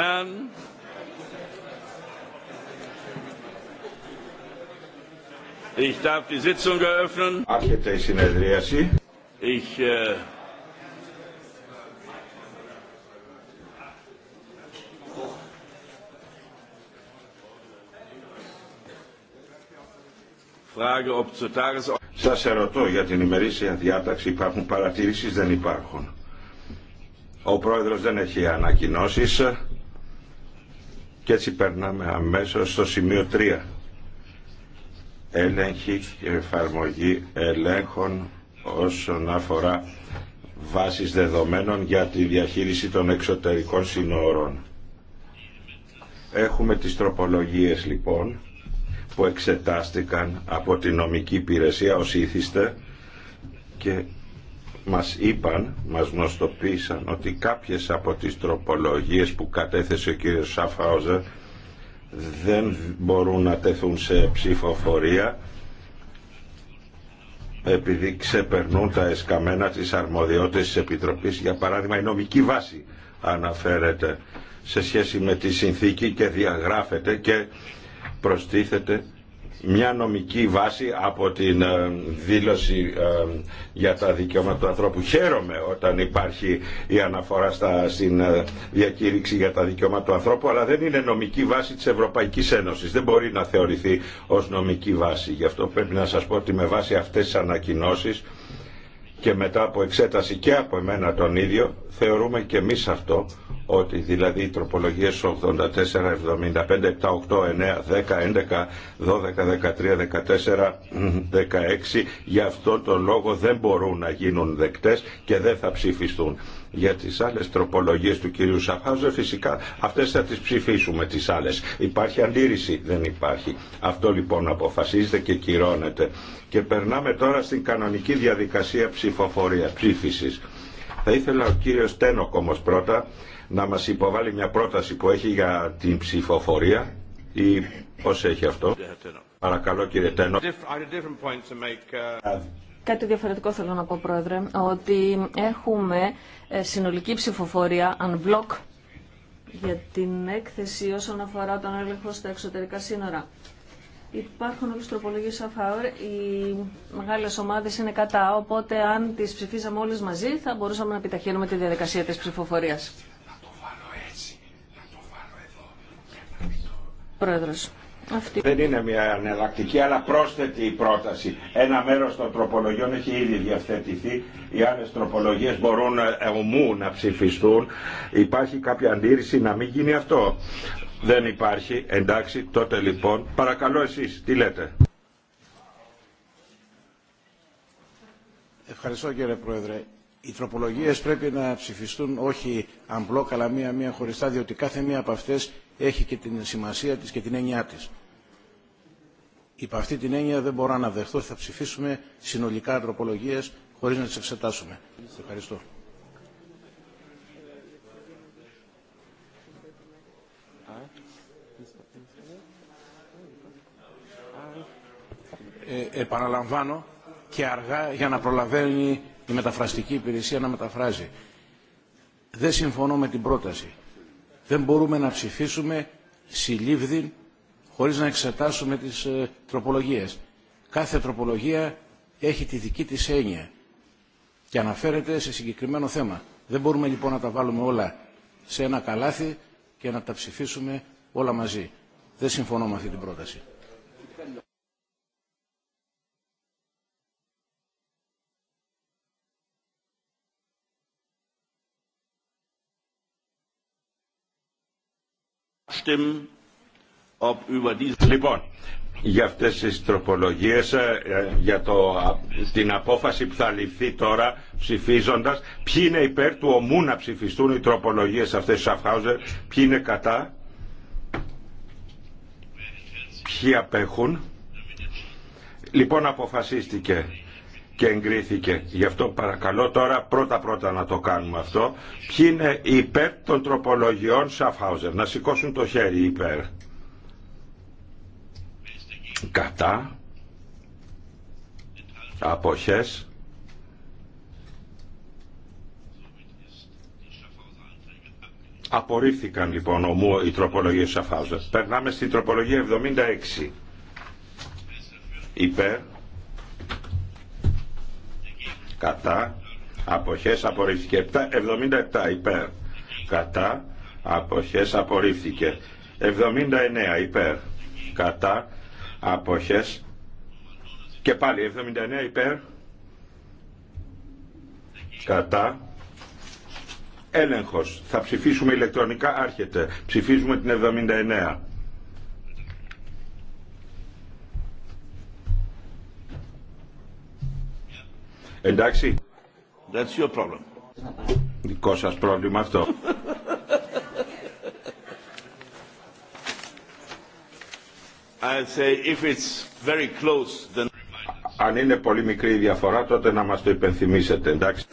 Um, ich darf die Sitzung eröffnen. Ich, uh, frage, ob zur Tagesordnung... Σα ερωτώ για την ημερήσια διάταξη υπάρχουν παρατηρήσει, δεν υπάρχουν. Ο πρόεδρο δεν έχει ανακοινώσει. Και έτσι περνάμε αμέσως στο σημείο 3. Έλεγχη και εφαρμογή ελέγχων όσον αφορά βάσεις δεδομένων για τη διαχείριση των εξωτερικών συνόρων. Έχουμε τις τροπολογίες λοιπόν που εξετάστηκαν από τη νομική υπηρεσία ως ήθιστε και μας είπαν, μας γνωστοποίησαν ότι κάποιες από τις τροπολογίες που κατέθεσε ο κύριος Σαφάουζερ δεν μπορούν να τεθούν σε ψηφοφορία επειδή ξεπερνούν τα εσκαμένα της αρμοδιότητας της Επιτροπής. Για παράδειγμα η νομική βάση αναφέρεται σε σχέση με τη συνθήκη και διαγράφεται και προστίθεται μια νομική βάση από την ε, δήλωση ε, για τα δικαιώματα του ανθρώπου. Χαίρομαι όταν υπάρχει η αναφορά στα, στην ε, διακήρυξη για τα δικαιώματα του ανθρώπου, αλλά δεν είναι νομική βάση της Ευρωπαϊκής Ένωσης. Δεν μπορεί να θεωρηθεί ως νομική βάση. Γι' αυτό πρέπει να σας πω ότι με βάση αυτές τις ανακοινώσεις και μετά από εξέταση και από εμένα τον ίδιο θεωρούμε και εμείς αυτό ότι δηλαδή οι τροπολογίες 84, 75, 7, 8, 9, 10, 11, 12, 13, 14, 16 για αυτό τον λόγο δεν μπορούν να γίνουν δεκτές και δεν θα ψηφιστούν. Για τις άλλες τροπολογίες του κυρίου Σαφάζο φυσικά αυτές θα τις ψηφίσουμε τις άλλες. Υπάρχει αντίρρηση, δεν υπάρχει. Αυτό λοιπόν αποφασίζεται και κυρώνεται. Και περνάμε τώρα στην κανονική διαδικασία ψηφοφορία, ψήφισης. Θα ήθελα ο κύριος Τένοκ όμως πρώτα να μας υποβάλει μια πρόταση που έχει για την ψηφοφορία ή πώς έχει αυτό. Παρακαλώ κύριε Τένοκ. Κάτι διαφορετικό θέλω να πω, Πρόεδρε, ότι έχουμε ε, συνολική ψηφοφορία, unblock, για την έκθεση όσον αφορά τον έλεγχο στα εξωτερικά σύνορα. Υπάρχουν όλες τροπολογίες αφαόρ, οι μεγάλες ομάδες είναι κατά, οπότε αν τις ψηφίσαμε όλες μαζί θα μπορούσαμε να επιταχύνουμε τη διαδικασία της ψηφοφορίας. Πρόεδρος. Δεν είναι μια ανελακτική, αλλά πρόσθετη η πρόταση. Ένα μέρος των τροπολογιών έχει ήδη διαθετηθεί. Οι άλλες τροπολογίες μπορούν ε, ομού να ψηφιστούν. Υπάρχει κάποια αντίρρηση να μην γίνει αυτό. Δεν υπάρχει. Εντάξει, τότε λοιπόν. Παρακαλώ εσείς, τι λέτε. Ευχαριστώ κύριε Πρόεδρε. Οι τροπολογίες πρέπει να ψηφιστούν όχι αλλά μία-μία χωριστά διότι κάθε μία από αυτές έχει και την σημασία της και την έννοιά της. Υπ' αυτή την έννοια δεν μπορώ να δεχτώ ότι θα ψηφίσουμε συνολικά αντροπολογίες χωρίς να τις εξετάσουμε. Ευχαριστώ. Ε, επαναλαμβάνω και αργά για να προλαβαίνει η μεταφραστική υπηρεσία να μεταφράζει. Δεν συμφωνώ με την πρόταση. Δεν μπορούμε να ψηφίσουμε συλλήβδιν χωρίς να εξετάσουμε τις ε, τροπολογίες. Κάθε τροπολογία έχει τη δική της έννοια και αναφέρεται σε συγκεκριμένο θέμα. Δεν μπορούμε λοιπόν να τα βάλουμε όλα σε ένα καλάθι και να τα ψηφίσουμε όλα μαζί. Δεν συμφωνώ με αυτή την πρόταση. Stimmen. Λοιπόν, για αυτές τις τροπολογίες, ε, για το, την απόφαση που θα ληφθεί τώρα ψηφίζοντας, ποιοι είναι υπέρ του ομού να ψηφιστούν οι τροπολογίες αυτές της Σαφχάουζερ, ποιοι είναι κατά, ποιοι απέχουν. Λοιπόν αποφασίστηκε και εγκρίθηκε. Γι' αυτό παρακαλώ τώρα πρώτα-πρώτα να το κάνουμε αυτό. Ποιοι είναι υπέρ των τροπολογιών Σαφχάουζερ, να σηκώσουν το χέρι υπέρ κατά αποχές Απορρίφθηκαν λοιπόν ομού οι τροπολογίε Σαφάουζερ. Περνάμε στην τροπολογία 76. Υπέρ. Κατά. Αποχές απορρίφθηκε. 77 υπέρ. Κατά. Αποχές απορρίφθηκε. 79 υπέρ. Κατά αποχές και πάλι 79 υπέρ κατά έλεγχος θα ψηφίσουμε ηλεκτρονικά άρχεται ψηφίζουμε την 79 Εντάξει. That's your problem. Δικό σας πρόβλημα αυτό. Αν είναι πολύ μικρή η διαφορά, τότε να μας το υπενθυμίσετε, εντάξει.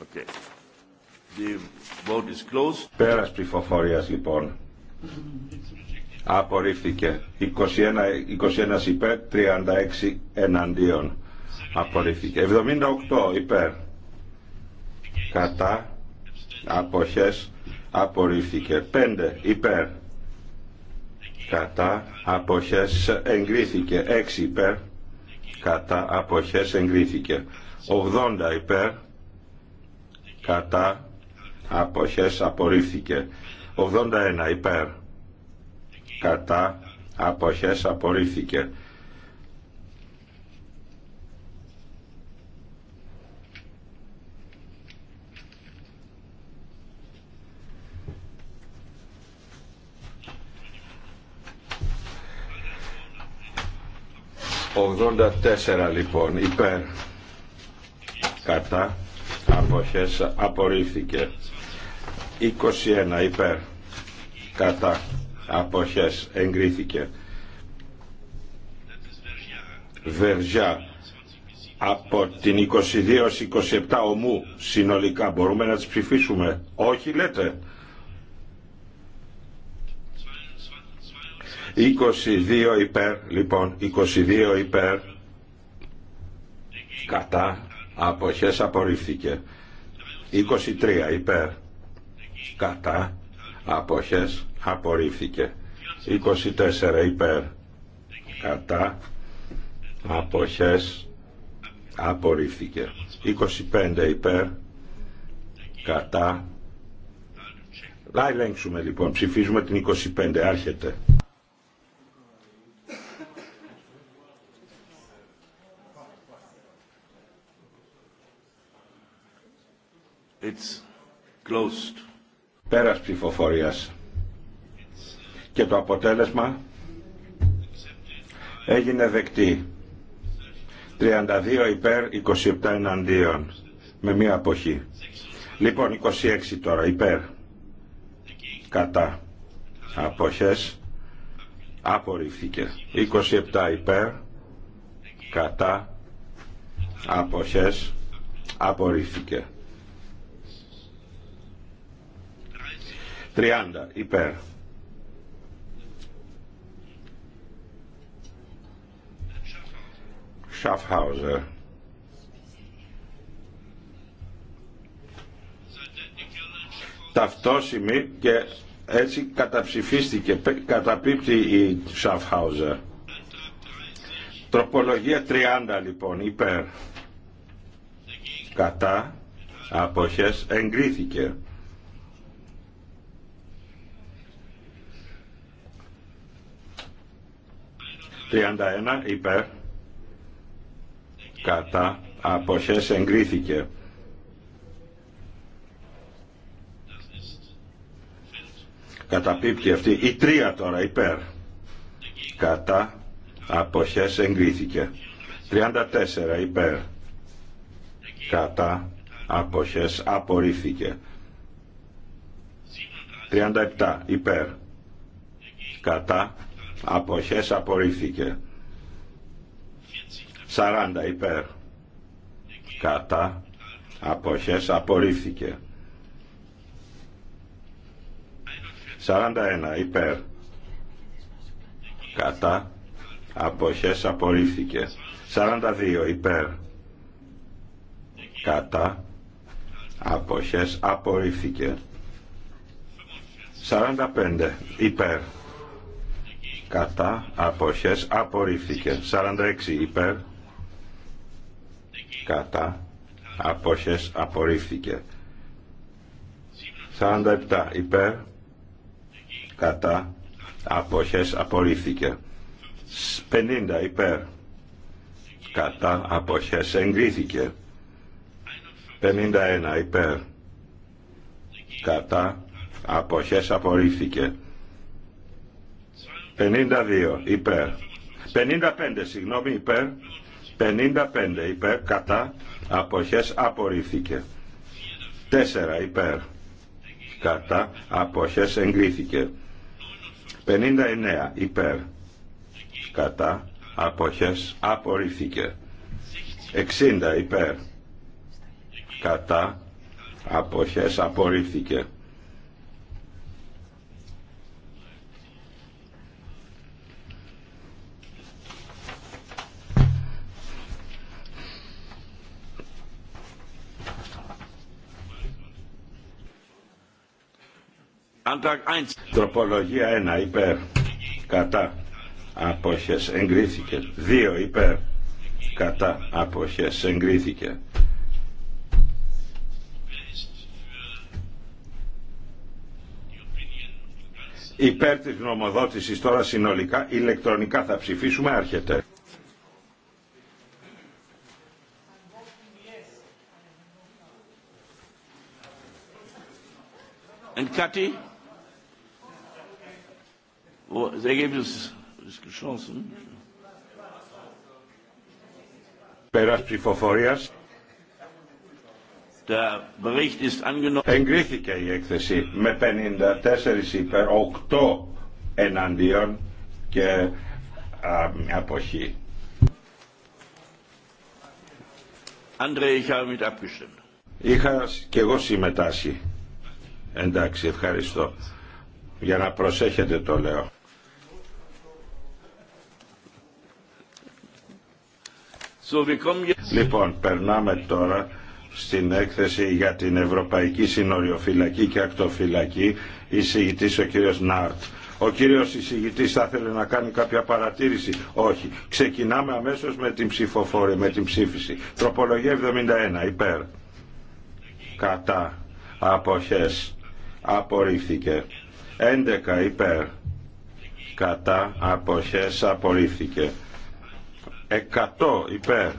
Okay. The vote is closed. Πέρας ψηφοφορίας, λοιπόν. Απορρίφθηκε. 21, 21 υπέρ, 36 εναντίον. Απορρίφθηκε. 78 υπέρ. Κατά. Αποχές. Απορρίφθηκε. 5 υπέρ κατά αποχές εγκρίθηκε 6 υπέρ κατά αποχές εγκρίθηκε 80 υπέρ κατά αποχές απορρίφθηκε 81 υπέρ κατά αποχές απορρίφθηκε 84 λοιπόν υπέρ κατά αποχές απορρίφθηκε 21 υπέρ κατά αποχές εγκρίθηκε Βεργιά από την 22 27 ομού συνολικά μπορούμε να τις ψηφίσουμε όχι λέτε 22 υπέρ, λοιπόν, 22 υπέρ, κατά, αποχές απορρίφθηκε. 23 υπέρ, κατά, αποχές απορρίφθηκε. 24 υπέρ, κατά, αποχές απορρίφθηκε. 25 υπέρ, κατά, να ελέγξουμε λοιπόν, ψηφίζουμε την 25, άρχεται. It's closed. Πέρας ψηφοφορίας. Και το αποτέλεσμα έγινε δεκτή. 32 υπέρ, 27 εναντίον. Με μία αποχή. Λοιπόν, 26 τώρα υπέρ. Κατά. Αποχές. Απορρίφθηκε. 27 υπέρ. Κατά. Αποχές. Απορρίφθηκε. 30 υπέρ. Schaffhauser. Ταυτόσημη και έτσι καταψηφίστηκε, καταπίπτει η Schaffhauser. Τροπολογία 30 λοιπόν, υπέρ. Κατά, αποχές, εγκρίθηκε. 31 υπέρ κατά αποχές εγκρίθηκε. Καταπίπτει αυτή η 3 τώρα υπέρ κατά αποχές εγκρίθηκε. 34 υπέρ κατά αποχές απορρίφθηκε. 37 υπέρ κατά αποχές απορρίφθηκε 40 υπέρ κατά αποχές απορρίφθηκε 41 υπέρ κατά αποχές απορρίφθηκε 42 υπέρ κατά αποχές απορρίφθηκε 45 υπέρ κατά αποχές απορρίφθηκε 46 υπέρ κατά αποχές απορρίφθηκε 47 υπέρ κατά αποχές απορρίφθηκε 50 υπέρ κατά αποχές εγκρίθηκε 51 υπέρ κατά αποχές απορρίφθηκε 52 υπέρ. 55 συγγνώμη υπέρ. 55 υπέρ κατά αποχές απορρίφθηκε. 4 υπέρ κατά αποχές εγκρίθηκε. 59 υπέρ κατά αποχές απορρίφθηκε. 60 υπέρ κατά αποχές απορρίφθηκε. Τροπολογία 1 υπέρ. Κατά. Αποχές εγκρίθηκε. 2 υπέρ. Κατά. Αποχές εγκρίθηκε. Υπέρ της γνωμοδότησης τώρα συνολικά ηλεκτρονικά θα ψηφίσουμε άρχεται. And Das hmm? Ergebnis ist Εγκρίθηκε η έκθεση με 54 υπέρ, 8 εναντίον και α, αποχή. Είχα και εγώ συμμετάσχει. Εντάξει, ευχαριστώ. Για να προσέχετε το λέω. Λοιπόν, περνάμε τώρα στην έκθεση για την Ευρωπαϊκή Συνοριοφυλακή και Ακτοφυλακή, εισηγητή ο κύριος Νάρτ. Ο κύριος εισηγητή θα ήθελε να κάνει κάποια παρατήρηση. Όχι. Ξεκινάμε αμέσως με την ψηφοφόρη, με την ψήφιση. Τροπολογία 71, υπέρ. Κατά. απόχέ. Απορρίφθηκε. 11, υπέρ. Κατά. Αποχές. Απορρίφθηκε. 100 υπέρ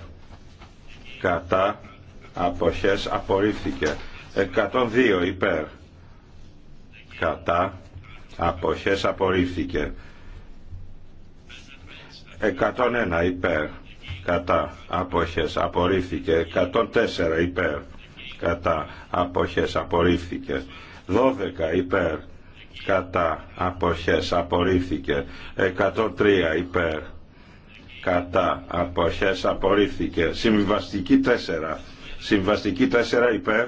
κατά αποχές απορρίφθηκε 102 υπέρ κατά αποχές απορρίφθηκε 101 υπέρ κατά αποχές απορρίφθηκε 104 υπέρ κατά αποχές απορρίφθηκε 12 υπέρ κατά αποχές απορρίφθηκε 103 υπέρ κατά αποχές απορρίφθηκε συμβιβαστική 4 συμβαστική 4 υπέρ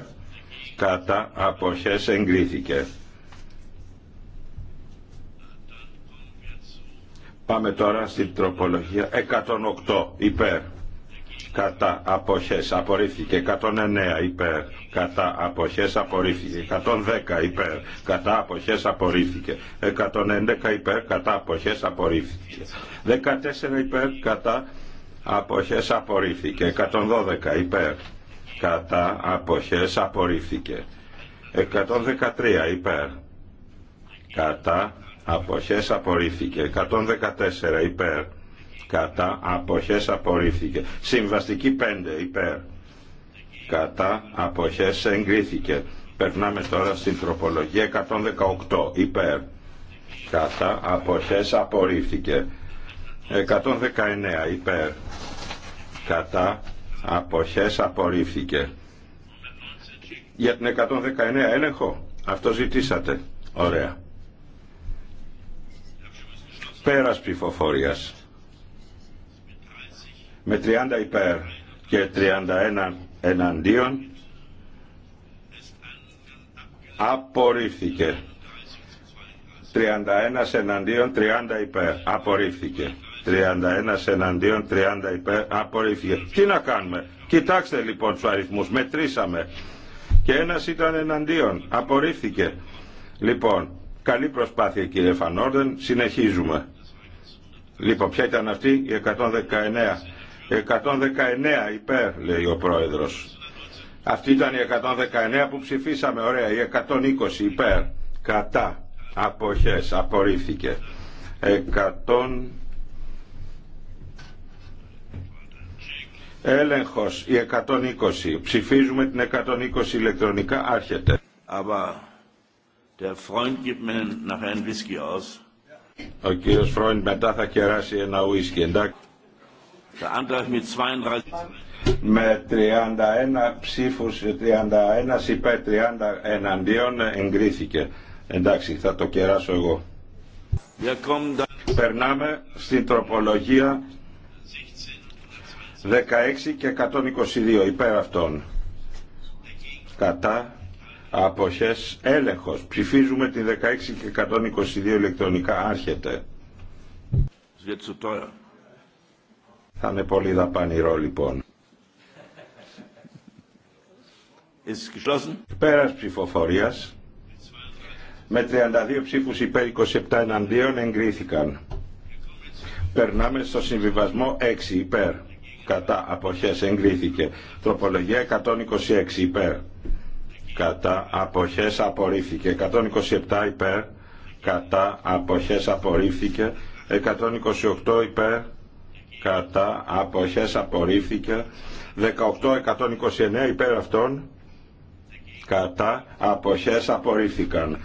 κατά αποχές εγκρίθηκε πάμε τώρα στην τροπολογία 108 υπέρ κατά αποχές απορρίφθηκε 109 υπέρ κατά αποχές απορρίφθηκε 110 υπέρ κατά αποχές απορρίφθηκε 111 υπέρ κατά αποχές απορρίφθηκε 14 υπέρ κατά αποχές απορρίφθηκε 112 υπέρ κατά αποχές απορρίφθηκε 113 υπέρ κατά αποχές απορρίφθηκε 114 υπέρ κατά αποχές απορρίφθηκε. Συμβαστική 5 υπέρ κατά αποχές εγκρίθηκε. Περνάμε τώρα στην τροπολογία 118 υπέρ κατά αποχές απορρίφθηκε. 119 υπέρ κατά αποχές απορρίφθηκε. Για την 119 έλεγχο. Αυτό ζητήσατε. Ωραία. Πέρας ψηφοφορίας με 30 υπέρ και 31 εναντίον απορρίφθηκε 31 εναντίον 30 υπέρ απορρίφθηκε 31 εναντίον 30 υπέρ απορρίφθηκε τι να κάνουμε κοιτάξτε λοιπόν τους αριθμούς μετρήσαμε και ένας ήταν εναντίον απορρίφθηκε λοιπόν καλή προσπάθεια κύριε Φανόρδεν συνεχίζουμε Λοιπόν, ποια ήταν αυτή η 119 119 υπέρ, λέει ο πρόεδρος. Αυτή ήταν η 119 που ψηφίσαμε, ωραία, η 120 υπέρ, κατά, αποχές, απορρίφθηκε. 100... Έλεγχος, η 120. Ψηφίζουμε την 120 ηλεκτρονικά, άρχεται. Αλλά, der Freund gibt mir ein Whisky aus. Ο κύριος Φρόιντ μετά θα κεράσει ένα ουίσκι, εντάξει. Με 31 ψήφους, 31 υπέρ, 30 εναντίον εγκρίθηκε. Εντάξει, θα το κεράσω εγώ. Περνάμε στην τροπολογία 16 και 122 υπέρ αυτών. Κατά αποχές έλεγχος. Ψηφίζουμε την 16 και 122 ηλεκτρονικά. Άρχεται. Θα είναι πολύ δαπανηρό λοιπόν. Πέρα ψηφοφορία με 32 ψήφου υπέρ 27 εναντίον εγκρίθηκαν. Περνάμε στο συμβιβασμό 6 υπέρ. Κατά αποχές εγκρίθηκε. Τροπολογία 126 υπέρ. Κατά αποχές απορρίφθηκε. 127 υπέρ. Κατά αποχές απορρίφθηκε. 128 υπέρ κατά αποχές απορρίφθηκε 18-129 υπέρ αυτών κατά αποχές απορρίφθηκαν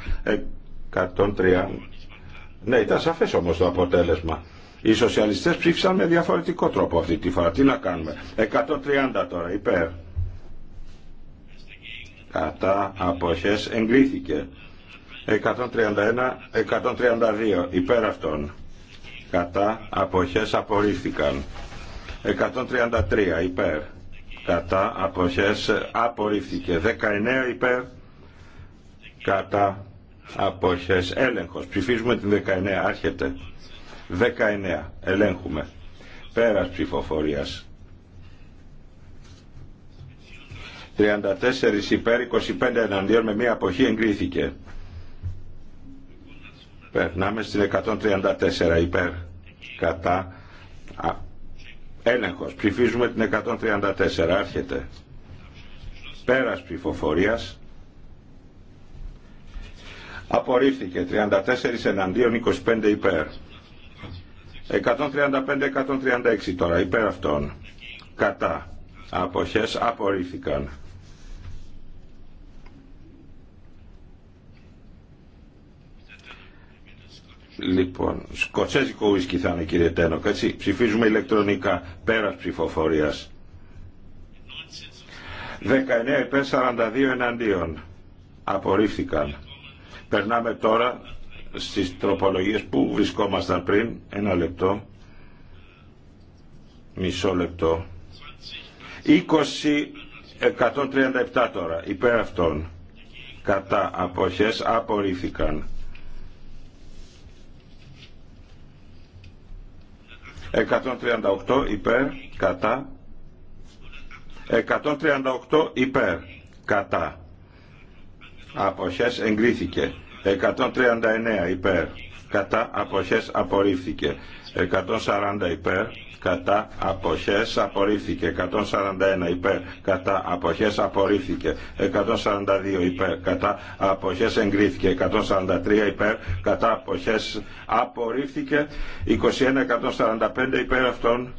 130 ναι ήταν σαφές όμως το αποτέλεσμα οι σοσιαλιστές ψήφισαν με διαφορετικό τρόπο αυτή τη φορά τι να κάνουμε 130 τώρα υπέρ κατά αποχές εγκρίθηκε 131-132 υπέρ αυτών κατά αποχές απορρίφθηκαν 133 υπέρ κατά αποχές απορρίφθηκε 19 υπέρ κατά αποχές έλεγχος ψηφίζουμε την 19 άρχεται 19 ελέγχουμε πέρας ψηφοφορίας 34 υπέρ 25 εναντίον με μία αποχή εγκρίθηκε Περνάμε στην 134 υπέρ κατά έλεγχος. Ψηφίζουμε την 134. Άρχεται. Πέρας ψηφοφορίας. Απορρίφθηκε 34 εναντίον 25 υπέρ. 135-136 τώρα υπέρ αυτών. Κατά. Αποχές απορρίφθηκαν. Λοιπόν, σκοτσέζικο ουίσκι θα είναι κύριε Τένο, έτσι. Ψηφίζουμε ηλεκτρονικά, πέρας ψηφοφορίας. 19 υπέρ 42 εναντίον. Απορρίφθηκαν. Περνάμε τώρα στις τροπολογίες που βρισκόμασταν πριν. Ένα λεπτό. Μισό λεπτό. 20, 137 τώρα. Υπέρ αυτών. Κατά αποχές απορρίφθηκαν. 138 υπέρ, κατά. 138 υπέρ, κατά. Αποχές εγκρίθηκε. 139 υπέρ, κατά. Αποχές απορρίφθηκε. 140 υπέρ, κατά αποχές απορρίφθηκε 141 υπέρ κατά αποχές απορρίφθηκε 142 υπέρ κατά αποχές εγκρίθηκε 143 υπέρ κατά αποχές απορρίφθηκε 21 145 υπέρ αυτών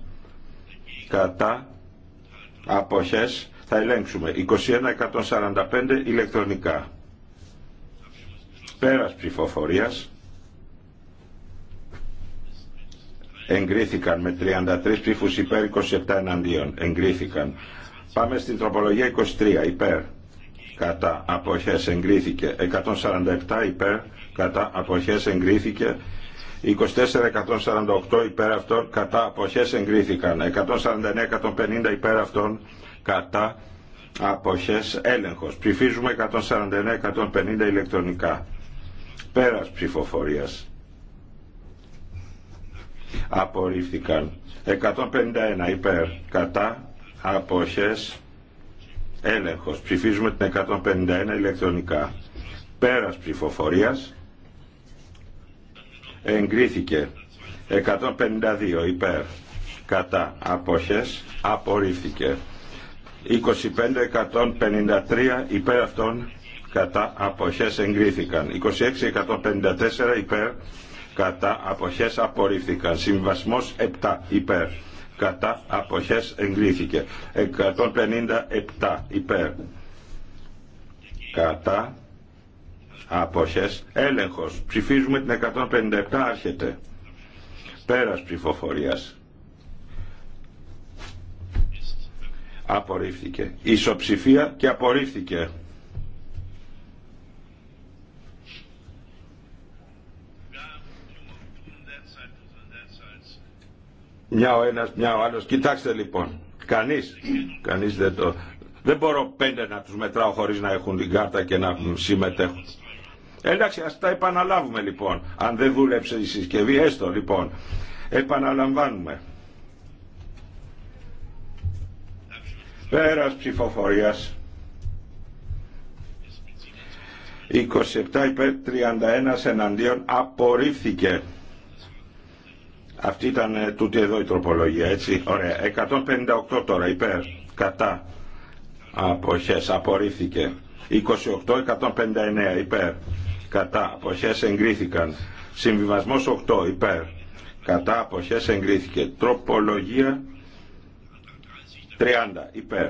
κατά αποχές θα ελέγξουμε 21 145 ηλεκτρονικά πέρας ψηφοφορίας εγκρίθηκαν με 33 ψήφου υπέρ 27 εναντίον. Εγκρίθηκαν. Πάμε στην τροπολογία 23 υπέρ. Κατά αποχές εγκρίθηκε 147 υπέρ. Κατά αποχές εγκρίθηκε 24-148 υπέρ αυτών. Κατά αποχές εγκρίθηκαν 149-150 υπέρ αυτών. Κατά αποχές έλεγχος. Ψηφίζουμε 149-150 ηλεκτρονικά. Πέρας ψηφοφορίας απορρίφθηκαν 151 υπέρ κατά αποχές έλεγχος ψηφίζουμε την 151 ηλεκτρονικά πέρας ψηφοφορίας εγκρίθηκε 152 υπέρ κατά αποχές 25153 υπέρ αυτών κατά αποχές 26154 υπέρ κατά αποχές απορρίφθηκαν. Συμβασμός 7 υπέρ κατά αποχές εγκρίθηκε. 157 υπέρ κατά αποχές έλεγχος. Ψηφίζουμε την 157 άρχεται. Πέρας ψηφοφορίας. Απορρίφθηκε. Ισοψηφία και απορρίφθηκε. Μια ο ένας, μια ο άλλος. Κοιτάξτε λοιπόν. Κανείς, κανείς δεν το... Δεν μπορώ πέντε να τους μετράω χωρίς να έχουν την κάρτα και να συμμετέχουν. Εντάξει, ας τα επαναλάβουμε λοιπόν. Αν δεν δούλεψε η συσκευή, έστω λοιπόν. Επαναλαμβάνουμε. Πέρας ψηφοφορίας. 27 υπέρ 31 εναντίον απορρίφθηκε. Αυτή ήταν ε, τούτη εδώ η τροπολογία, έτσι. Ωραία. 158 τώρα υπέρ, κατά, αποχές, απορρίφθηκε. 28, 159 υπέρ, κατά, αποχές εγκρίθηκαν. Συμβιβασμός 8 υπέρ, κατά, αποχές εγκρίθηκε. Τροπολογία 30 υπέρ,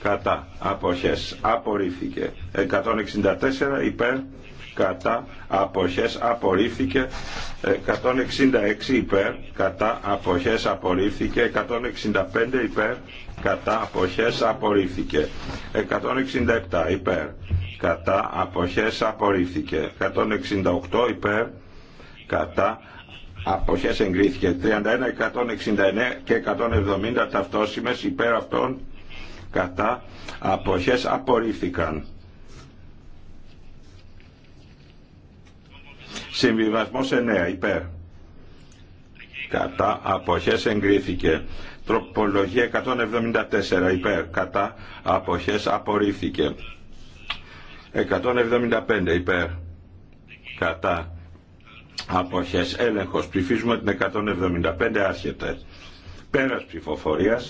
κατά, αποχές, απορρίφθηκε. 164 υπέρ, κατά αποχές απορρίφθηκε 166 υπέρ κατά αποχές απορρίφθηκε 165 υπέρ κατά αποχές απορρίφθηκε 167 υπέρ κατά αποχές απορρίφθηκε 168 υπέρ κατά αποχές εγκρίθηκε 31, 169 και 170 ταυτόσημες υπέρ αυτών κατά αποχές απορρίφθηκαν Συμβιβασμός 9 υπέρ. Κατά αποχέ εγκρίθηκε. Τροπολογία 174 υπέρ. Κατά απόχέ απορρίφθηκε. 175 υπέρ. Κατά αποχές έλεγχος. Ψηφίζουμε την 175 άρχεται. Πέρας ψηφοφορία.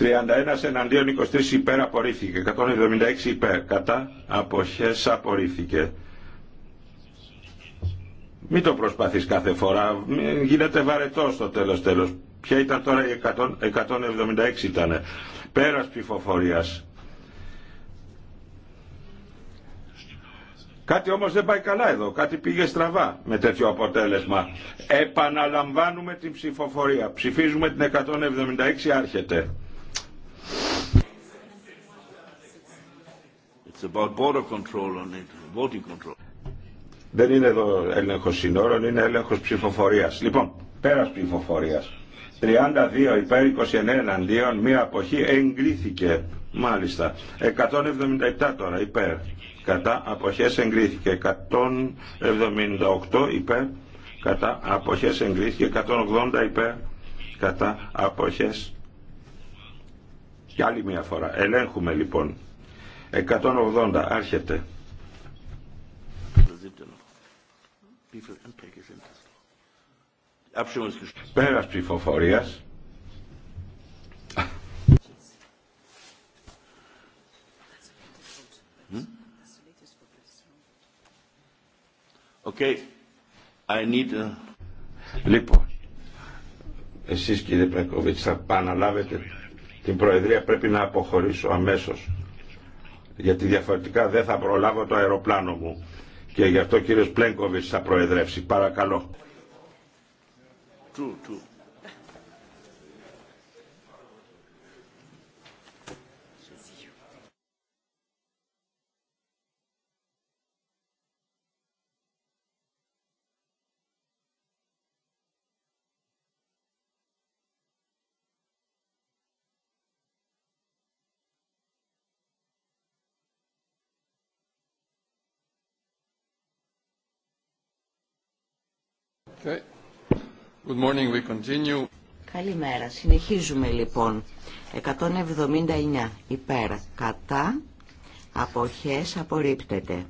31 εναντίον 23 υπέρ απορρίφθηκε. 176 υπέρ. Κατά αποχές απορρίφθηκε. Μην το προσπαθείς κάθε φορά. Γίνεται βαρετό στο τέλος τέλος. Ποια ήταν τώρα η 176 ήταν. Πέρας ψηφοφορίας. Κάτι όμως δεν πάει καλά εδώ. Κάτι πήγε στραβά με τέτοιο αποτέλεσμα. Επαναλαμβάνουμε την ψηφοφορία. Ψηφίζουμε την 176 άρχεται. Δεν είναι εδώ έλεγχος συνόρων, είναι έλεγχος ψηφοφορίας. Λοιπόν, πέρας ψηφοφορίας. 32 υπέρ 29 εναντίον, μία αποχή εγκρίθηκε. Μάλιστα. 177 τώρα υπέρ. Κατά αποχές εγκρίθηκε. 178 υπέρ. Κατά αποχές εγκρίθηκε. 180 υπέρ. Κατά αποχές. Και άλλη μία φορά. Ελέγχουμε λοιπόν. 180 άρχεται. Πέρας ψηφοφορίας. Okay. I need a... Uh, λοιπόν, εσείς κύριε Πρεκοβίτς θα παναλάβετε την Προεδρία πρέπει να αποχωρήσω αμέσως γιατί διαφορετικά δεν θα προλάβω το αεροπλάνο μου. Και γι' αυτό ο κύριος Πλέγκοβιτς θα προεδρεύσει. Παρακαλώ. True, Καλημέρα. Συνεχίζουμε λοιπόν. 179 υπέρ κατά αποχές απορρίπτεται.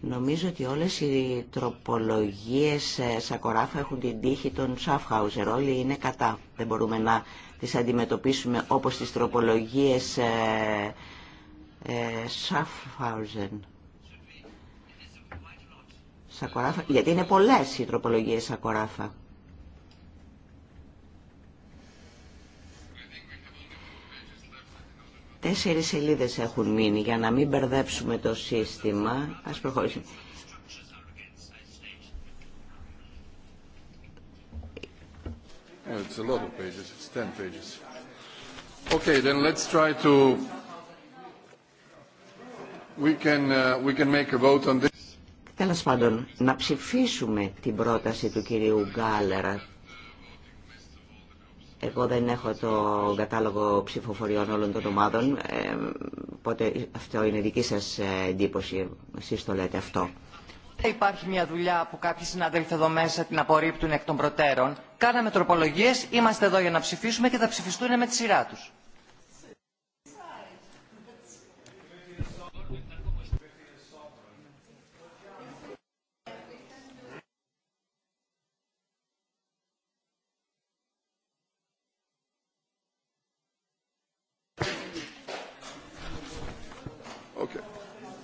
Νομίζω ότι όλες οι τροπολογίες ε, Σακοράφα έχουν την τύχη των Σαφχάουζερ. Όλοι είναι κατά. Δεν μπορούμε να τις αντιμετωπίσουμε όπως τις τροπολογίες ε, ε, Σαφχάουζεν. Σακοράφα. Γιατί είναι πολλές οι τροπολογίες Σακοράφα. Τέσσερις σελίδες έχουν μείνει για να μην μπερδέψουμε το σύστημα. Ας προχωρήσουμε. it's a lot of pages. It's pages. Okay, then let's try to Uh, Τέλο πάντων, να ψηφίσουμε την πρόταση του κυρίου Γκάλερα. Εγώ δεν έχω το κατάλογο ψηφοφοριών όλων των ομάδων, ε, οπότε αυτό είναι δική σας ε, εντύπωση, εσείς το λέτε αυτό. Υπάρχει μια δουλειά που κάποιοι συνάδελφοι εδώ μέσα την απορρίπτουν εκ των προτέρων. Κάναμε τροπολογίες, είμαστε εδώ για να ψηφίσουμε και θα ψηφιστούν με τη σειρά τους.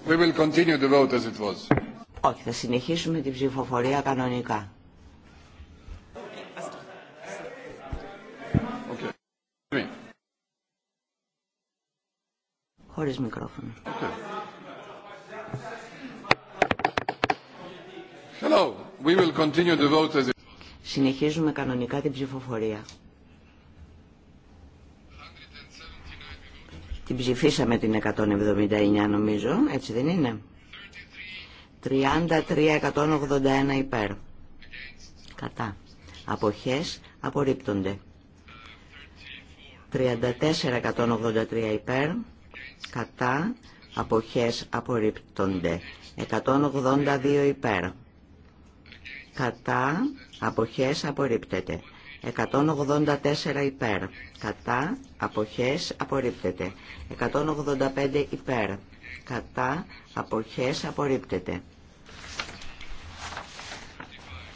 We will continue the vote as it was. Όχι, θα συνεχίσουμε την ψηφοφορία κανονικά. Okay. Χωρίς μικρόφωνο. Okay. Hello. We will continue the vote as it... Συνεχίζουμε κανονικά την ψηφοφορία. Την ψηφίσαμε την 179 νομίζω, έτσι δεν είναι. 33-181 υπέρ. Κατά. Αποχές απορρίπτονται. 34-183 υπέρ. Κατά. Αποχές απορρίπτονται. 182 υπέρ. Κατά. Αποχές απορρίπτεται. 184 υπέρ. Κατά αποχές απορρίπτεται. 185 υπέρ. Κατά αποχές απορρίπτεται.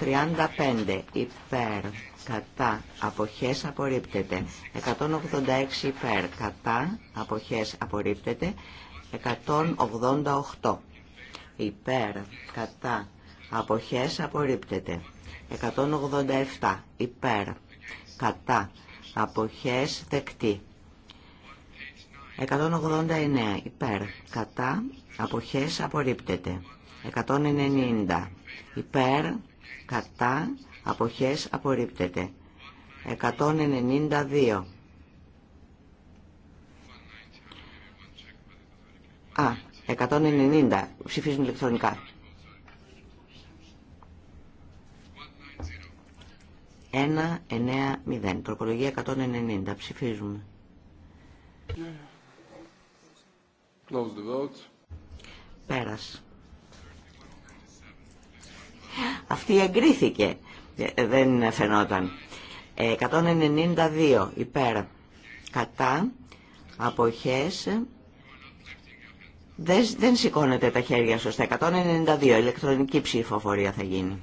35 υπέρ. Κατά αποχές απορρίπτεται. 186 υπέρ. Κατά αποχές απορρίπτεται. 188 υπέρ. Κατά αποχές απορρίπτεται. 187 υπέρ κατά αποχές δεκτή 189 υπέρ κατά αποχές απορρίπτεται 190 υπέρ κατά αποχές απορρίπτεται 192 Α, 190 ψηφίζουν ηλεκτρονικά 1, 9, 0. Τροπολογία 190. Ψηφίζουμε. Close the vote. Πέρας. Αυτή εγκρίθηκε. Ε, δεν φαινόταν. 192 υπέρ. Κατά. Αποχές. Δεν, δεν σηκώνετε τα χέρια σωστά. 192. Ηλεκτρονική ψηφοφορία θα γίνει.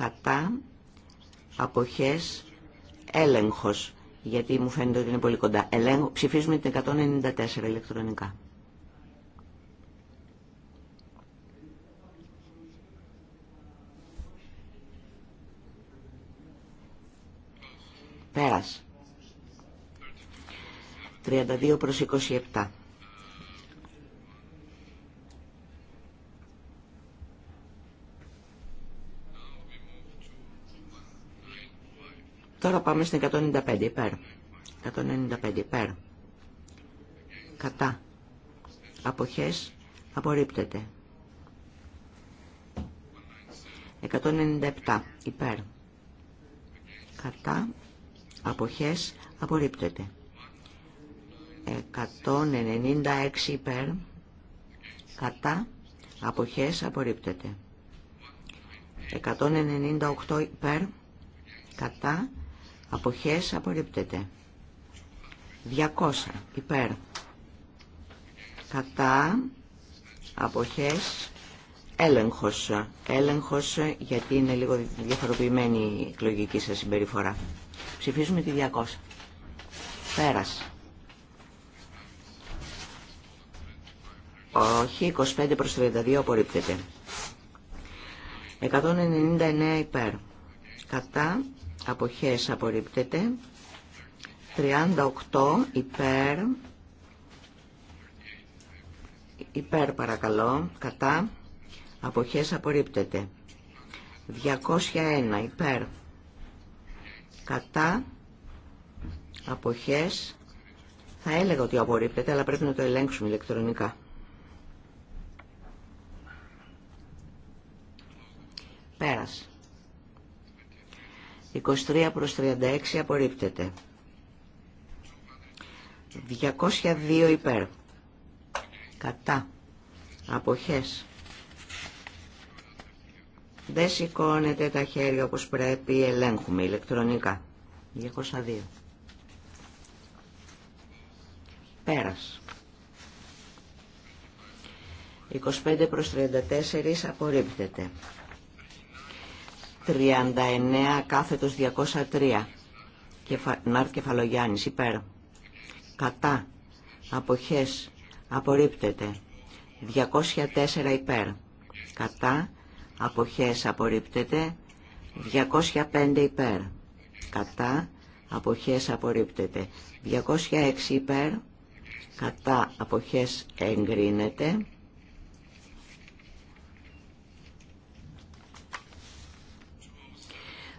κατά αποχές έλεγχος γιατί μου φαίνεται ότι είναι πολύ κοντά Ελέγχο, ψηφίζουμε την 194 ηλεκτρονικά πέρας 32 προς 27 Τώρα πάμε στην 195 υπέρ. 195 υπέρ. Κατά. Αποχές απορρίπτεται. 197 υπέρ. Κατά. Αποχές απορρίπτεται. 196 υπέρ. Κατά. Αποχές απορρίπτεται. 198 υπέρ. Κατά Αποχές απορρίπτεται. 200 υπέρ. Κατά αποχές έλεγχος. Έλεγχος γιατί είναι λίγο διαφοροποιημένη η εκλογική σας συμπεριφορά. Ψηφίζουμε τη 200. Πέρας. Όχι, 25 προς 32 απορρίπτεται. 199 υπέρ. Κατά αποχές απορρίπτεται 38 υπέρ υπέρ παρακαλώ κατά αποχές απορρίπτεται 201 υπέρ κατά αποχές θα έλεγα ότι απορρίπτεται αλλά πρέπει να το ελέγξουμε ηλεκτρονικά πέρας 23 προς 36 απορρίπτεται. 202 υπέρ. Κατά. Αποχές. Δεν σηκώνεται τα χέρια όπως πρέπει, ελέγχουμε ηλεκτρονικά. 202. Πέρας. 25 προς 34 απορρίπτεται. 39 κάθετος 203. Νάρτ Κεφαλογιάννης υπέρ. Κατά. Αποχές. Απορρίπτεται. 204 υπέρ. Κατά. Αποχές. Απορρίπτεται. 205 υπέρ. Κατά. Αποχές. Απορρίπτεται. 206 υπέρ. Κατά. Αποχές. Εγκρίνεται.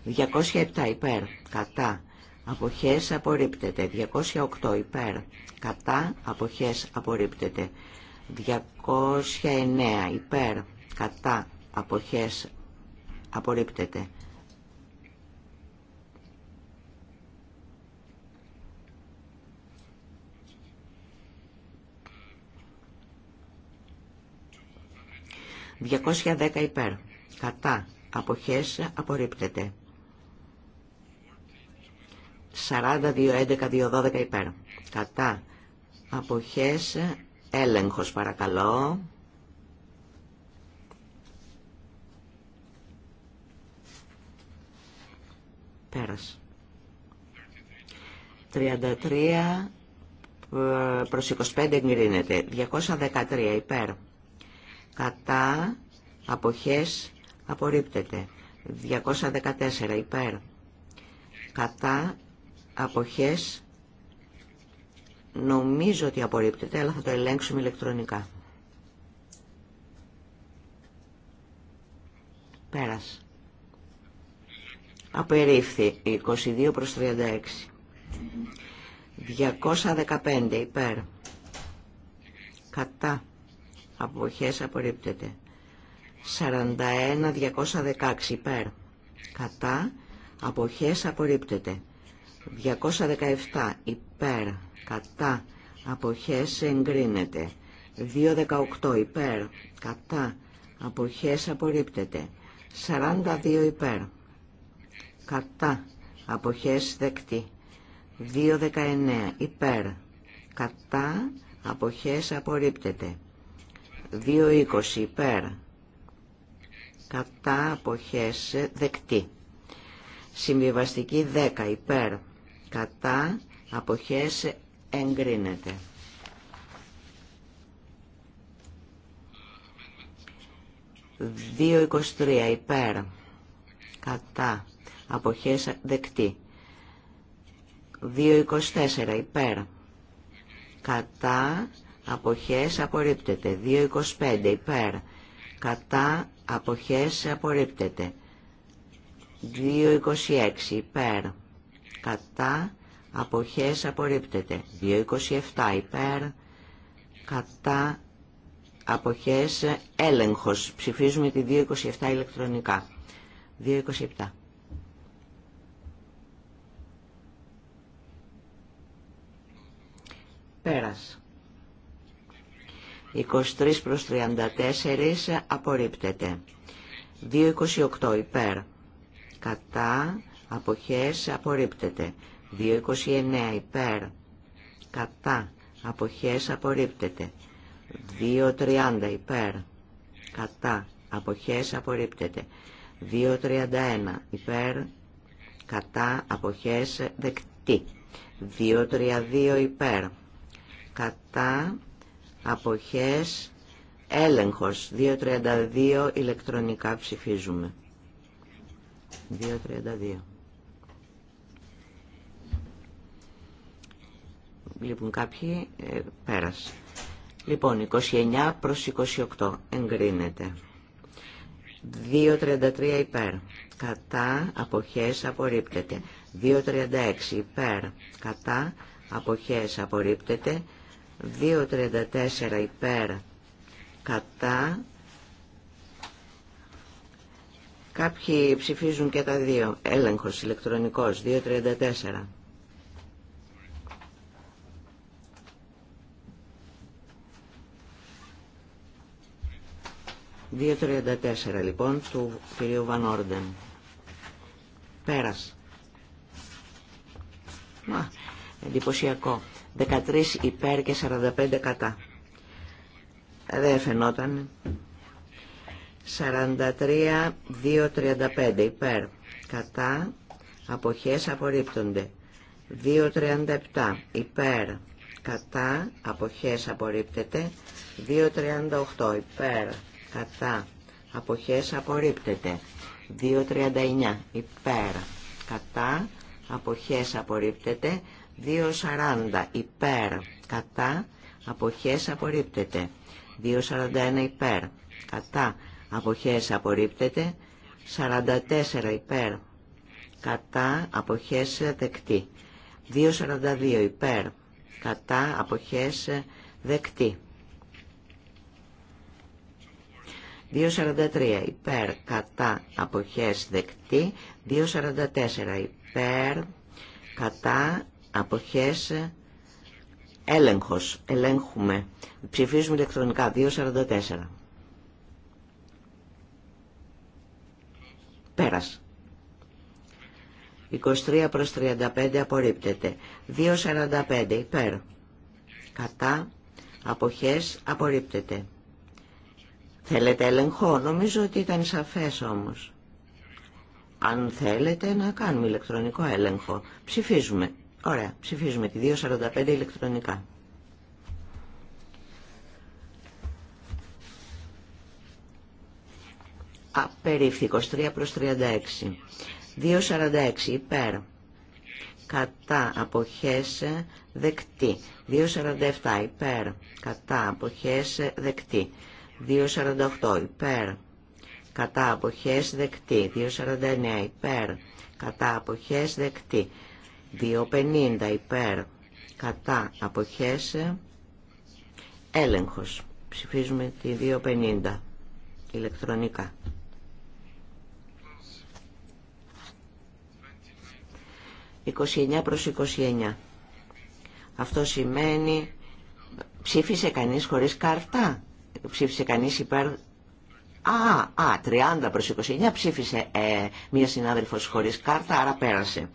207 υπέρ, κατά, αποχές απορρίπτεται. 208 υπέρ, κατά, αποχές απορρίπτεται. 209 υπέρ, κατά, αποχές απορρίπτεται. 210 υπέρ. Κατά. Αποχές απορρίπτεται. 42-11-212 2 πέρα. Κατά. Αποχές. Έλεγχος παρακαλώ. Πέρας. 33 ε, προς 25 εγκρίνεται. 213 υπέρ. Κατά. Αποχές. Απορρίπτεται. 214 υπέρ. Κατά αποχές νομίζω ότι απορρίπτεται αλλά θα το ελέγξουμε ηλεκτρονικά πέρας απερίφθη 22 προς 36 215 υπέρ κατά αποχές απορρίπτεται 41 216 υπέρ κατά αποχές απορρίπτεται 217 υπέρ κατά αποχές εγκρίνεται 218 υπέρ κατά αποχές απορρίπτεται 42 υπέρ κατά αποχές δεκτή 219 υπέρ κατά αποχές απορρίπτεται 220 υπέρ κατά αποχές δεκτή συμβιβαστική 10 υπέρ κατά αποχές εγκρίνεται. 2.23 υπέρ κατά αποχές δεκτεί 2.24 υπέρ κατά αποχές απορρίπτεται 2.25 υπέρ κατά αποχές απορρίπτεται 2.26 υπέρ κατά αποχές απορρίπτεται 227 υπέρ κατά αποχές έλεγχος ψηφίζουμε τη 227 ηλεκτρονικά 227 Πέρας. 23 προς 34 απορρίπτεται. 2.28 υπέρ. Κατά αποχές απορρίπτεται. 2.29 υπέρ κατά αποχές απορρίπτεται. 2.30 υπέρ κατά αποχές απορρίπτεται. 2.31 υπέρ κατά αποχές δεκτή. 2.32 υπέρ κατά αποχές έλεγχος. 2.32 ηλεκτρονικά ψηφίζουμε. 2.32 Λείπουν κάποιοι. Ε, πέρας. Λοιπόν, 29 προς 28. Εγκρίνεται. 2.33 υπέρ. Κατά αποχές απορρίπτεται. 2.36 υπέρ. Κατά αποχές απορρίπτεται. 2.34 υπέρ. Κατά. Κάποιοι ψηφίζουν και τα δύο. Έλεγχος ηλεκτρονικός. 2.34. 2.34 λοιπόν του κυρίου Βαν Όρντεν. Πέρας. Μα, εντυπωσιακό. 13 υπέρ και 45 κατά. Δεν φαινόταν. 43, 2.35 υπέρ. Κατά. Αποχές απορρίπτονται. 2.37 υπέρ. Κατά. Αποχές απορρίπτεται. 2.38 υπέρ κατά αποχές απορρίπτεται 2.39 υπέρ κατά αποχές απορρίπτεται 2.40 υπέρ κατά αποχές απορρίπτεται 2.41 υπέρ κατά αποχές απορρίπτεται 44 υπέρ κατά αποχές δεκτή 2.42 υπέρ κατά αποχές δεκτή 2.43 υπέρ κατά αποχές δεκτή. 2.44 υπέρ κατά αποχές έλεγχος. Ελέγχουμε. Ψηφίζουμε ηλεκτρονικά. 2.44. Πέρας. 23 προς 35 απορρίπτεται. 2.45 υπέρ. Κατά αποχές απορρίπτεται. Θέλετε έλεγχο, νομίζω ότι ήταν σαφές όμως. Αν θέλετε να κάνουμε ηλεκτρονικό έλεγχο. Ψηφίζουμε. Ωραία, ψηφίζουμε τη 245 ηλεκτρονικά. Απερίφθη 23 προς 36. 2.46 υπέρ. Κατά αποχέσε, δεκτή. 2.47 υπέρ. Κατά αποχέσε, δεκτή. 2.48 υπέρ κατά αποχές δεκτή 2.49 υπέρ κατά αποχές δεκτή 2.50 υπέρ κατά αποχές έλεγχος ψηφίζουμε τη 2.50 ηλεκτρονικά 29 προς 29 αυτό σημαίνει ψήφισε κανείς χωρίς κάρτα ψήφισε κανείς υπέρ... Α, α, 30 προς 29 ψήφισε ε, μία συνάδελφος χωρίς κάρτα, άρα πέρασε.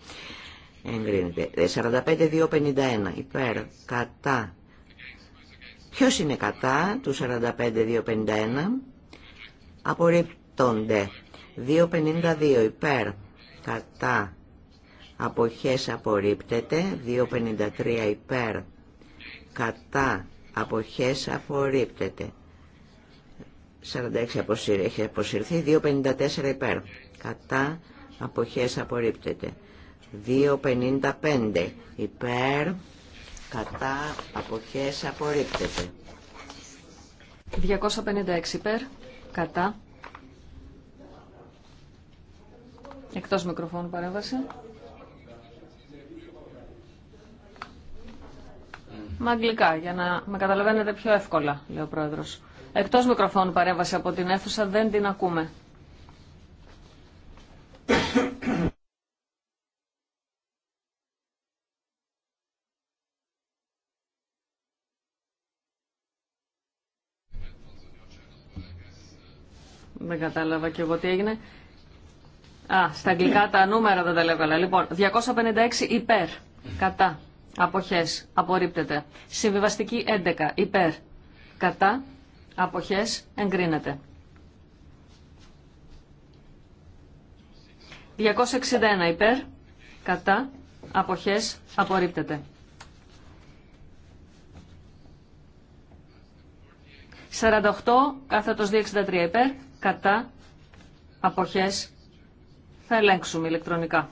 Εγκρίνεται. 45-251 ε, υπέρ, κατά. Ποιος είναι κατά του 45-251? Απορρίπτονται. 252 υπέρ, κατά. Αποχές απορρίπτεται. 253 υπέρ, κατά. Αποχές απορρίπτεται. 46 έχει αποσυρθεί. 2.54 υπέρ. Κατά αποχές απορρίπτεται. 2.55 υπέρ. Κατά αποχές απορρίπτεται. 256 υπέρ. Κατά. Εκτός μικροφώνου παρέμβαση. Με αγγλικά, για να με καταλαβαίνετε πιο εύκολα, λέει ο πρόεδρος. Εκτός μικροφώνου παρέμβαση από την αίθουσα, δεν την ακούμε. Δεν κατάλαβα και εγώ τι έγινε. Α, στα αγγλικά τα νούμερα δεν τα λέω καλά. Λοιπόν, 256 υπέρ, κατά, αποχές, απορρίπτεται. Συμβιβαστική 11 υπέρ, κατά, Αποχές εγκρίνεται. 261 υπέρ, κατά, αποχές απορρίπτεται. 48 κάθετος 263 υπέρ, κατά, αποχές θα ελέγξουμε ηλεκτρονικά.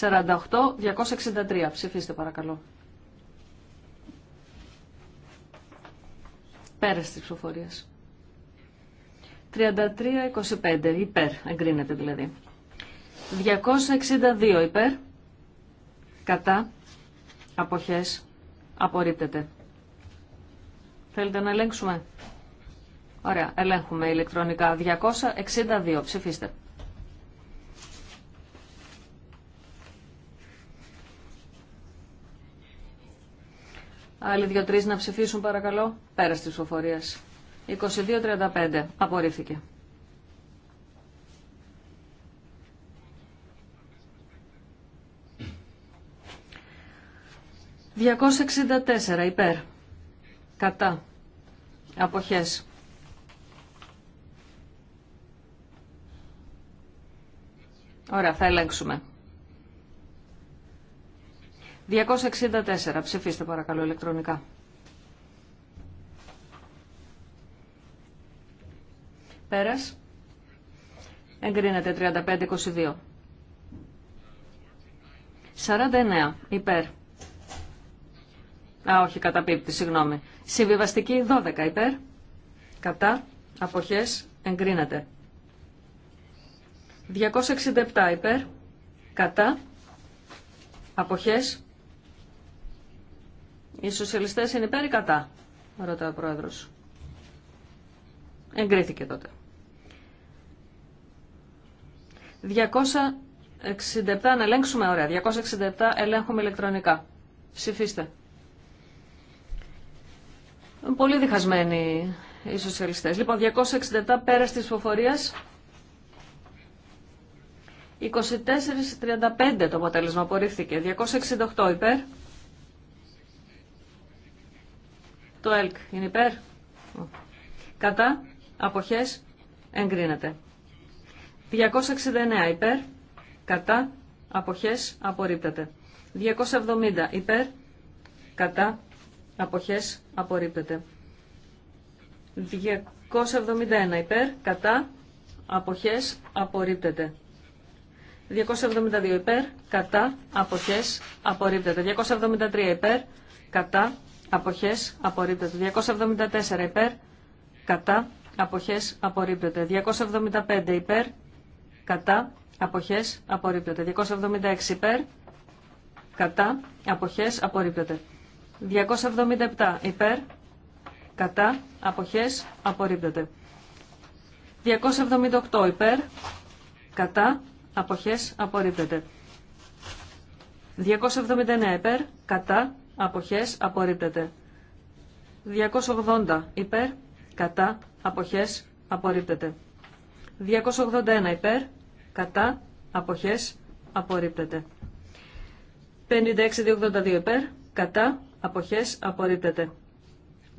48-263 ψηφίστε παρακαλώ. πέρα τη ψηφοφορια 33 33-25 υπέρ, εγκρίνεται δηλαδή. 262 υπέρ, κατά, αποχές, απορρίπτεται. Θέλετε να ελέγξουμε. Ωραία, ελέγχουμε ηλεκτρονικά. 262, ψηφίστε. Άλλοι δύο-τρει να ψηφίσουν παρακαλώ. Πέρα τη ψηφοφορία. 22-35. Απορρίφθηκε. ...264 υπέρ, κατά, αποχές. Ωραία, θα ελέγξουμε. 264. Ψηφίστε παρακαλώ ηλεκτρονικά. Πέρας. Εγκρίνεται 35-22. 49. Υπέρ. Α, όχι, καταπίπτει, συγγνώμη. Συμβιβαστική 12. Υπέρ. Κατά. Αποχές. Εγκρίνεται. 267. Υπέρ. Κατά. Αποχές. Οι σοσιαλιστές είναι υπέρ ή κατά, ρωτάει ο πρόεδρος. Εγκρίθηκε τότε. 267 να ελέγξουμε, ωραία. 267 ελέγχουμε ηλεκτρονικά. Ψηφίστε. Πολύ διχασμένοι οι σοσιαλιστές. Λοιπόν, 267 πέρα της ψηφοφορίας. 24-35 το αποτέλεσμα απορρίφθηκε. 268 υπέρ. Το ΕΛΚ είναι υπέρ. Κατά. Αποχές. Εγκρίνεται. 269 υπέρ. Κατά. Αποχές. Απορρίπτεται. 270 υπέρ. Κατά. Αποχές. Απορρίπτεται. 271 υπέρ. Κατά. Αποχές. Απορρίπτεται. 272 υπέρ, κατά, αποχές, απορρίπτεται. 273 υπέρ, κατά, αποχές απορρίπτεται. 274 υπέρ, κατά, αποχές απορρίπτεται. 275 υπέρ, κατά, αποχές απορρίπτεται. 276 υπέρ, κατά, αποχές απορρίπτεται. 277 υπέρ, κατά, αποχές απορρίπτεται. 278 υπέρ, κατά, αποχές απορρίπτεται. 279 υπέρ, κατά, αποχές απορρίπτεται. 280 υπέρ, κατά, αποχές απορρίπτεται. 281 υπέρ, κατά, αποχές απορρίπτεται. 56-282 υπέρ, κατά, αποχές απορρίπτεται.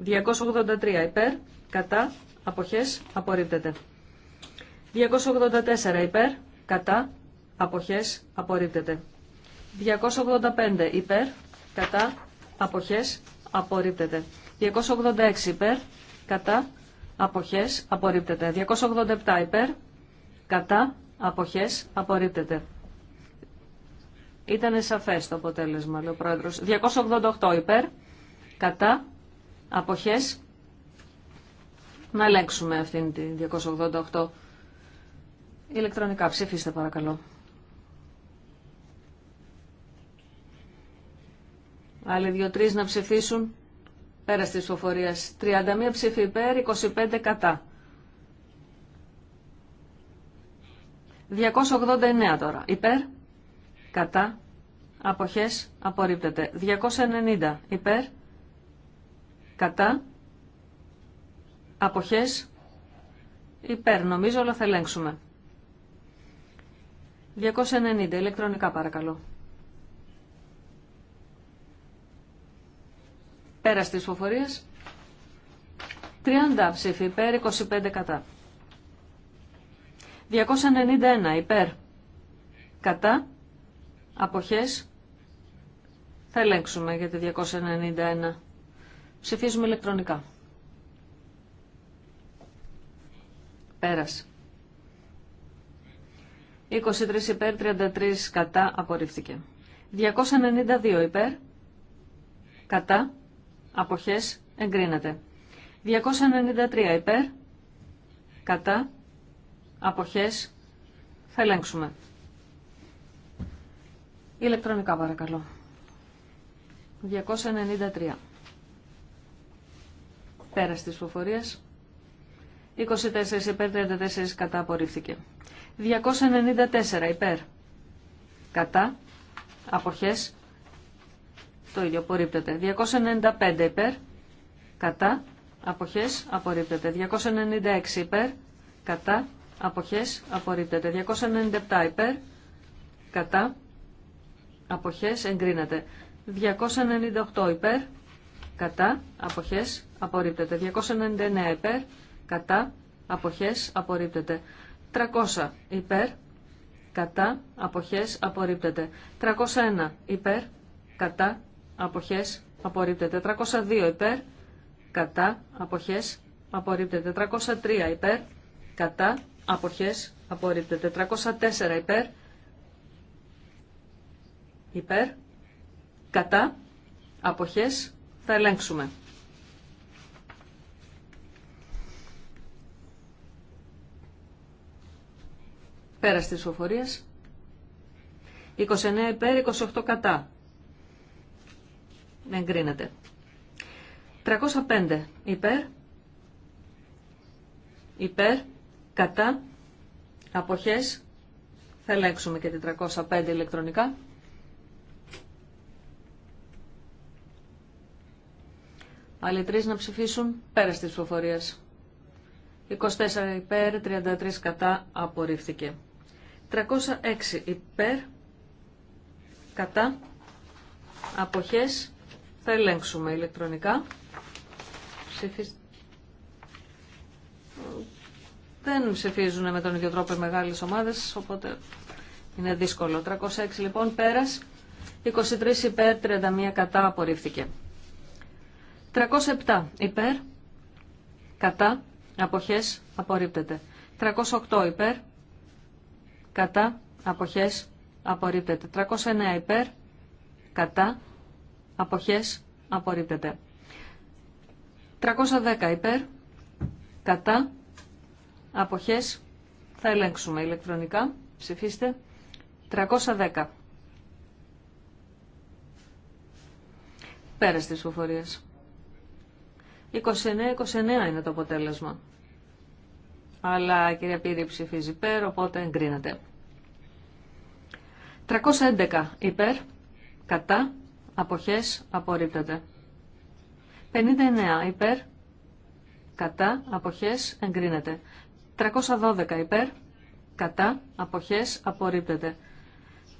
283 υπέρ, κατά, αποχές απορρίπτεται. 284 υπέρ, κατά, αποχές απορρίπτεται. 285 υπέρ, κατά, αποχές, απορρίπτεται. 286 υπέρ, κατά, αποχές, απορρίπτεται. 287 υπέρ, κατά, αποχές, απορρίπτεται. Ήταν σαφές το αποτέλεσμα, λέει ο Πρόεδρος. 288 υπέρ, κατά, αποχές, να ελέγξουμε αυτήν την 288. Ηλεκτρονικά ψηφίστε παρακαλώ. Άλλοι δύο-τρει να ψηφίσουν. Πέρα τη ψηφοφορία. 31 ψήφοι υπέρ, 25 κατά. 289 τώρα. Υπέρ, κατά, αποχές, απορρίπτεται. 290 υπέρ, κατά, αποχές, υπέρ. Νομίζω όλα θα ελέγξουμε. 290 ηλεκτρονικά παρακαλώ. Πέρα στις ψηφοφορίες. 30 ψήφοι υπέρ, 25 κατά. 291 υπέρ, κατά, αποχές. Θα ελέγξουμε για τη 291. Ψηφίζουμε ηλεκτρονικά. Πέρας. 23 υπέρ, 33 κατά, απορρίφθηκε. 292 υπέρ, κατά, Αποχές εγκρίνεται. 293 υπέρ. Κατά. Αποχές. Θα ελέγξουμε. Ηλεκτρονικά παρακαλώ. 293. Πέρας της φοφορίας. 24 υπέρ 34 κατά απορρίφθηκε. 294 υπέρ. Κατά. Αποχές το ίδιο απορρίπτεται. 295 υπέρ. Κατά. Αποχές απορρίπτεται. 296 υπέρ. Κατά. Αποχές απορρίπτεται. 297 υπέρ. Κατά. Αποχές εγκρίνεται. 298 υπέρ. Κατά. Αποχές απορρίπτεται. 299 υπέρ. Κατά. Αποχές απορρίπτεται. 300 υπέρ. Κατά. Αποχές απορρίπτεται. 301 υπέρ. Κατά αποχές απορρίπτεται. 402 υπέρ, κατά, αποχές απορρίπτεται. 403 υπέρ, κατά, αποχές απορρίπτεται. 404 υπέρ, υπέρ, κατά, αποχές θα ελέγξουμε. Πέρα στις οφορίες. 29 υπέρ, 28 κατά εγκρίνεται. 305 υπέρ, υπέρ, κατά, αποχές, θα ελέγξουμε και τη 305 ηλεκτρονικά. Άλλοι τρει να ψηφίσουν πέρα της ψηφοφορία. 24 υπέρ, 33 κατά, απορρίφθηκε. 306 υπέρ, κατά, αποχές, θα ελέγξουμε ηλεκτρονικά. Δεν ψηφίζουν με τον ίδιο τρόπο οι μεγάλες ομάδες, οπότε είναι δύσκολο. 306 λοιπόν, πέρας. 23 υπέρ, 31 κατά απορρίφθηκε. 307 υπέρ, κατά, αποχές, απορρίπτεται. 308 υπέρ, κατά, αποχές, απορρίπτεται. 309 υπέρ, κατά, Αποχές απορρίπτεται. 310 υπέρ. Κατά. Αποχές θα ελέγξουμε ηλεκτρονικά. Ψηφίστε. 310. Πέρας της ψηφοφορίας. 29-29 είναι το αποτέλεσμα. Αλλά η κυρία Πύρη ψηφίζει υπέρ, οπότε εγκρίνεται. 311 υπέρ, κατά, Αποχές απορρίπτεται. 59 υπέρ. Κατά. Αποχές εγκρίνεται. 312 υπέρ. Κατά. Αποχές απορρίπτεται.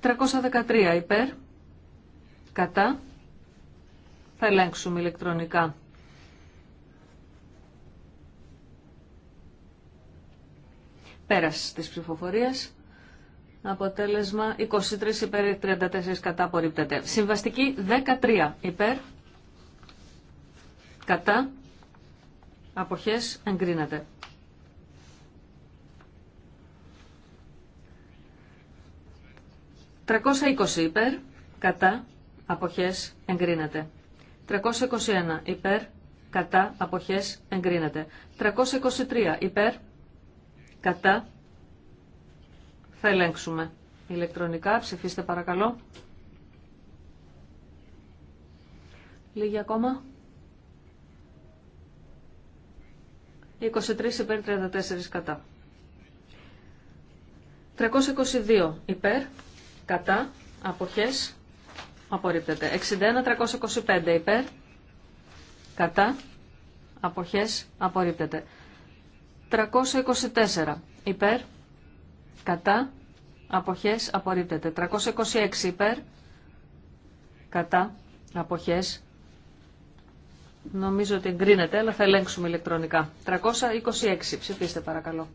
313 υπέρ. Κατά. Θα ελέγξουμε ηλεκτρονικά. Πέρας της ψηφοφορίας. Αποτέλεσμα 23 υπέρ 34 κατά απορρίπτεται. Συμβαστική 13 υπέρ κατά αποχές εγκρίνεται. «320 υπέρ, κατά, αποχές, εγκρίνεται. 321 υπέρ, κατά, αποχές, εγκρίνεται. 323 υπέρ, κατά, θα ελέγξουμε ηλεκτρονικά. Ψηφίστε παρακαλώ. Λίγοι ακόμα. 23 υπέρ 34 κατά. 322 υπέρ, κατά, αποχές, απορρίπτεται. 61-325 υπέρ, κατά, αποχές, απορρίπτεται. 324 υπέρ, κατά, αποχές απορρίπτεται. 326 υπέρ, κατά, αποχές. Νομίζω ότι εγκρίνεται, αλλά θα ελέγξουμε ηλεκτρονικά. 326, ψηφίστε παρακαλώ.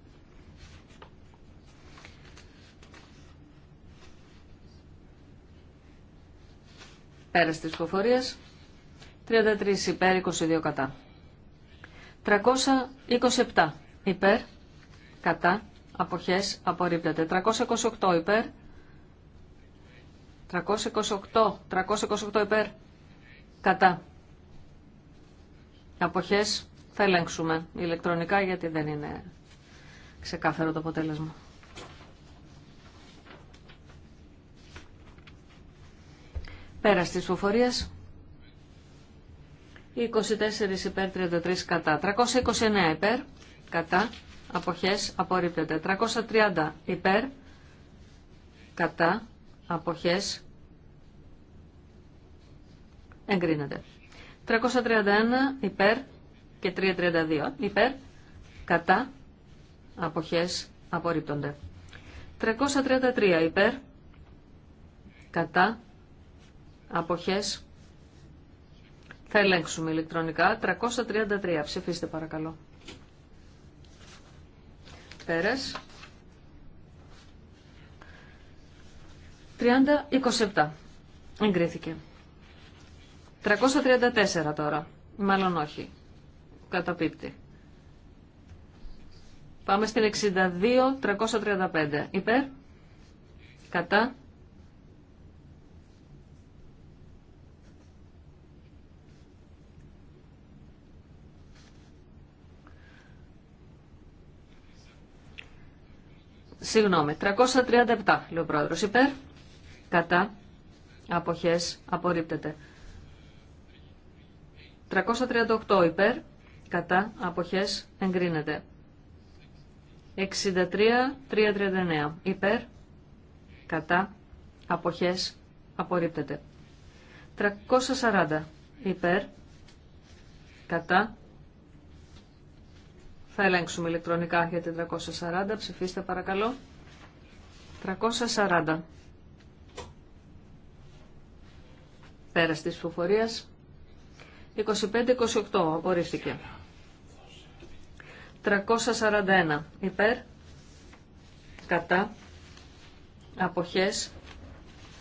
Πέρα στις ψηφοφορίες, 33 υπέρ, 22 κατά. 327 υπέρ, κατά, αποχές απορρίπτεται. 328 υπέρ, 328, 328 υπέρ, κατά. Αποχές θα ελέγξουμε ηλεκτρονικά γιατί δεν είναι ξεκάθαρο το αποτέλεσμα. Πέρας της φοφορίας. 24 υπέρ, 33 κατά. 329 υπέρ, κατά αποχές απορρίπτεται. 330 υπέρ, κατά, αποχές εγκρίνεται. 331 υπέρ και 332 υπέρ, κατά, αποχές απορρίπτονται. 333 υπέρ, κατά, αποχές θα ελέγξουμε ηλεκτρονικά. 333 ψηφίστε παρακαλώ πέρας. 30-27. Εγκρίθηκε. 334 τώρα. Μάλλον όχι. Καταπίπτει. Πάμε στην 62-335. Υπέρ. Κατά. Συγγνώμη, 337 λέει ο πρόεδρο. Υπέρ, κατά, αποχές, απορρίπτεται. 338 υπέρ, κατά, αποχές, εγκρίνεται. 63-339 υπέρ, κατά, αποχές, απορρίπτεται. 340 υπέρ, κατά, θα ελέγξουμε ηλεκτρονικά για την 340. Ψηφίστε παρακαλώ. 340. Πέρας της ψηφοφορίας. 25-28. Απορρίφθηκε. 341. Υπέρ. Κατά. Αποχές.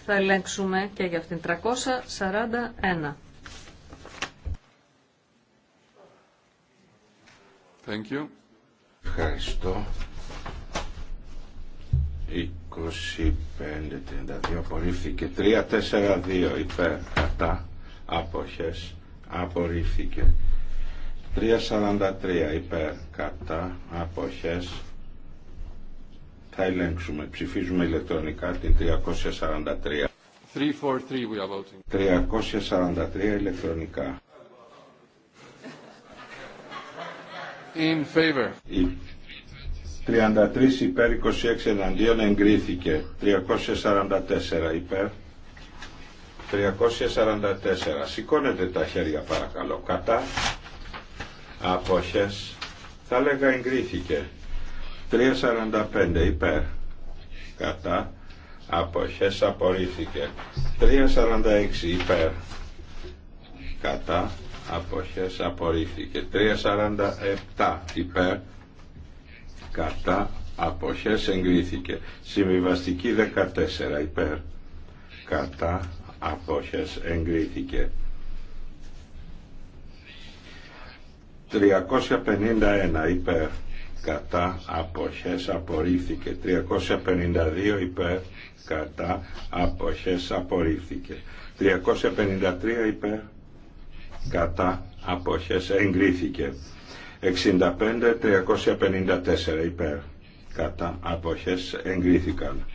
Θα ελέγξουμε και για αυτήν. 341. Thank you. Ευχαριστώ. 25-32 απορρίφθηκε. 3-4-2 υπέρ κατά αποχές απορρίφθηκε. 343 υπέρ κατά αποχές θα ελέγξουμε. Ψηφίζουμε ηλεκτρονικά την 343. 343 we are voting. 343 ηλεκτρονικά. in favor. 33 υπέρ 26 εναντίον εγκρίθηκε. 344 υπέρ. 344. Σηκώνετε τα χέρια παρακαλώ. Κατά. Απόχες. Θα λέγα εγκρίθηκε. 345 υπέρ. Κατά. Απόχες απορρίφθηκε. 346 υπέρ. Κατά αποχές απορρίφθηκε 347 υπέρ κατά αποχές εγκρίθηκε συμβιβαστική 14 υπέρ κατά αποχές εγκρίθηκε 351 υπέρ κατά αποχές απορρίφθηκε 352 υπέρ κατά αποχές απορρίφθηκε 353 υπέρ κατά αποχές εγκρίθηκε 65 354 υπέρ κατά αποχές εγκρίθηκαν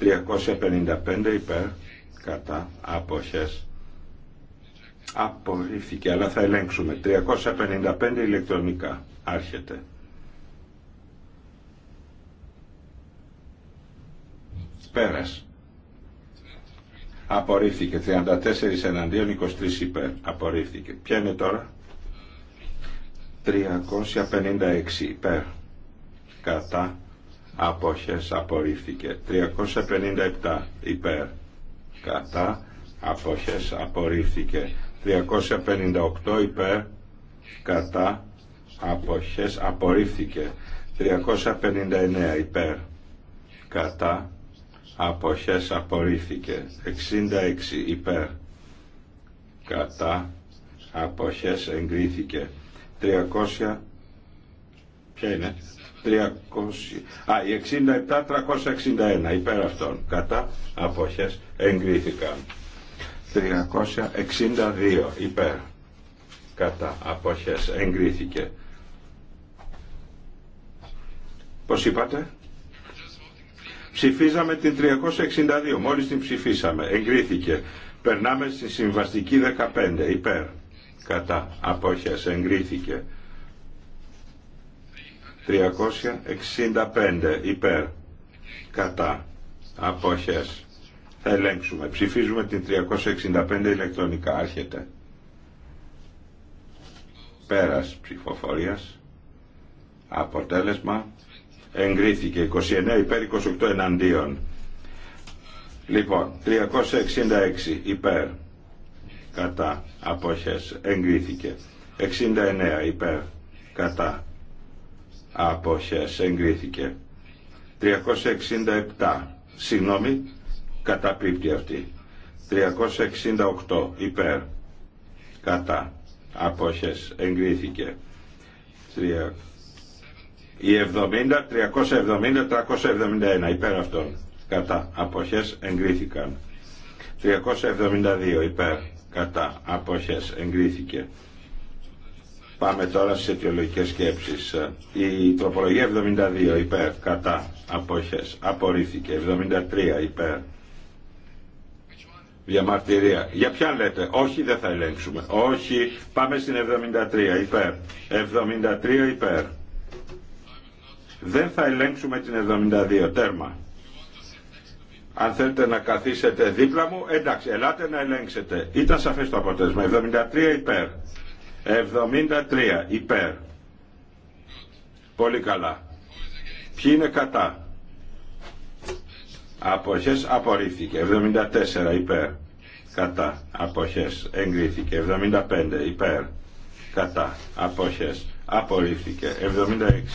355 υπέρ κατά αποχές απορρίφθηκε αλλά θα ελέγξουμε 355 ηλεκτρονικά άρχεται πέρας Απορρίφθηκε. 34 εναντίον, 23 υπέρ. Απορρίφθηκε. Ποια είναι τώρα? 356 υπέρ. Κατά. Απόχες. Απορρίφθηκε. 357 υπέρ. Κατά. Απόχες. Απορρίφθηκε. 358 υπέρ. Κατά. Απόχες. Απορρίφθηκε. 359 υπέρ. Κατά αποχές απορρίφθηκε 66 υπέρ κατά αποχές εγκρίθηκε 300 ποια είναι 300 α 67 361 υπέρ αυτών κατά αποχές εγκρίθηκαν 362 υπέρ κατά αποχές εγκρίθηκε πως είπατε Ψηφίζαμε την 362, μόλις την ψηφίσαμε, εγκρίθηκε. Περνάμε στη συμβαστική 15, υπέρ, κατά, απόχες, εγκρίθηκε. 365, υπέρ, κατά, απόχες. Θα ελέγξουμε. Ψηφίζουμε την 365 ηλεκτρονικά. Άρχεται. Πέρας ψηφοφορίας. Αποτέλεσμα εγκρίθηκε 29 υπέρ 28 εναντίον λοιπόν 366 υπέρ κατά αποχές εγκρίθηκε 69 υπέρ κατά αποχές εγκρίθηκε 367 συγγνώμη καταπίπτει αυτή 368 υπέρ κατά αποχές εγκρίθηκε η 70, 370, 371 υπέρ αυτών. Κατά αποχές εγκρίθηκαν. 372 υπέρ. Κατά αποχές εγκρίθηκε. Πάμε τώρα στις αιτιολογικές σκέψεις. Η τροπολογία 72 υπέρ. Κατά αποχές. Απορρίφθηκε. 73 υπέρ. Διαμαρτυρία. Για ποια λέτε. Όχι δεν θα ελέγξουμε. Όχι. Πάμε στην 73 υπέρ. 73 υπέρ. Δεν θα ελέγξουμε την 72. Τέρμα. Αν θέλετε να καθίσετε δίπλα μου, εντάξει, ελάτε να ελέγξετε. Ήταν σαφές το αποτέλεσμα. 73 υπέρ. 73 υπέρ. Πολύ καλά. Ποιοι είναι κατά. Αποχές απορρίφθηκε. 74 υπέρ. Κατά. Αποχές εγκρίθηκε. 75 υπέρ. Κατά. Αποχές απορρίφθηκε.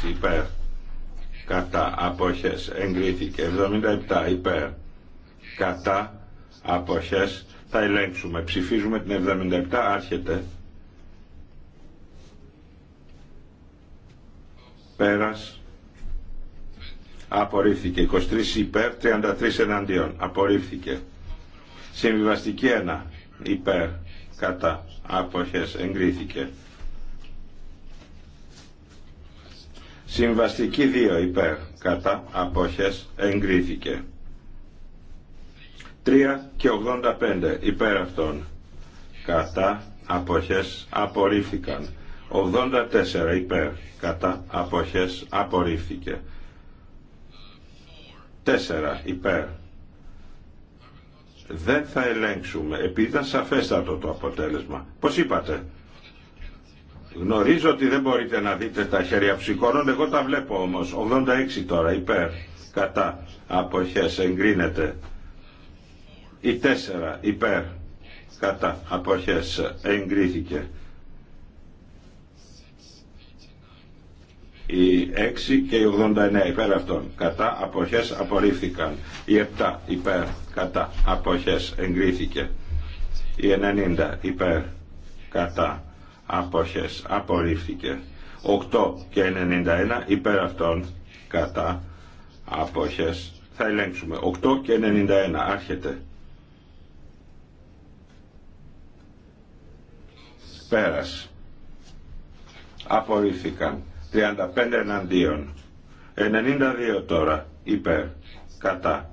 76 υπέρ κατά αποχές εγκρίθηκε 77 υπέρ κατά αποχές θα ελέγξουμε ψηφίζουμε την 77 άρχεται πέρας απορρίφθηκε 23 υπέρ 33 εναντίον απορρίφθηκε συμβιβαστική 1 υπέρ κατά αποχές εγκρίθηκε Συμβαστική 2 υπέρ κατά αποχές εγκρίθηκε. 3 και 85 υπέρ αυτών κατά αποχές απορρίφθηκαν. 84 υπέρ κατά αποχές απορρίφθηκε. 4 υπέρ δεν θα ελέγξουμε επειδή ήταν σαφέστατο το αποτέλεσμα. Πώς είπατε Γνωρίζω ότι δεν μπορείτε να δείτε τα χέρια ψυχώνων, εγώ τα βλέπω όμως. 86 τώρα, υπέρ, κατά, αποχές, εγκρίνεται. Η 4, υπέρ, κατά, αποχές, εγκρίθηκε. Η 6 και η 89 υπέρ αυτών. Κατά αποχές απορρίφθηκαν. Η 7 υπέρ κατά αποχές εγκρίθηκε. Η 90 υπέρ κατά αποχές απορρίφθηκε 8 και 91 υπέρ αυτών κατά αποχές θα ελέγξουμε 8 και 91 άρχεται πέρας απορρίφθηκαν 35 εναντίον 92 τώρα υπέρ κατά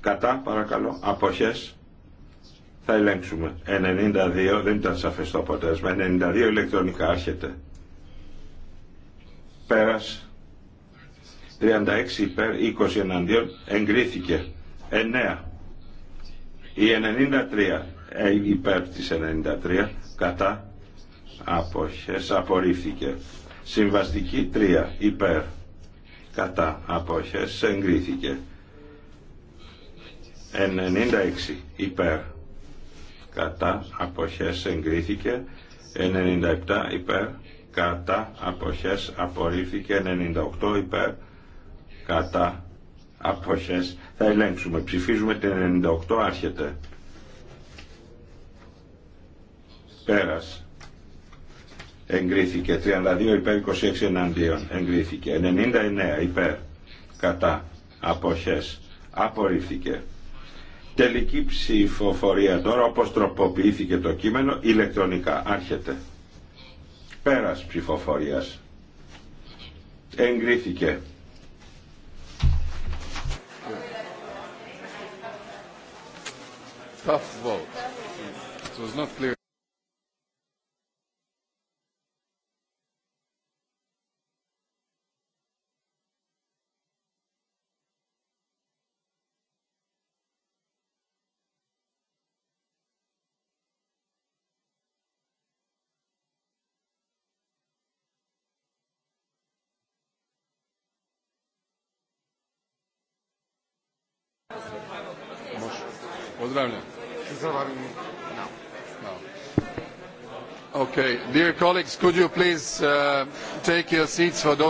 κατά παρακαλώ αποχές θα ελέγξουμε. 92, δεν ήταν σαφέ το αποτέλεσμα. 92 ηλεκτρονικά άρχεται. Πέρας. 36 υπέρ, 20 εναντίον, εγκρίθηκε. 9. Η 93 ε, υπέρ της 93 κατά απόχες απορρίφθηκε. Συμβαστική 3 υπέρ κατά απόχες εγκρίθηκε. 96 υπέρ κατά αποχές εγκρίθηκε 97 υπέρ κατά αποχές απορρίφθηκε 98 υπέρ κατά αποχές θα ελέγξουμε ψηφίζουμε την 98 άρχεται πέρας εγκρίθηκε 32 υπέρ 26 εναντίον εγκρίθηκε 99 υπέρ κατά αποχές απορρίφθηκε Τελική ψηφοφορία τώρα όπως τροποποιήθηκε το κείμενο ηλεκτρονικά. Άρχεται. Πέρας ψηφοφορίας. Εγκρίθηκε. Tough vote.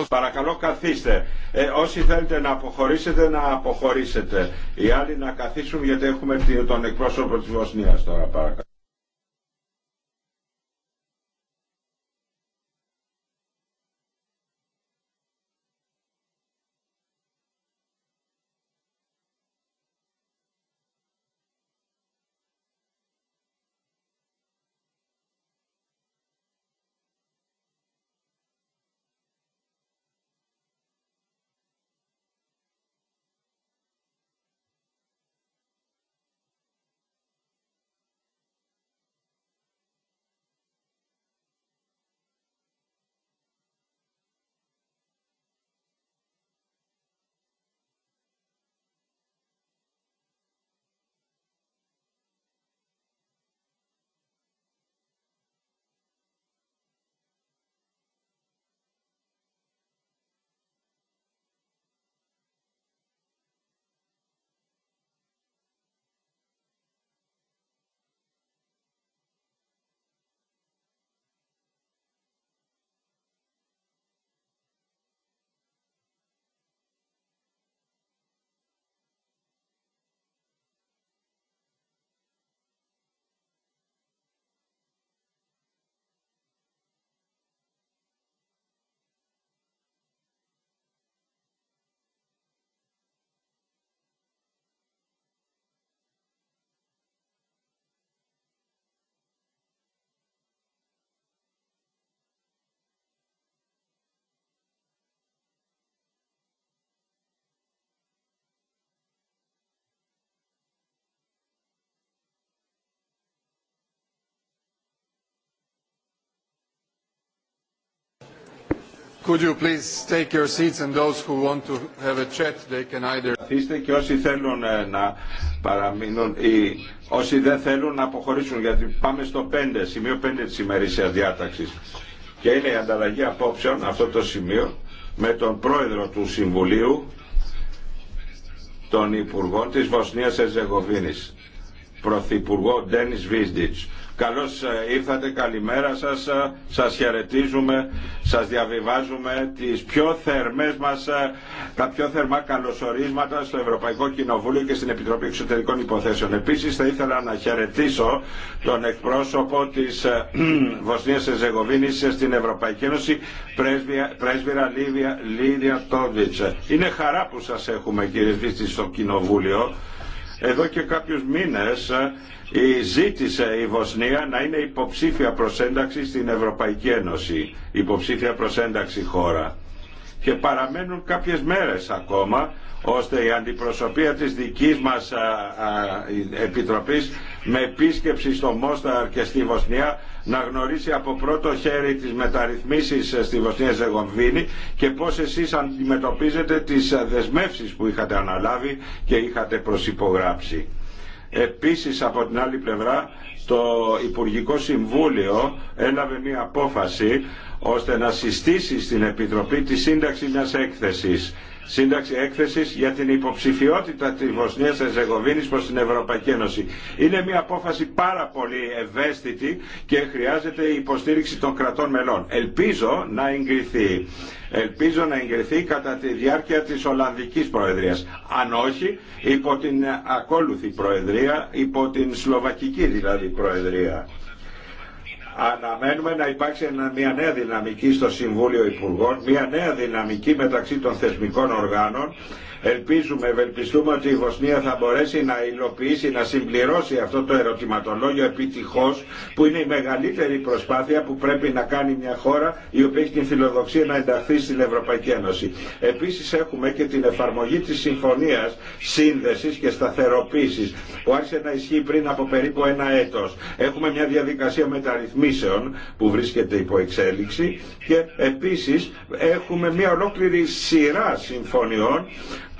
Παρακαλώ καθίστε. Ε, όσοι θέλετε να αποχωρήσετε, να αποχωρήσετε. Οι άλλοι να καθίσουν γιατί έχουμε τον εκπρόσωπο της Βοσνίας τώρα παρακαλώ. Could you please take your seats and those who want to have a chat, they can either... Είστε και όσοι θέλουν ε, να παραμείνουν ή όσοι δεν θέλουν να αποχωρήσουν γιατί πάμε στο 5, σημείο 5 της ημερήσιας διάταξης και είναι η ανταλλαγή απόψεων αυτό το σημείο με τον πρόεδρο του Συμβουλίου τον Υπουργό της Βοσνίας Εζεγοβίνης Πρωθυπουργό Ντένις Βίσντιτς. Καλώς ε, ήρθατε, καλημέρα σας, ε, σας χαιρετίζουμε, σας διαβιβάζουμε τις πιο θερμές μας, ε, τα πιο θερμά καλωσορίσματα στο Ευρωπαϊκό Κοινοβούλιο και στην Επιτροπή Εξωτερικών Υποθέσεων. Επίσης θα ήθελα να χαιρετήσω τον εκπρόσωπο της Βοσνίας Εζεγοβίνης στην Ευρωπαϊκή Ένωση, πρέσβυρα, Λίδια, Λίδια Είναι χαρά που σας έχουμε κύριε Βίστη στο Κοινοβούλιο. Εδώ και κάποιους μήνες ε, η ζήτησε η Βοσνία να είναι υποψήφια προσένταξη στην Ευρωπαϊκή Ένωση, υποψήφια προσένταξη χώρα και παραμένουν κάποιες μέρες ακόμα ώστε η αντιπροσωπεία της δικής μας Επιτροπής με επίσκεψη στο Μόσταρ και στη Βοσνία να γνωρίσει από πρώτο χέρι τις μεταρρυθμίσεις στη Βοσνία Ζεγοβίνη και πώς εσείς αντιμετωπίζετε τις δεσμεύσεις που είχατε αναλάβει και είχατε προσυπογράψει. Επίσης από την άλλη πλευρά το Υπουργικό Συμβούλιο έλαβε μια απόφαση ώστε να συστήσει στην Επιτροπή τη σύνταξη μιας έκθεσης σύνταξη έκθεση για την υποψηφιότητα τη Βοσνία Ερζεγοβίνη προ την Ευρωπαϊκή Ένωση. Είναι μια απόφαση πάρα πολύ ευαίσθητη και χρειάζεται η υποστήριξη των κρατών μελών. Ελπίζω να εγκριθεί. Ελπίζω να εγκριθεί κατά τη διάρκεια της Ολλανδική Προεδρίας. Αν όχι, υπό την ακόλουθη Προεδρία, υπό την Σλοβακική δηλαδή Προεδρία. Αναμένουμε να υπάρξει μια νέα δυναμική στο Συμβούλιο Υπουργών, μια νέα δυναμική μεταξύ των θεσμικών οργάνων Ελπίζουμε, ευελπιστούμε ότι η Βοσνία θα μπορέσει να υλοποιήσει, να συμπληρώσει αυτό το ερωτηματολόγιο επιτυχώ, που είναι η μεγαλύτερη προσπάθεια που πρέπει να κάνει μια χώρα η οποία έχει την φιλοδοξία να ενταχθεί στην Ευρωπαϊκή Ένωση. Επίση έχουμε και την εφαρμογή τη συμφωνία, σύνδεση και σταθεροποίηση που άρχισε να ισχύει πριν από περίπου ένα έτο. Έχουμε μια διαδικασία μεταρρυθμίσεων που βρίσκεται υπό εξέλιξη και επίση έχουμε μια ολόκληρη σειρά συμφωνιών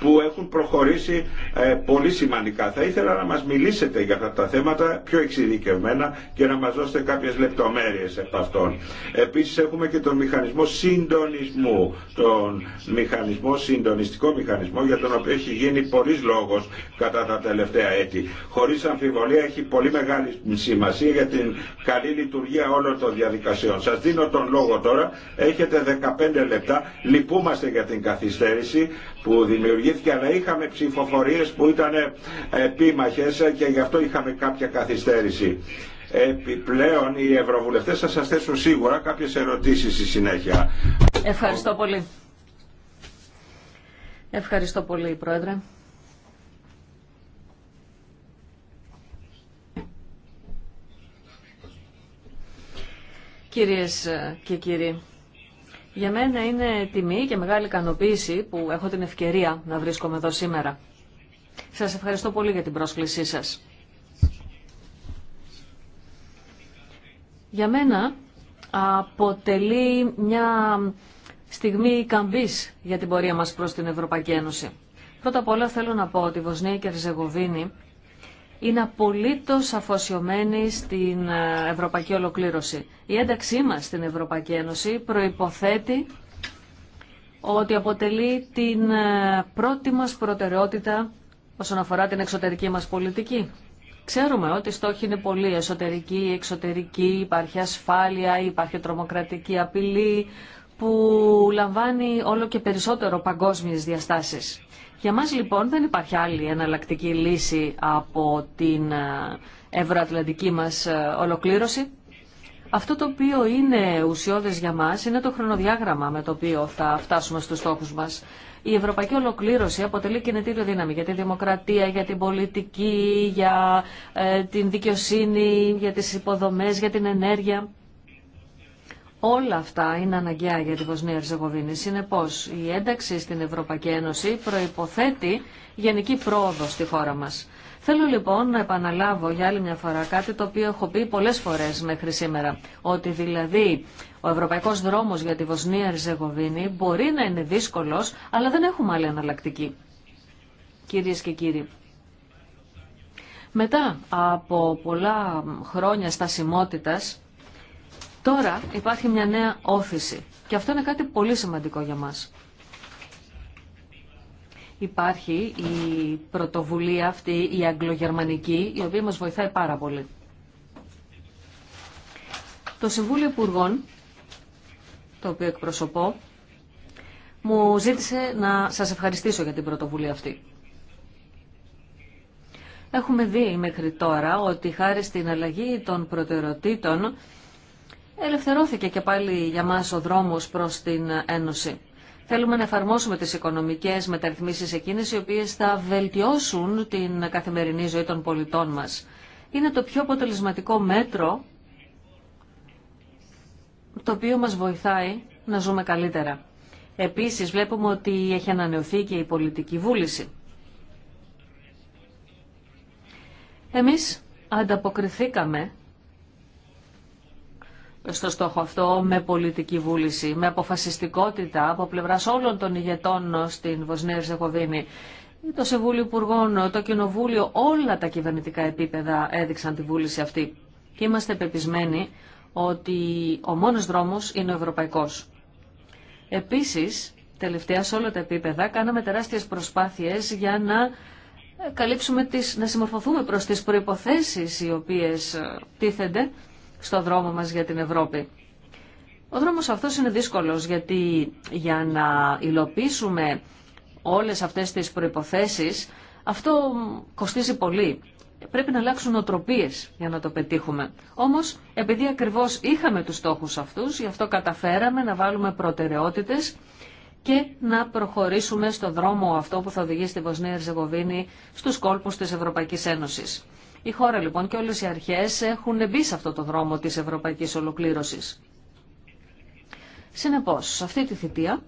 που έχουν προχωρήσει ε, πολύ σημαντικά. Θα ήθελα να μας μιλήσετε για αυτά τα θέματα πιο εξειδικευμένα και να μας δώσετε κάποιες λεπτομέρειες από αυτών. Επίσης έχουμε και τον μηχανισμό συντονισμού, τον μηχανισμό, συντονιστικό μηχανισμό για τον οποίο έχει γίνει πολλής λόγος κατά τα τελευταία έτη. Χωρίς αμφιβολία έχει πολύ μεγάλη σημασία για την καλή λειτουργία όλων των διαδικασιών. Σας δίνω τον λόγο τώρα, έχετε 15 λεπτά, λυπούμαστε για την καθυστέρηση που δημιουργεί αλλά είχαμε ψηφοφορίες που ήταν ε, επίμαχες και γι' αυτό είχαμε κάποια καθυστέρηση. Επιπλέον οι ευρωβουλευτές θα σας θέσουν σίγουρα κάποιες ερωτήσεις στη συνέχεια. Ευχαριστώ πολύ. Ευχαριστώ πολύ Πρόεδρε. Κυρίες και κύριοι, για μένα είναι τιμή και μεγάλη ικανοποίηση που έχω την ευκαιρία να βρίσκομαι εδώ σήμερα. Σας ευχαριστώ πολύ για την πρόσκλησή σας. Για μένα αποτελεί μια στιγμή καμπής για την πορεία μας προς την Ευρωπαϊκή Ένωση. Πρώτα απ' όλα θέλω να πω ότι η Βοσνία και η Ριζεγοβίνη είναι απολύτω αφοσιωμένη στην ε, ευρωπαϊκή ολοκλήρωση. Η ένταξή μας στην Ευρωπαϊκή Ένωση προϋποθέτει ότι αποτελεί την ε, πρώτη μας προτεραιότητα όσον αφορά την εξωτερική μας πολιτική. Ξέρουμε ότι οι στόχοι είναι πολύ εσωτερική, εξωτερική, υπάρχει ασφάλεια, υπάρχει τρομοκρατική απειλή που λαμβάνει όλο και περισσότερο παγκόσμιες διαστάσεις. Για μας λοιπόν δεν υπάρχει άλλη εναλλακτική λύση από την ε, ευρωατλαντική μας ε, ολοκλήρωση. Αυτό το οποίο είναι ουσιώδες για μας είναι το χρονοδιάγραμμα με το οποίο θα φτάσουμε στους στόχους μας. Η ευρωπαϊκή ολοκλήρωση αποτελεί κινητήριο δύναμη για τη δημοκρατία, για την πολιτική, για ε, την δικαιοσύνη, για τις υποδομές, για την ενέργεια. Όλα αυτά είναι αναγκαία για τη Βοσνία Ερζεγοβίνη. Συνεπώ, η ένταξη στην Ευρωπαϊκή Ένωση προποθέτει γενική πρόοδο στη χώρα μα. Θέλω λοιπόν να επαναλάβω για άλλη μια φορά κάτι το οποίο έχω πει πολλές φορές μέχρι σήμερα. Ότι δηλαδή ο ευρωπαϊκός δρόμος για τη Βοσνία Ριζεγοβίνη μπορεί να είναι δύσκολος, αλλά δεν έχουμε άλλη αναλλακτική. Κυρίες και κύριοι. Μετά από πολλά χρόνια στασιμότητας, Τώρα υπάρχει μια νέα όθηση και αυτό είναι κάτι πολύ σημαντικό για μας. Υπάρχει η πρωτοβουλία αυτή, η αγγλογερμανική, η οποία μας βοηθάει πάρα πολύ. Το Συμβούλιο Υπουργών, το οποίο εκπροσωπώ, μου ζήτησε να σας ευχαριστήσω για την πρωτοβουλία αυτή. Έχουμε δει μέχρι τώρα ότι χάρη στην αλλαγή των προτεραιοτήτων ελευθερώθηκε και πάλι για μας ο δρόμος προς την Ένωση. Θέλουμε να εφαρμόσουμε τις οικονομικές μεταρρυθμίσεις εκείνες οι οποίες θα βελτιώσουν την καθημερινή ζωή των πολιτών μας. Είναι το πιο αποτελεσματικό μέτρο το οποίο μας βοηθάει να ζούμε καλύτερα. Επίσης βλέπουμε ότι έχει ανανεωθεί και η πολιτική βούληση. Εμείς ανταποκριθήκαμε στο στόχο αυτό με πολιτική βούληση, με αποφασιστικότητα από πλευρά όλων των ηγετών στην Βοσνία Ερζεγοβίνη. Το Σεβούλιο Υπουργών, το Κοινοβούλιο, όλα τα κυβερνητικά επίπεδα έδειξαν τη βούληση αυτή. Και είμαστε πεπισμένοι ότι ο μόνος δρόμος είναι ο ευρωπαϊκός. Επίσης, τελευταία σε όλα τα επίπεδα, κάναμε τεράστιες προσπάθειες για να ε, καλύψουμε τις, να συμμορφωθούμε προς τις προϋποθέσεις οι οποίε ε, τίθενται στο δρόμο μας για την Ευρώπη. Ο δρόμος αυτός είναι δύσκολος γιατί για να υλοποιήσουμε όλες αυτές τις προϋποθέσεις αυτό κοστίζει πολύ. Πρέπει να αλλάξουν οτροπίες για να το πετύχουμε. Όμως επειδή ακριβώς είχαμε τους στόχους αυτούς γι' αυτό καταφέραμε να βάλουμε προτεραιότητες και να προχωρήσουμε στο δρόμο αυτό που θα οδηγήσει τη Βοσνία Ερζεγοβίνη στους κόλπους της Ευρωπαϊκής Ένωσης. Η χώρα λοιπόν και όλες οι αρχές έχουν μπει σε αυτό το δρόμο της ευρωπαϊκής ολοκλήρωσης. Συνεπώς, σε αυτή τη θητεία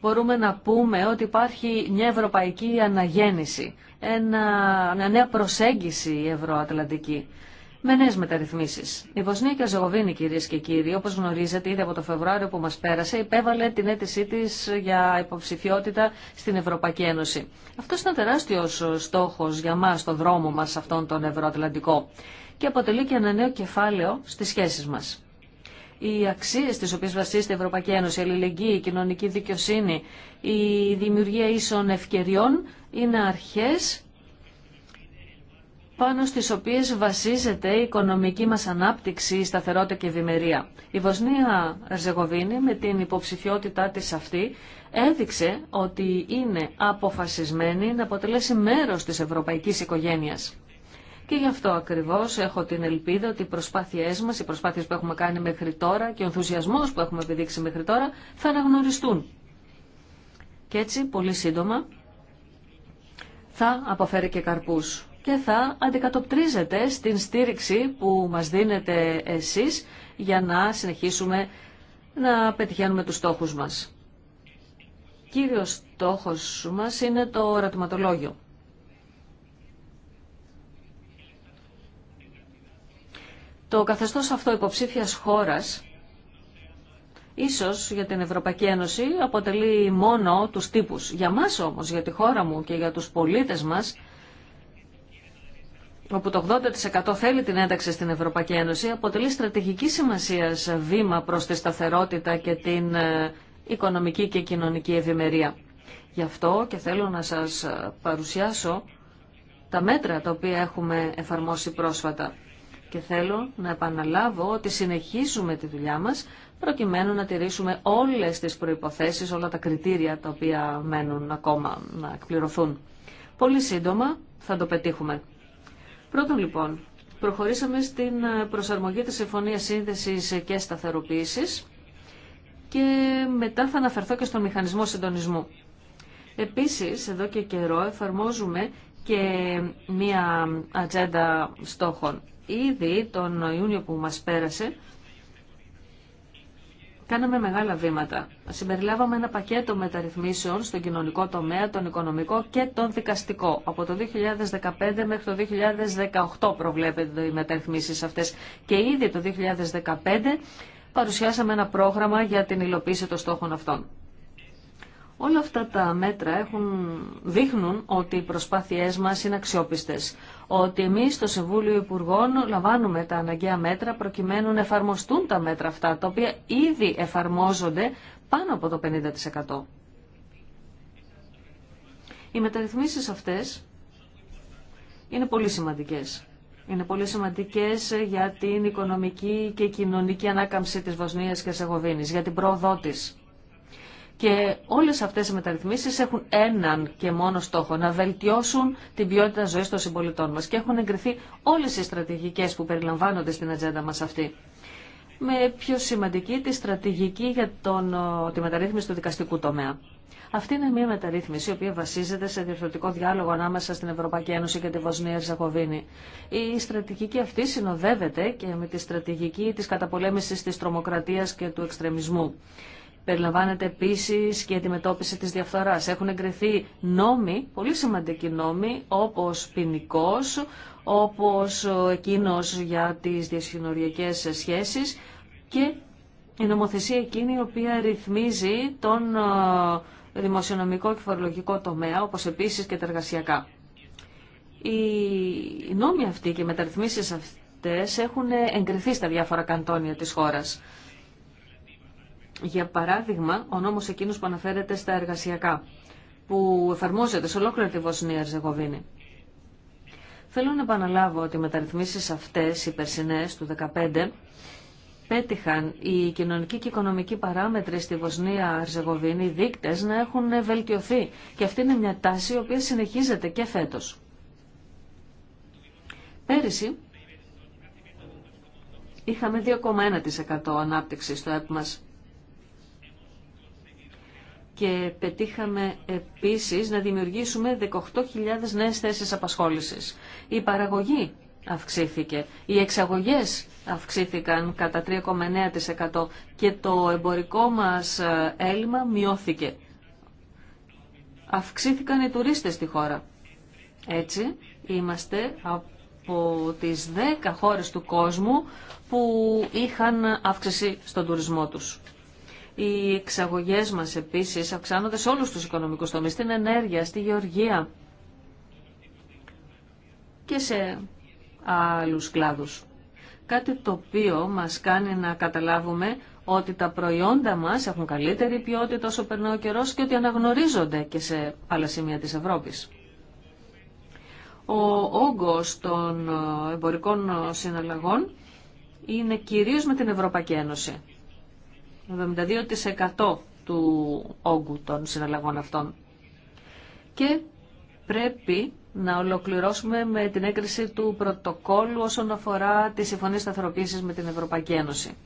μπορούμε να πούμε ότι υπάρχει μια ευρωπαϊκή αναγέννηση, ένα, μια νέα προσέγγιση ευρωατλαντική με νέε μεταρρυθμίσει. Η Βοσνία και η Ζεγοβίνη, κυρίε και κύριοι, όπω γνωρίζετε, ήδη από το Φεβρουάριο που μα πέρασε, υπέβαλε την αίτησή τη για υποψηφιότητα στην Ευρωπαϊκή Ένωση. Αυτό ένα τεράστιο στόχο για μα, το δρόμο μα αυτόν τον Ευρωατλαντικό. Και αποτελεί και ένα νέο κεφάλαιο στι σχέσει μα. Οι αξίε στι οποίε βασίζεται η Ευρωπαϊκή Ένωση, η αλληλεγγύη, η κοινωνική δικαιοσύνη, η δημιουργία ίσων ευκαιριών είναι αρχέ πάνω στις οποίες βασίζεται η οικονομική μας ανάπτυξη, η σταθερότητα και η ευημερία. Η Βοσνία Ερζεγοβίνη με την υποψηφιότητά της αυτή έδειξε ότι είναι αποφασισμένη να αποτελέσει μέρος της ευρωπαϊκής οικογένειας. Και γι' αυτό ακριβώς έχω την ελπίδα ότι οι προσπάθειές μας, οι προσπάθειες που έχουμε κάνει μέχρι τώρα και ο ενθουσιασμός που έχουμε επιδείξει μέχρι τώρα θα αναγνωριστούν. Και έτσι, πολύ σύντομα, θα αποφέρει και καρπούς και θα αντικατοπτρίζεται στην στήριξη που μας δίνετε εσείς για να συνεχίσουμε να πετυχαίνουμε τους στόχους μας. Κύριος στόχος μας είναι το ορατηματολόγιο. Το καθεστώς αυτό υποψήφιας χώρας ίσως για την Ευρωπαϊκή Ένωση αποτελεί μόνο τους τύπους. Για μας όμως, για τη χώρα μου και για τους πολίτες μας όπου το 80% θέλει την ένταξη στην Ευρωπαϊκή Ένωση, αποτελεί στρατηγική σημασία βήμα προς τη σταθερότητα και την ε, οικονομική και κοινωνική ευημερία. Γι' αυτό και θέλω να σας ε, παρουσιάσω τα μέτρα τα οποία έχουμε εφαρμόσει πρόσφατα. Και θέλω να επαναλάβω ότι συνεχίζουμε τη δουλειά μας προκειμένου να τηρήσουμε όλες τις προϋποθέσεις, όλα τα κριτήρια τα οποία μένουν ακόμα να εκπληρωθούν. Πολύ σύντομα θα το πετύχουμε. Πρώτον λοιπόν, προχωρήσαμε στην προσαρμογή της Συμφωνίας Σύνδεσης και Σταθεροποίησης και μετά θα αναφερθώ και στον μηχανισμό συντονισμού. Επίσης, εδώ και καιρό εφαρμόζουμε και μία ατζέντα στόχων. Ήδη τον Ιούνιο που μας πέρασε, Κάναμε μεγάλα βήματα. Συμπεριλάβαμε ένα πακέτο μεταρρυθμίσεων στον κοινωνικό τομέα, τον οικονομικό και τον δικαστικό. Από το 2015 μέχρι το 2018 προβλέπεται οι μεταρρυθμίσεις αυτές. Και ήδη το 2015 παρουσιάσαμε ένα πρόγραμμα για την υλοποίηση των στόχων αυτών. Όλα αυτά τα μέτρα έχουν, δείχνουν ότι οι προσπάθειές μας είναι αξιόπιστες ότι εμεί στο Συμβούλιο Υπουργών λαμβάνουμε τα αναγκαία μέτρα προκειμένου να εφαρμοστούν τα μέτρα αυτά, τα οποία ήδη εφαρμόζονται πάνω από το 50%. Οι μεταρρυθμίσει αυτές είναι πολύ σημαντικέ. Είναι πολύ σημαντικέ για την οικονομική και κοινωνική ανάκαμψη της Βοσνίας και Σεγοβίνη, για την πρόοδό της. Και όλες αυτές οι μεταρρυθμίσεις έχουν έναν και μόνο στόχο, να βελτιώσουν την ποιότητα ζωής των συμπολιτών μας. Και έχουν εγκριθεί όλες οι στρατηγικές που περιλαμβάνονται στην ατζέντα μας αυτή. Με πιο σημαντική τη στρατηγική για τον, τη μεταρρύθμιση του δικαστικού τομέα. Αυτή είναι μια μεταρρύθμιση η οποία βασίζεται σε διαφορετικό διάλογο ανάμεσα στην Ευρωπαϊκή Ένωση και τη Βοσνία Ριζακοβίνη. Η στρατηγική αυτή συνοδεύεται και με τη στρατηγική τη καταπολέμηση τη τρομοκρατία και του εξτρεμισμού. Περιλαμβάνεται επίση και η αντιμετώπιση της διαφθορά. Έχουν εγκριθεί νόμοι, πολύ σημαντικοί νόμοι, όπως ποινικό, όπως εκείνο για τι διασυνοριακέ σχέσεις και η νομοθεσία εκείνη η οποία ρυθμίζει τον ε, δημοσιονομικό και φορολογικό τομέα, όπω επίση και τα εργασιακά. Οι νόμοι αυτοί και οι μεταρρυθμίσει αυτέ έχουν εγκριθεί στα διάφορα καντόνια τη χώρα. Για παράδειγμα, ο νόμο εκείνο που αναφέρεται στα εργασιακά, που εφαρμόζεται σε ολόκληρη τη Βοσνία Ερζεγοβίνη. Θέλω να επαναλάβω ότι οι μεταρρυθμίσει αυτέ, οι περσινέ του 2015, πέτυχαν οι κοινωνικοί και οικονομικοί παράμετροι στη Βοσνία Αρζεγοβίνη, οι δείκτε, να έχουν βελτιωθεί. Και αυτή είναι μια τάση η οποία συνεχίζεται και φέτο. Πέρυσι είχαμε 2,1% ανάπτυξη στο ΕΠ μας και πετύχαμε επίσης να δημιουργήσουμε 18.000 νέες θέσεις απασχόλησης. Η παραγωγή αυξήθηκε, οι εξαγωγές αυξήθηκαν κατά 3,9% και το εμπορικό μας ε, έλλειμμα μειώθηκε. Αυξήθηκαν οι τουρίστες στη χώρα. Έτσι είμαστε από τις 10 χώρες του κόσμου που είχαν αύξηση στον τουρισμό τους. Οι εξαγωγές μας επίσης αυξάνονται σε όλους τους οικονομικούς τομείς, στην ενέργεια, στη γεωργία και σε άλλους κλάδους. Κάτι το οποίο μας κάνει να καταλάβουμε ότι τα προϊόντα μας έχουν καλύτερη ποιότητα όσο περνάει ο καιρός και ότι αναγνωρίζονται και σε άλλα σημεία της Ευρώπης. Ο όγκος των εμπορικών συναλλαγών είναι κυρίως με την Ευρωπαϊκή Ένωση. 72% του όγκου των συναλλαγών αυτών. Και πρέπει να ολοκληρώσουμε με την έγκριση του πρωτοκόλου όσον αφορά τη Συμφωνία Σταθεροποίησης με την Ευρωπαϊκή Ένωση.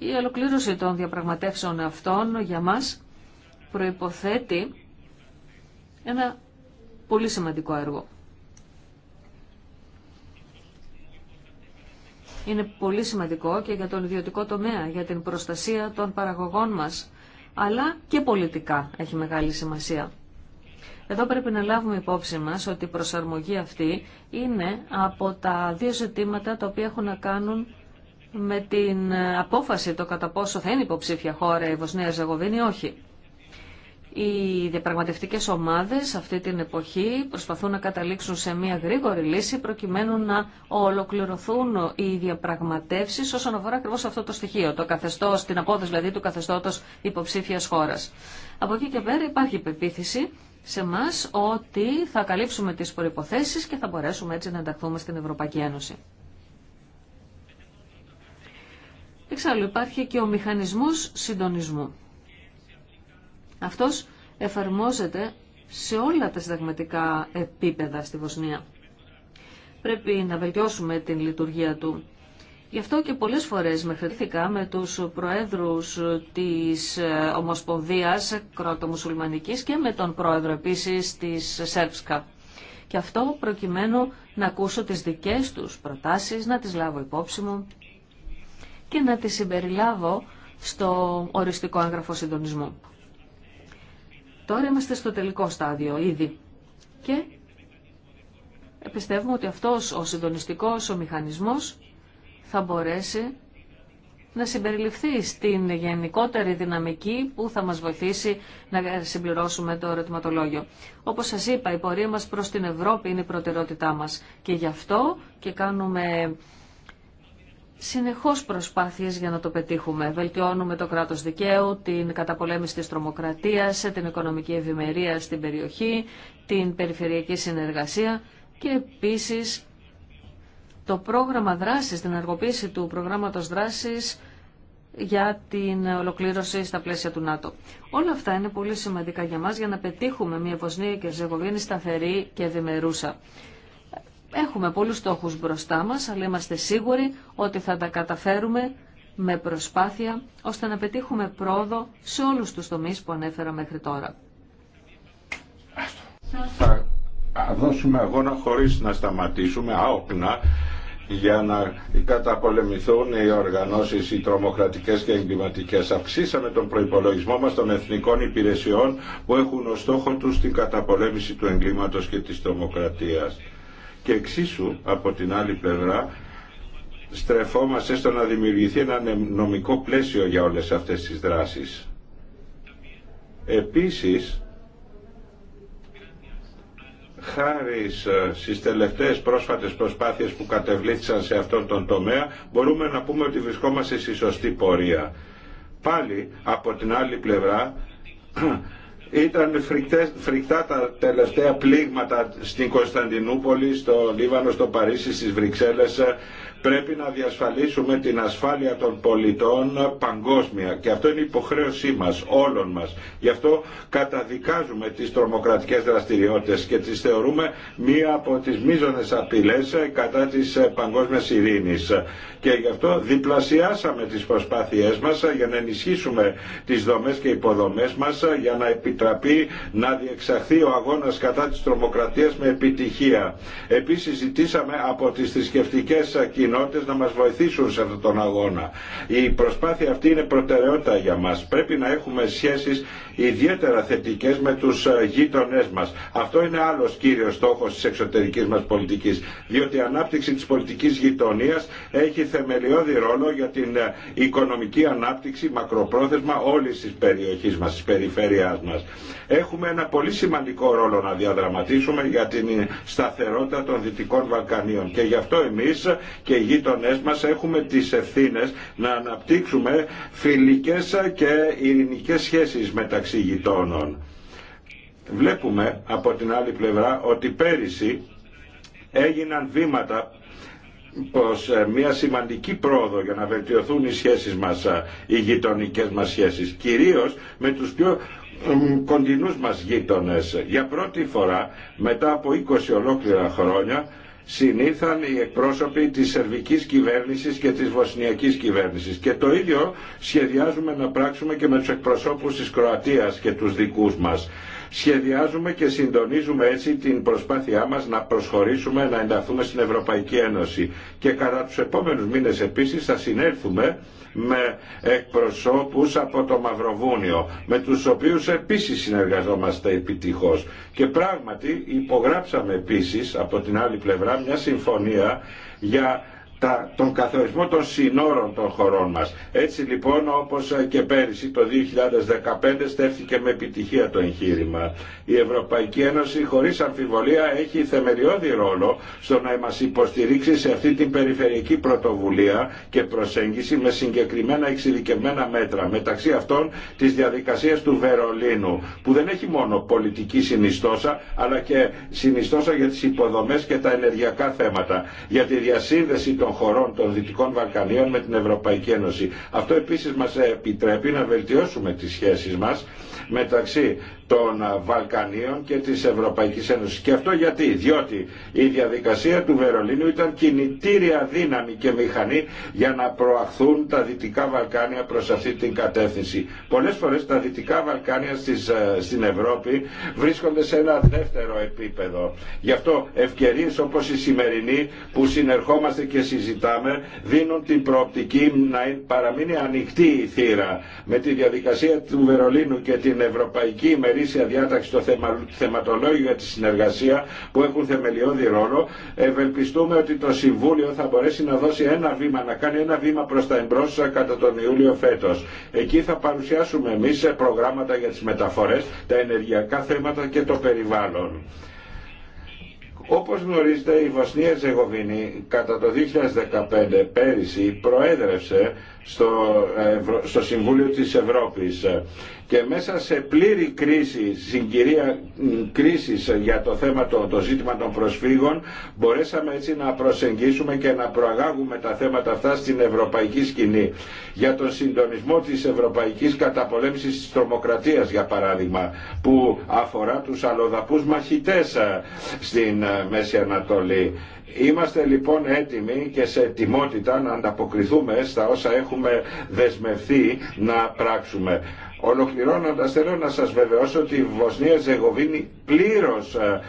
Η ολοκλήρωση των διαπραγματεύσεων αυτών για μας προϋποθέτει ένα πολύ σημαντικό έργο. είναι πολύ σημαντικό και για τον ιδιωτικό τομέα, για την προστασία των παραγωγών μας, αλλά και πολιτικά έχει μεγάλη σημασία. Εδώ πρέπει να λάβουμε υπόψη μας ότι η προσαρμογή αυτή είναι από τα δύο ζητήματα τα οποία έχουν να κάνουν με την ε, απόφαση το κατά πόσο θα είναι υποψήφια χώρα η Βοσνία Ζαγοβίνη ή όχι. Οι διαπραγματευτικές ομάδες αυτή την εποχή προσπαθούν να καταλήξουν σε μια γρήγορη λύση προκειμένου να ολοκληρωθούν οι διαπραγματεύσεις όσον αφορά ακριβώς αυτό το στοιχείο, το καθεστώς, την απόδοση δηλαδή του καθεστώτος υποψήφιας χώρας. Από εκεί και πέρα υπάρχει πεποίθηση σε εμά ότι θα καλύψουμε τις προϋποθέσεις και θα μπορέσουμε έτσι να ενταχθούμε στην Ευρωπαϊκή Ένωση. Εξάλλου υπάρχει και ο μηχανισμός συντονισμού. Αυτός εφαρμόζεται σε όλα τα συνταγματικά επίπεδα στη Βοσνία. Πρέπει να βελτιώσουμε την λειτουργία του. Γι' αυτό και πολλές φορές με με τους προέδρους της ομοσπονδιας Κροατομουσουλμανικής και με τον πρόεδρο επίσης της Σέρψκα. Και αυτό προκειμένου να ακούσω τις δικές τους προτάσεις, να τις λάβω υπόψη μου και να τις συμπεριλάβω στο οριστικό έγγραφο συντονισμού. Τώρα είμαστε στο τελικό στάδιο ήδη και πιστεύουμε ότι αυτός ο συντονιστικός ο μηχανισμός θα μπορέσει να συμπεριληφθεί στην γενικότερη δυναμική που θα μας βοηθήσει να συμπληρώσουμε το ερωτηματολόγιο. Όπως σας είπα, η πορεία μας προς την Ευρώπη είναι η προτεραιότητά μας και γι' αυτό και κάνουμε συνεχώς προσπάθειες για να το πετύχουμε. Βελτιώνουμε το κράτος δικαίου, την καταπολέμηση της τρομοκρατίας, την οικονομική ευημερία στην περιοχή, την περιφερειακή συνεργασία και επίσης το πρόγραμμα δράσης, την αργοποίηση του προγράμματος δράσης για την ολοκλήρωση στα πλαίσια του ΝΑΤΟ. Όλα αυτά είναι πολύ σημαντικά για μας για να πετύχουμε μια Βοσνία και Ζεγοβίνη σταθερή και ευημερούσα. Έχουμε πολλούς στόχους μπροστά μας, αλλά είμαστε σίγουροι ότι θα τα καταφέρουμε με προσπάθεια, ώστε να πετύχουμε πρόοδο σε όλους τους τομείς που ανέφερα μέχρι τώρα. Θα δώσουμε αγώνα χωρίς να σταματήσουμε, άοπνα για να καταπολεμηθούν οι οργανώσεις οι τρομοκρατικές και εγκληματικές. Αυξήσαμε τον προϋπολογισμό μας των εθνικών υπηρεσιών που έχουν ως στόχο τους την καταπολέμηση του εγκλήματος και της τρομοκρατίας και εξίσου από την άλλη πλευρά στρεφόμαστε στο να δημιουργηθεί ένα νομικό πλαίσιο για όλες αυτές τις δράσεις. Επίσης, χάρη στις τελευταίες πρόσφατες προσπάθειες που κατεβλήθησαν σε αυτόν τον τομέα, μπορούμε να πούμε ότι βρισκόμαστε στη σωστή πορεία. Πάλι, από την άλλη πλευρά, ήταν φρικτές, φρικτά τα τελευταία πλήγματα στην Κωνσταντινούπολη, στο Λίβανο, στο Παρίσι, στις Βρυξέλλες. Πρέπει να διασφαλίσουμε την ασφάλεια των πολιτών παγκόσμια και αυτό είναι υποχρέωσή μας, όλων μας. Γι' αυτό καταδικάζουμε τις τρομοκρατικές δραστηριότητες και τις θεωρούμε μία από τις μείζονες απειλές κατά της παγκόσμιας ειρήνης και γι' αυτό διπλασιάσαμε τις προσπάθειές μας για να ενισχύσουμε τις δομές και υποδομές μας για να επιτραπεί να διεξαχθεί ο αγώνας κατά της τρομοκρατίας με επιτυχία. Επίσης ζητήσαμε από τις θρησκευτικέ κοινότητες να μας βοηθήσουν σε αυτόν τον αγώνα. Η προσπάθεια αυτή είναι προτεραιότητα για μας. Πρέπει να έχουμε σχέσεις ιδιαίτερα θετικές με τους γείτονές μας. Αυτό είναι άλλος κύριος στόχος της εξωτερικής μας πολιτικής, διότι η ανάπτυξη της πολιτικής γειτονίας έχει θεμελιώδη ρόλο για την ε, οικονομική ανάπτυξη μακροπρόθεσμα όλη της περιοχής μας, της περιφέρειάς μας. Έχουμε ένα πολύ σημαντικό ρόλο να διαδραματίσουμε για την σταθερότητα των Δυτικών Βαλκανίων και γι' αυτό εμείς και οι γείτονές μας έχουμε τις ευθύνες να αναπτύξουμε φιλικές και ειρηνικές σχέσεις μεταξύ γειτόνων. Βλέπουμε από την άλλη πλευρά ότι πέρυσι έγιναν βήματα πως ε, μια σημαντική πρόοδο για να βελτιωθούν οι σχέσεις μας, ε, οι γειτονικές μας σχέσεις, κυρίως με τους πιο κοντινούς μας γείτονες. Για πρώτη φορά, μετά από 20 ολόκληρα χρόνια, συνήθαν οι εκπρόσωποι της σερβικής κυβέρνησης και της βοσνιακής κυβέρνησης. Και το ίδιο σχεδιάζουμε να πράξουμε και με τους εκπροσώπους της Κροατίας και τους δικούς μας. Σχεδιάζουμε και συντονίζουμε έτσι την προσπάθειά μας να προσχωρήσουμε, να ενταθούμε στην Ευρωπαϊκή Ένωση. Και κατά τους επόμενους μήνες επίσης θα συνέλθουμε με εκπροσώπους από το Μαυροβούνιο, με τους οποίους επίσης συνεργαζόμαστε επιτυχώς. Και πράγματι υπογράψαμε επίσης από την άλλη πλευρά μια συμφωνία για τον καθορισμό των συνόρων των χωρών μας. Έτσι λοιπόν όπως και πέρυσι το 2015 στέφθηκε με επιτυχία το εγχείρημα. Η Ευρωπαϊκή Ένωση χωρίς αμφιβολία έχει θεμελιώδη ρόλο στο να μας υποστηρίξει σε αυτή την περιφερειακή πρωτοβουλία και προσέγγιση με συγκεκριμένα εξειδικευμένα μέτρα. Μεταξύ αυτών της διαδικασίας του Βερολίνου που δεν έχει μόνο πολιτική συνιστόσα αλλά και συνιστόσα για τις υποδομές και τα ενεργειακά θέματα. Για τη διασύνδεση των χωρών των Δυτικών Βαλκανίων με την Ευρωπαϊκή Ένωση. Αυτό επίσης μας επιτρέπει να βελτιώσουμε τις σχέσεις μας μεταξύ των Βαλκανίων και της Ευρωπαϊκής Ένωσης. Και αυτό γιατί, διότι η διαδικασία του Βερολίνου ήταν κινητήρια δύναμη και μηχανή για να προαχθούν τα Δυτικά Βαλκάνια προς αυτή την κατεύθυνση. Πολλές φορές τα Δυτικά Βαλκάνια στις, στην Ευρώπη βρίσκονται σε ένα δεύτερο επίπεδο. Γι' αυτό ευκαιρίες όπως η σημερινή που συνερχόμαστε και συζητάμε δίνουν την προοπτική να ε, παραμείνει ανοιχτή η θύρα με τη διαδικασία του Βερολίνου και την Ευρωπαϊκή ημερήσια διάταξη το θεμα, θεματολόγιο για τη συνεργασία που έχουν θεμελιώδη ρόλο, ευελπιστούμε ότι το Συμβούλιο θα μπορέσει να δώσει ένα βήμα, να κάνει ένα βήμα προ τα εμπρό κατά τον Ιούλιο φέτο. Εκεί θα παρουσιάσουμε εμεί προγράμματα για τι μεταφορέ, τα ενεργειακά θέματα και το περιβάλλον. Όπως γνωρίζετε η Βοσνία Ζεγοβίνη κατά το 2015 πέρυσι προέδρευσε στο, ε, στο Συμβούλιο της Ευρώπης και μέσα σε πλήρη κρίση, συγκυρία κρίση για το θέμα το, ζήτημα των προσφύγων μπορέσαμε έτσι να προσεγγίσουμε και να προαγάγουμε τα θέματα αυτά στην ευρωπαϊκή σκηνή. Για τον συντονισμό της ευρωπαϊκής καταπολέμησης της τρομοκρατίας για παράδειγμα που αφορά τους αλλοδαπούς μαχητές ε, στην ε, Μέση Ανατολή. Είμαστε λοιπόν έτοιμοι και σε ετοιμότητα να ανταποκριθούμε στα όσα έχουμε δεσμευθεί να πράξουμε. Ολοκληρώνοντας θέλω να σας βεβαιώσω ότι η Βοσνία Ζεγοβίνη πλήρως ε,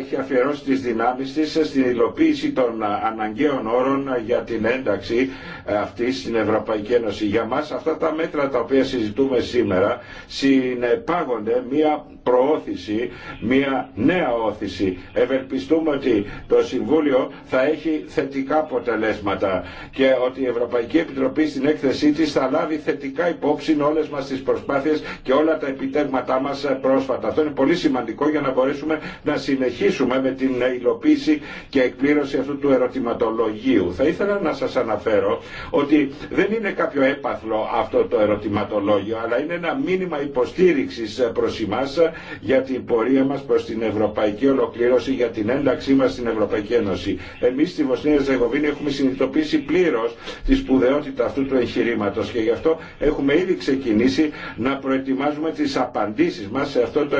έχει αφιερώσει τις δυνάμεις της στην υλοποίηση των ε, αναγκαίων όρων για την ένταξη ε, αυτή στην Ευρωπαϊκή Ένωση. Για μας αυτά τα μέτρα τα οποία συζητούμε σήμερα συνεπάγονται μια προώθηση, μια νέα όθηση. Ευελπιστούμε ότι το Συμβούλιο θα έχει θετικά αποτελέσματα και ότι η Ευρωπαϊκή Επιτροπή στην έκθεσή της θα λάβει θετικά υπόψη όλες μας τις προσπάθειες και όλα τα επιτέγματα μας πρόσφατα. Αυτό είναι πολύ σημαντικό για να μπορέσουμε να συνεχίσουμε με την υλοποίηση και εκπλήρωση αυτού του ερωτηματολογίου. Θα ήθελα να σας αναφέρω ότι δεν είναι κάποιο έπαθλο αυτό το ερωτηματολόγιο, αλλά είναι ένα μήνυμα υποστήριξης προς εμάς για την πορεία μας προς την ευρωπαϊκή ολοκλήρωση, για την ένταξή μας στην Ευρωπαϊκή Ένωση. Εμείς στη Βοσνία Ζεγοβίνη έχουμε συνειδητοποιήσει πλήρως τη σπουδαιότητα αυτού του εγχειρήματος και γι' αυτό έχουμε ήδη ξεκινήσει να προετοιμάζουμε τις απαντήσεις μας σε αυτό το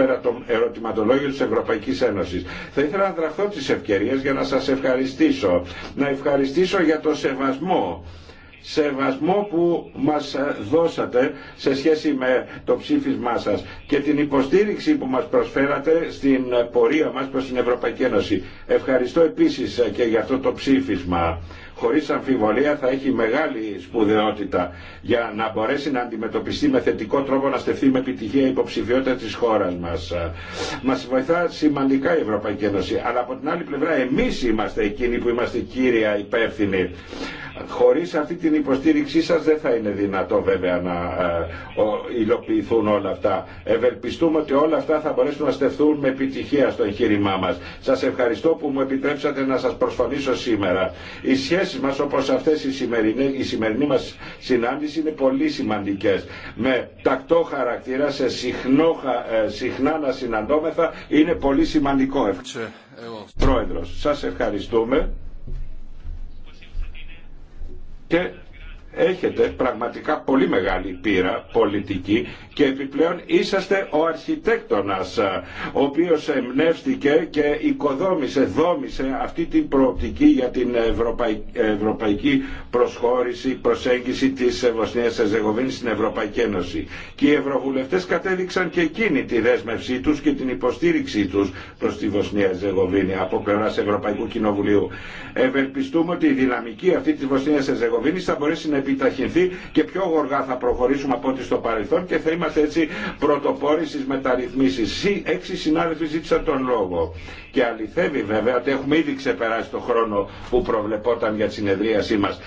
ερωτηματολόγιο της Ευρωπαϊκής Ένωσης. Θα ήθελα να δραχθώ τις ευκαιρίες για να σας ευχαριστήσω. Να ευχαριστήσω για το σεβασμό σεβασμό που μας δώσατε σε σχέση με το ψήφισμά σας και την υποστήριξη που μας προσφέρατε στην πορεία μας προς την Ευρωπαϊκή Ένωση. Ευχαριστώ επίσης και για αυτό το ψήφισμα χωρίς αμφιβολία θα έχει μεγάλη σπουδαιότητα για να μπορέσει να αντιμετωπιστεί με θετικό τρόπο να στεφθεί με επιτυχία η υποψηφιότητα της χώρας μας. Μας βοηθά σημαντικά η Ευρωπαϊκή Ένωση, αλλά από την άλλη πλευρά εμείς είμαστε εκείνοι που είμαστε κύρια υπεύθυνοι. Χωρίς αυτή την υποστήριξή σας δεν θα είναι δυνατό βέβαια να ε, υλοποιηθούν όλα αυτά. Ευελπιστούμε ότι όλα αυτά θα μπορέσουν να στεφθούν με επιτυχία στο εγχείρημά μας. Σας ευχαριστώ που μου επιτρέψατε να σας προσφωνήσω σήμερα. Η σχέση Όπω μας όπως αυτές οι σημερινή, η σημερινή μας συνάντηση είναι πολύ σημαντικές. Με τακτό χαρακτήρα σε συχνό, ε, συχνά να συναντώμεθα είναι πολύ σημαντικό. Πρόεδρος, σας ευχαριστούμε και έχετε πραγματικά πολύ μεγάλη πείρα πολιτική και επιπλέον είσαστε ο αρχιτέκτονας ε, ο οποίος εμπνεύστηκε και οικοδόμησε, δόμησε αυτή την προοπτική για την ευρωπαϊκή προσχώρηση, προσέγγιση της Βοσνίας Ερζεγοβίνης στην Ευρωπαϊκή Ένωση. Και οι ευρωβουλευτές κατέδειξαν και εκείνη τη δέσμευσή τους και την υποστήριξή τους προς τη Βοσνία Εζεγοβίνη από πλευράς Ευρωπαϊκού Κοινοβουλίου. Ευελπιστούμε ότι η δυναμική αυτή της Βοσνίας θα μπορέσει να επιταχυνθεί και πιο γοργά θα προχωρήσουμε από ό,τι στο παρελθόν και είμαστε έτσι πρωτοπόροι στις μεταρρυθμίσεις. Έξι συνάδελφοι ζήτησαν τον λόγο. Και αληθεύει βέβαια ότι έχουμε ήδη ξεπεράσει το χρόνο που προβλεπόταν για τη συνεδρίασή μας.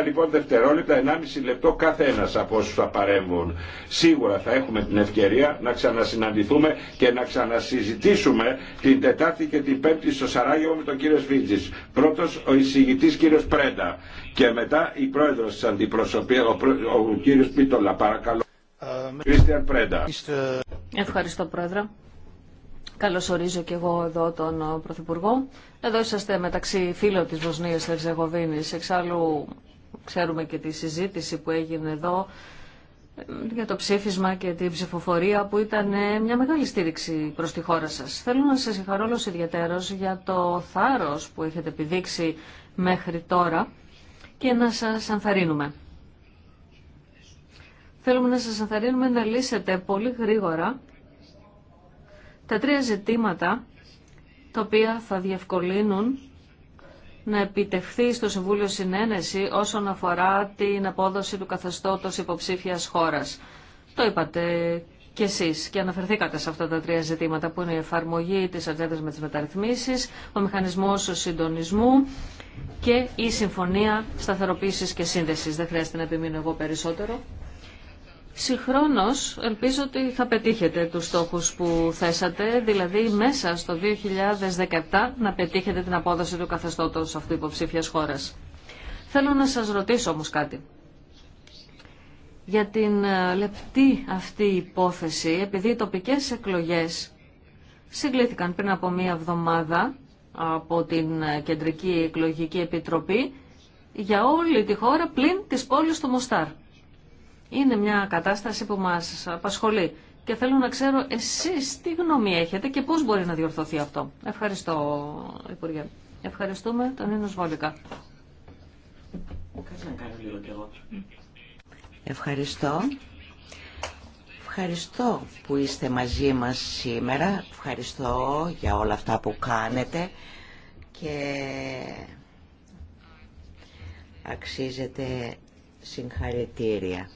90 λοιπόν δευτερόλεπτα, 1,5 λεπτό κάθε ένας από όσους θα παρέμβουν. Σίγουρα θα έχουμε την ευκαιρία να ξανασυναντηθούμε και να ξανασυζητήσουμε την Τετάρτη και την Πέμπτη στο Σαράγιο με τον κύριο Σφίτζης. Πρώτος ο εισηγητής κύριος Πρέντα και μετά η πρόεδρος της αντιπροσωπείας, ο, ο κύριος Πίτολα, παρακαλώ. Ευχαριστώ, Πρόεδρε. ορίζω και εγώ εδώ τον ε, Πρωθυπουργό. Εδώ είσαστε μεταξύ φίλων της Βοσνίας Ερζεγοβίνης. Εξάλλου ξέρουμε και τη συζήτηση που έγινε εδώ ε, για το ψήφισμα και την ψηφοφορία που ήταν ε, μια μεγάλη στήριξη προς τη χώρα σας. Θέλω να σας ευχαρώ όλους ιδιαίτερος για το θάρρος που έχετε επιδείξει μέχρι τώρα και να σας ανθαρρύνουμε. Θέλουμε να σας ενθαρρύνουμε να λύσετε πολύ γρήγορα τα τρία ζητήματα τα οποία θα διευκολύνουν να επιτευχθεί στο Συμβούλιο Συνένεση όσον αφορά την απόδοση του καθεστώτος υποψήφιας χώρας. Το είπατε κι εσείς και αναφερθήκατε σε αυτά τα τρία ζητήματα που είναι η εφαρμογή της ατζέντας με τις μεταρρυθμίσεις, ο μηχανισμός συντονισμού και η Συμφωνία Σταθεροποίησης και Σύνδεσης. Δεν χρειάζεται να επιμείνω εγώ περισσότερο. Συγχρόνως ελπίζω ότι θα πετύχετε τους στόχους που θέσατε, δηλαδή μέσα στο 2017 να πετύχετε την απόδοση του καθεστώτος αυτού υποψήφια χώρας. Θέλω να σας ρωτήσω όμως κάτι. Για την ε, λεπτή αυτή υπόθεση, επειδή οι τοπικές εκλογές συγκλήθηκαν πριν από μία εβδομάδα από την ε, Κεντρική Εκλογική Επιτροπή για όλη τη χώρα πλην της πόλης του Μοστάρ. Είναι μια κατάσταση που μας απασχολεί και θέλω να ξέρω εσείς τι γνώμη έχετε και πώς μπορεί να διορθωθεί αυτό. Ευχαριστώ, Υπουργέ. Ευχαριστούμε τον Ίνος Βόλικα. Ευχαριστώ. Ευχαριστώ που είστε μαζί μας σήμερα. Ευχαριστώ για όλα αυτά που κάνετε και αξίζετε συγχαρητήρια.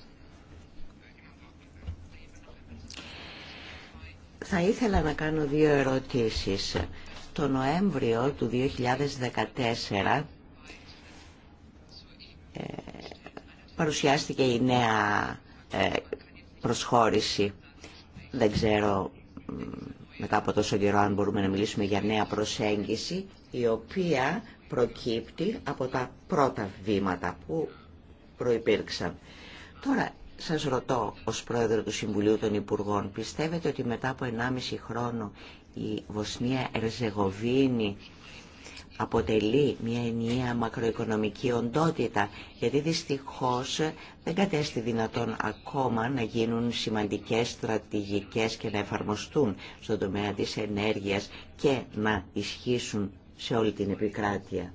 Θα ήθελα να κάνω δύο ερωτήσεις. Το Νοέμβριο του 2014 ε, παρουσιάστηκε η νέα ε, προσχώρηση. Δεν ξέρω μετά από τόσο καιρό αν μπορούμε να μιλήσουμε για νέα προσέγγιση η οποία προκύπτει από τα πρώτα βήματα που προϋπήρξαν. Τώρα, σας ρωτώ ως πρόεδρο του Συμβουλίου των Υπουργών, πιστεύετε ότι μετά από 1,5 χρόνο η Βοσνία Ερζεγοβίνη αποτελεί μια ενιαία μακροοικονομική οντότητα, γιατί δυστυχώς δεν κατέστη δυνατόν ακόμα να γίνουν σημαντικές στρατηγικές και να εφαρμοστούν στον τομέα της ενέργειας και να ισχύσουν σε όλη την επικράτεια.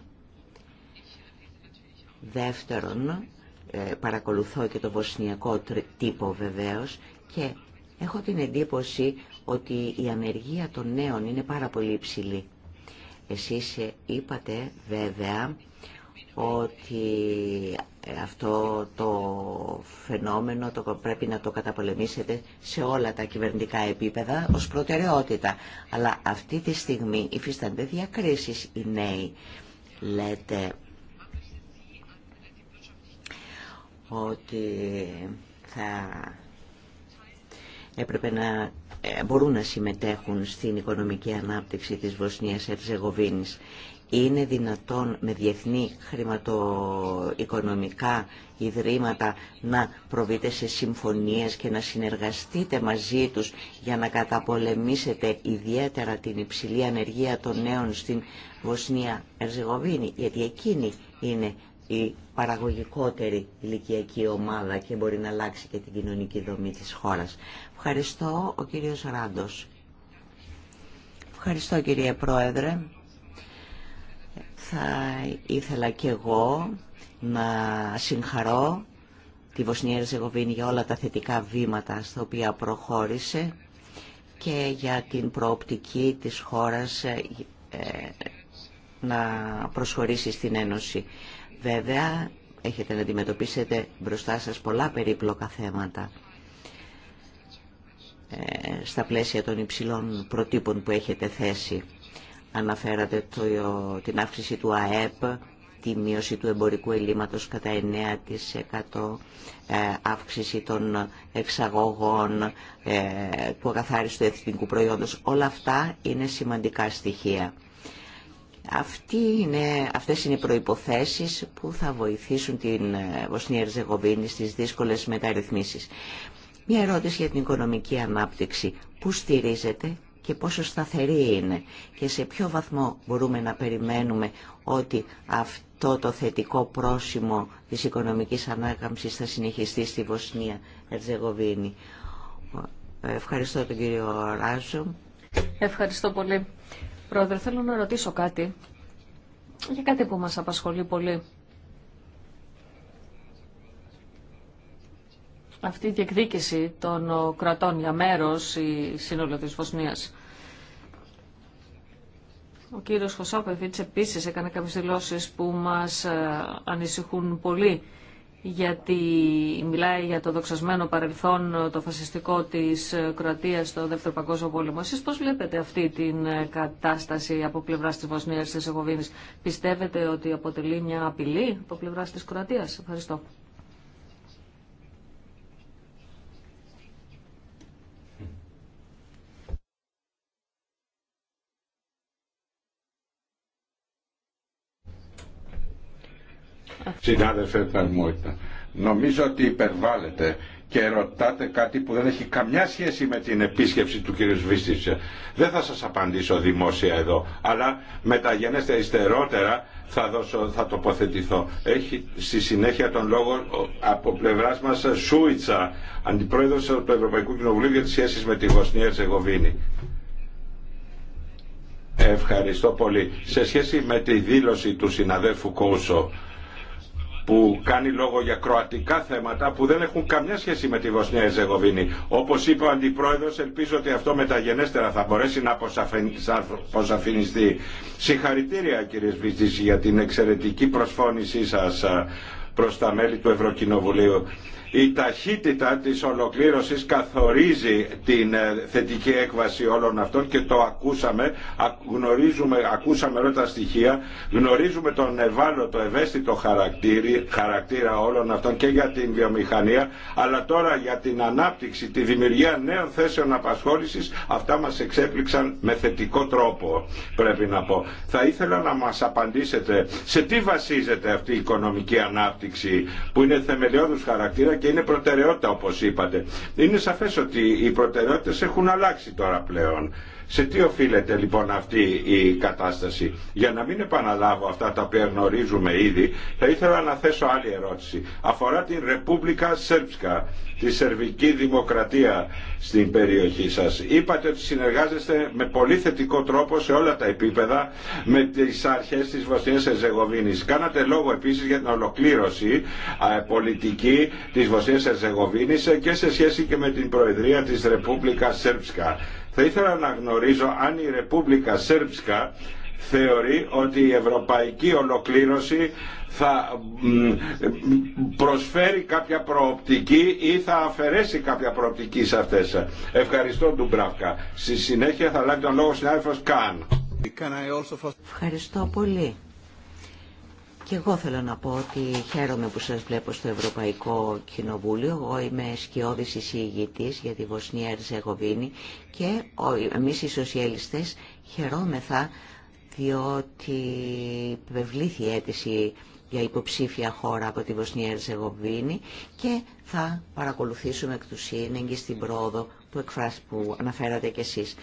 Δεύτερον, ε, παρακολουθώ και το βοσνιακό τύπο βεβαίως και έχω την εντύπωση ότι η ανεργία των νέων είναι πάρα πολύ υψηλή. Εσείς ε, είπατε βέβαια ότι ε, αυτό το φαινόμενο το πρέπει να το καταπολεμήσετε σε όλα τα κυβερνητικά επίπεδα ως προτεραιότητα. Αλλά αυτή τη στιγμή υφίστανται διακρίσεις οι νέοι. Λέτε ότι θα έπρεπε να ε, μπορούν να συμμετέχουν στην οικονομική ανάπτυξη της Βοσνίας Ερζεγοβίνης. Είναι δυνατόν με διεθνή χρηματοοικονομικά ιδρύματα να προβείτε σε συμφωνίες και να συνεργαστείτε μαζί τους για να καταπολεμήσετε ιδιαίτερα την υψηλή ανεργία των νέων στην Βοσνία Ερζεγοβίνη, γιατί εκείνη είναι η παραγωγικότερη ηλικιακή ομάδα και μπορεί να αλλάξει και την κοινωνική δομή της χώρας. Ευχαριστώ ο κύριος Ράντος. Ευχαριστώ κύριε Πρόεδρε. Θα ήθελα και εγώ να συγχαρώ τη Βοσνία Ζεγοβίνη για όλα τα θετικά βήματα στα οποία προχώρησε και για την προοπτική της χώρας ε, να προσχωρήσει στην Ένωση. Βέβαια, έχετε να αντιμετωπίσετε μπροστά σας πολλά περίπλοκα θέματα ε, στα πλαίσια των υψηλών προτύπων που έχετε θέσει. Αναφέρατε το, την αύξηση του ΑΕΠ, τη μείωση του εμπορικού ελλείμματος κατά 9%, ε, αύξηση των εξαγωγών, ε, του αγαθάριστου εθνικού προϊόντος. Όλα αυτά είναι σημαντικά στοιχεία. Αυτή είναι, αυτές είναι οι προϋποθέσεις που θα βοηθήσουν την ε, Βοσνία Ερζεγοβίνη στις δύσκολες μεταρρυθμίσεις. Μια ερώτηση για την οικονομική ανάπτυξη. Πού στηρίζεται και πόσο σταθερή είναι και σε ποιο βαθμό μπορούμε να περιμένουμε ότι αυτό το θετικό πρόσημο της οικονομικής ανάκαμψης θα συνεχιστεί στη Βοσνία Ερζεγοβίνη. Ε, ευχαριστώ τον κύριο Ράζο. Ευχαριστώ πολύ. Πρόεδρε, θέλω να ρωτήσω κάτι για κάτι που μας απασχολεί πολύ. Αυτή η διεκδίκηση των κρατών για μέρος η σύνολο της Βοσνίας. Ο κύριος Χωσάπεφιτς επίσης έκανε κάποιες δηλώσεις που μας ε, ανησυχούν πολύ γιατί μιλάει για το δοξασμένο παρελθόν το φασιστικό της Κροατίας στο Δεύτερο Παγκόσμιο Πόλεμο. Εσείς πώς βλέπετε αυτή την κατάσταση από πλευράς της Βοσνίας της Εγωβίνης. Πιστεύετε ότι αποτελεί μια απειλή από πλευράς της Κροατίας. Ευχαριστώ. Συνάδελφε Παλμούιτα, νομίζω ότι υπερβάλλεται και ρωτάτε κάτι που δεν έχει καμιά σχέση με την επίσκεψη του κ. Βίστης. Δεν θα σας απαντήσω δημόσια εδώ, αλλά μεταγενέστε ιστερότερα θα, θα τοποθετηθώ. Έχει στη συνέχεια τον λόγο από πλευρά μα Σούιτσα, αντιπρόεδρο του Ευρωπαϊκού Κοινοβουλίου για τι σχέσει με τη Βοσνία Ευχαριστώ πολύ. Σε σχέση με τη δήλωση του συναδέλφου Κόουσο, που κάνει λόγο για κροατικά θέματα που δεν έχουν καμιά σχέση με τη Βοσνία Εζεγοβίνη. Όπω είπε ο Αντιπρόεδρο, ελπίζω ότι αυτό μεταγενέστερα θα μπορέσει να αποσαφινιστεί. Συγχαρητήρια κύριε Σβητζήση για την εξαιρετική προσφώνησή σα ε, προ τα μέλη του Ευρωκοινοβουλίου. Η ταχύτητα της ολοκλήρωσης καθορίζει την ε, θετική έκβαση όλων αυτών και το ακούσαμε, γνωρίζουμε, ακούσαμε όλα τα στοιχεία, γνωρίζουμε τον ευάλωτο, ευαίσθητο χαρακτήρα όλων αυτών και για την βιομηχανία, αλλά τώρα για την ανάπτυξη, τη δημιουργία νέων θέσεων απασχόλησης, αυτά μας εξέπληξαν με θετικό τρόπο, πρέπει να πω. Θα ήθελα να μας απαντήσετε σε τι βασίζεται αυτή η οικονομική ανάπτυξη που είναι θεμελιώδους χαρακτήρα και είναι προτεραιότητα όπως είπατε. Είναι σαφές ότι οι προτεραιότητες έχουν αλλάξει τώρα πλέον σε τι οφείλεται λοιπόν αυτή η κατάσταση. Για να μην επαναλάβω αυτά τα οποία γνωρίζουμε ήδη, θα ήθελα να θέσω άλλη ερώτηση. Αφορά την Ρεπούμπλικα Σέρψκα, τη Σερβική Δημοκρατία στην περιοχή σας. Είπατε ότι συνεργάζεστε με πολύ θετικό τρόπο σε όλα τα επίπεδα με τις αρχές της Βοσνίας Ερζεγοβίνης. Κάνατε λόγο επίσης για την ολοκλήρωση πολιτική της Βοσνίας Ερζεγοβίνης και σε σχέση και με την Προεδρία της Ρεπούμπλικα Σέρψκα. Θα ήθελα να γνωρίζω αν η Ρεπούμπλικα Σέρβσκα θεωρεί ότι η ευρωπαϊκή ολοκλήρωση θα προσφέρει κάποια προοπτική ή θα αφαιρέσει κάποια προοπτική σε αυτές. Ευχαριστώ Ντουμπράφκα. Στη συνέχεια θα λάβει τον λόγο συνάδελφος Καν. Ευχαριστώ πολύ. Και εγώ θέλω να πω ότι χαίρομαι που σας βλέπω στο Ευρωπαϊκό Κοινοβούλιο. Εγώ είμαι σκιώδης εισηγητής για τη Βοσνία Ερζεγοβίνη και εμείς οι σοσιαλιστές χαιρόμεθα διότι υπευλήθη η αίτηση για υποψήφια χώρα από τη Βοσνία Ερζεγοβίνη και θα παρακολουθήσουμε εκ του σύνεγγυ στην πρόοδο που, που αναφέρατε κι εσείς.